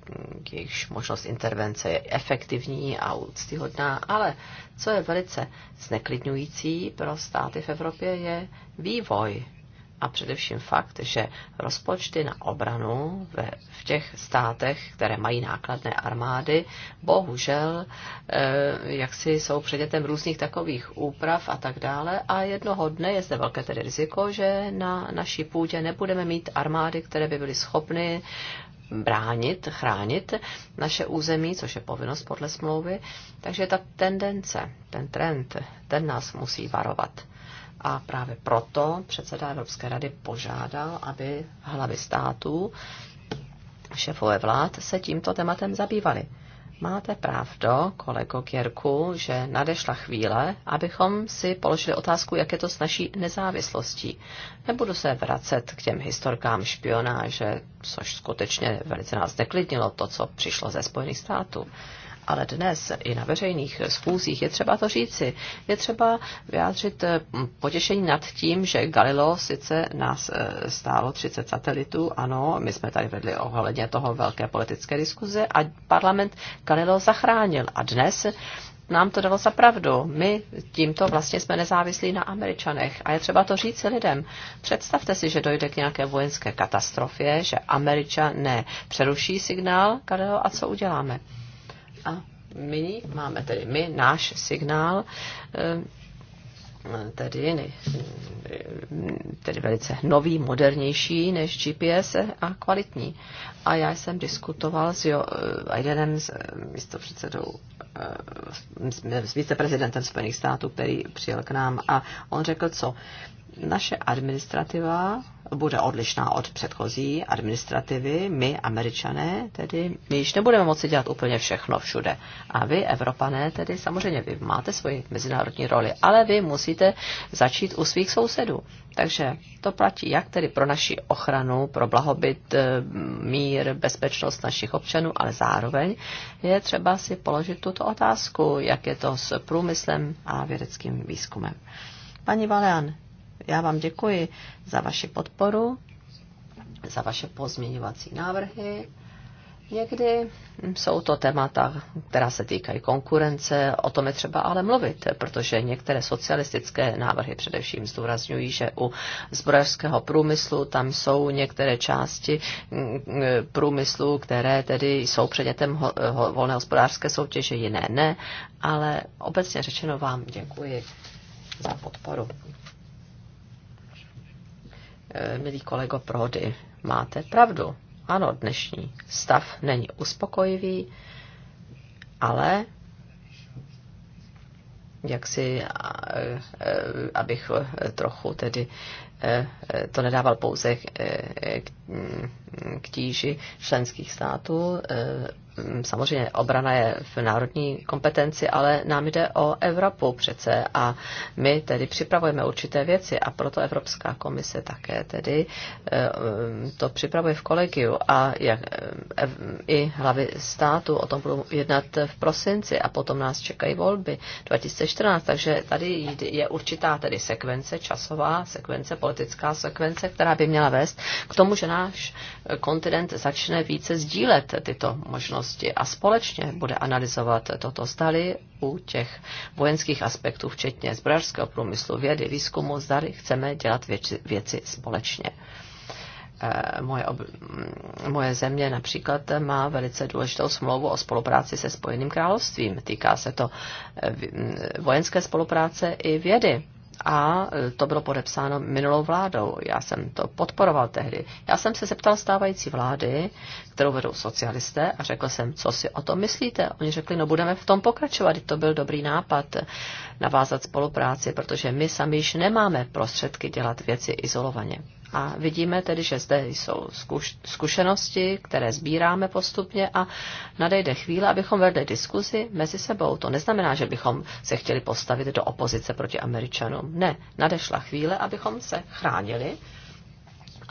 jejichž možnost intervence je efektivní a úctyhodná, ale co je velice zneklidňující pro státy v Evropě je vývoj a především fakt, že rozpočty na obranu ve, v těch státech, které mají nákladné armády, bohužel e, eh, jaksi jsou předmětem různých takových úprav a tak dále a jednoho dne je zde velké tedy riziko, že na naší půdě nebudeme mít armády, které by byly schopny bránit, chránit naše území, což je povinnost podle smlouvy. Takže ta tendence, ten trend, ten nás musí varovat. A právě proto předseda Evropské rady požádal, aby hlavy států, šéfové vlád se tímto tématem zabývali. Máte pravdu, kolego Kierku, že nadešla chvíle, abychom si položili otázku, jak je to s naší nezávislostí. Nebudu se vracet k těm historkám špionáže, což skutečně velice nás neklidnilo to, co přišlo ze Spojených států ale dnes i na veřejných schůzích je třeba to říci. Je třeba vyjádřit eh, potěšení nad tím, že Galileo sice nás eh, stálo 30 satelitů, ano, my jsme tady vedli ohledně toho velké politické diskuze a parlament Galileo zachránil. A dnes nám to dalo za pravdu. My tímto vlastně jsme nezávislí na Američanech. A je třeba to říct lidem. Představte si, že dojde k nějaké vojenské katastrofě, že Američané přeruší signál, Karel, a co uděláme? A my máme tedy my, náš signál, eh, tedy, tedy velice nový, modernější než GPS a kvalitní. A já jsem diskutoval s jo, Bidenem, eh, eh, s místopředsedou, s viceprezidentem Spojených států, který přijel k nám a on řekl, co naše administrativa bude odlišná od předchozí administrativy. My, američané, tedy my již nebudeme moci dělat úplně všechno všude. A vy, Evropané, tedy samozřejmě vy máte svoji mezinárodní roli, ale vy musíte začít u svých sousedů. Takže to platí jak tedy pro naši ochranu, pro blahobyt, eh, mír, bezpečnost našich občanů, ale zároveň je třeba si položit tuto otázku, jak je to s průmyslem a vědeckým výzkumem. Paní Valean, já vám děkuji za vaši podporu, za vaše pozměňovací návrhy. Někdy jsou to témata, která se týkají konkurence, o tom je třeba ale mluvit, protože některé socialistické návrhy především zdůrazňují, že u zbrojařského průmyslu tam jsou některé části průmyslu, které tedy jsou předmětem volné hospodářské soutěže, jiné ne, ale obecně řečeno vám děkuji za podporu. Eh, milý kolego Prody, máte pravdu. Ano, dnešní stav není uspokojivý, ale jak si, eh, eh, abych trochu tedy to nedával pouze k tíži členských států. E, samozřejmě obrana je v národní kompetenci, ale nám jde o Evropu přece a my tedy připravujeme určité věci a proto Evropská komise také tedy e, to připravuje v kolegiu a jak, e, i hlavy státu o tom budou jednat v prosinci a potom nás čekají volby 2014, takže tady je určitá tedy sekvence časová, sekvence politická sekvence, která by měla vést k tomu, že nám náš kontinent začne více sdílet tyto možnosti a společně bude analyzovat toto staly u těch vojenských aspektů, včetně zbrojařského průmyslu, vědy, výzkumu, zdali chceme dělat věci, věci společně eh, moje, ob, mm, moje země například má velice důležitou smlouvu o spolupráci se Spojeným královstvím. Týká se to eh, mm, vojenské spolupráce i vědy a e, to bylo podepsáno minulou vládou. Já jsem to podporoval tehdy. Já jsem se zeptal stávající vlády, kterou vedou socialisté, a řekl jsem, co si o tom myslíte. Oni řekli, no budeme v tom pokračovat, to byl dobrý nápad e, navázat spolupráci, protože my sami již nemáme prostředky dělat věci izolovaně. A vidíme tedy, že zde jsou zkušenosti, které sbíráme postupně a nadejde chvíle, abychom vedli diskuzi mezi sebou. To neznamená, že bychom se chtěli postavit do opozice proti Američanům. Ne, nadešla chvíle, abychom se chránili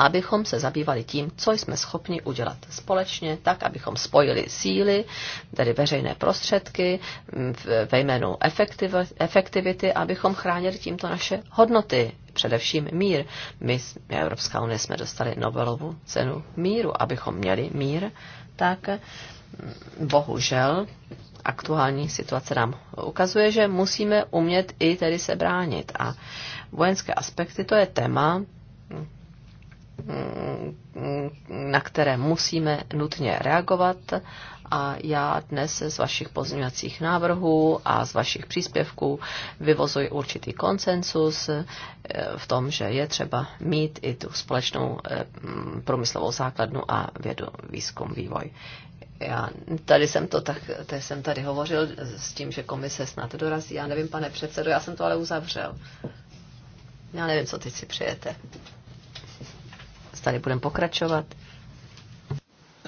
abychom se zabývali tím, co jsme schopni udělat společně, tak, abychom spojili síly, tedy veřejné prostředky ve jménu efektivity, abychom chránili tímto naše hodnoty, především mír. My, Evropská unie, jsme dostali Nobelovu cenu míru. Abychom měli mír, tak mm, bohužel aktuální situace nám ukazuje, že musíme umět i tedy se bránit. A vojenské aspekty to je téma, na které musíme nutně reagovat a já dnes z vašich pozměňovacích návrhů a z vašich příspěvků vyvozuji určitý konsensus eh, v tom, že je třeba mít i tu společnou eh, průmyslovou základnu a vědu, výzkum, vývoj. Já tady jsem to tak, tady jsem tady hovořil s tím, že komise snad dorazí. Já nevím, pane předsedo, já jsem to ale uzavřel. Já nevím, co teď si přejete. Tady budeme pokračovat.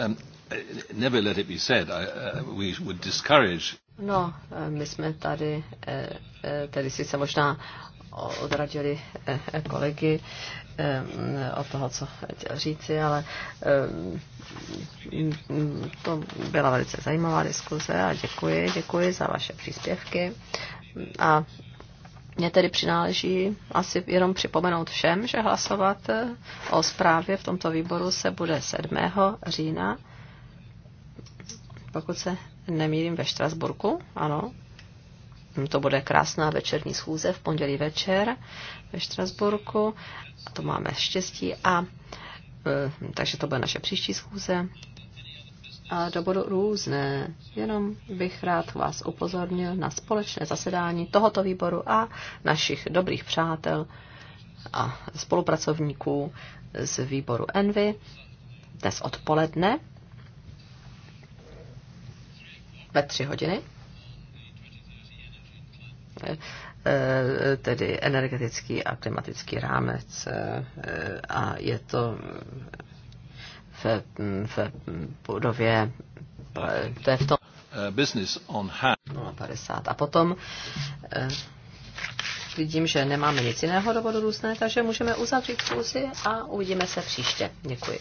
Um, never let it be said, I, uh, we would discourage... No, eh, my jsme tady, eh, eh, si se možná odradili kolegy od toho, co chtěl říci, ale to byla velice zajímavá diskuze a děkuji, děkuji za vaše příspěvky. A mně tedy přináleží asi jenom připomenout všem, že hlasovat eh, o zprávě v tomto výboru se bude 7. října, pokud se nemýlím ve Štrasburku, ano. Hm, to bude krásná večerní schůze v pondělí večer ve Štrasburku. A to máme štěstí. A eh, takže to bude naše příští schůze a to budou různé. Jenom bych rád vás upozornil na společné zasedání tohoto výboru a našich dobrých přátel a spolupracovníků z výboru Envy dnes odpoledne ve tři hodiny e, tedy energetický a klimatický rámec e, a je to v, v budově, eh, to je v tom eh, business on hand. 50. No, a potom eh, vidím, že nemáme nic jiného do bodu různé, takže můžeme uzavřít schůzi a uvidíme se příště. Děkuji.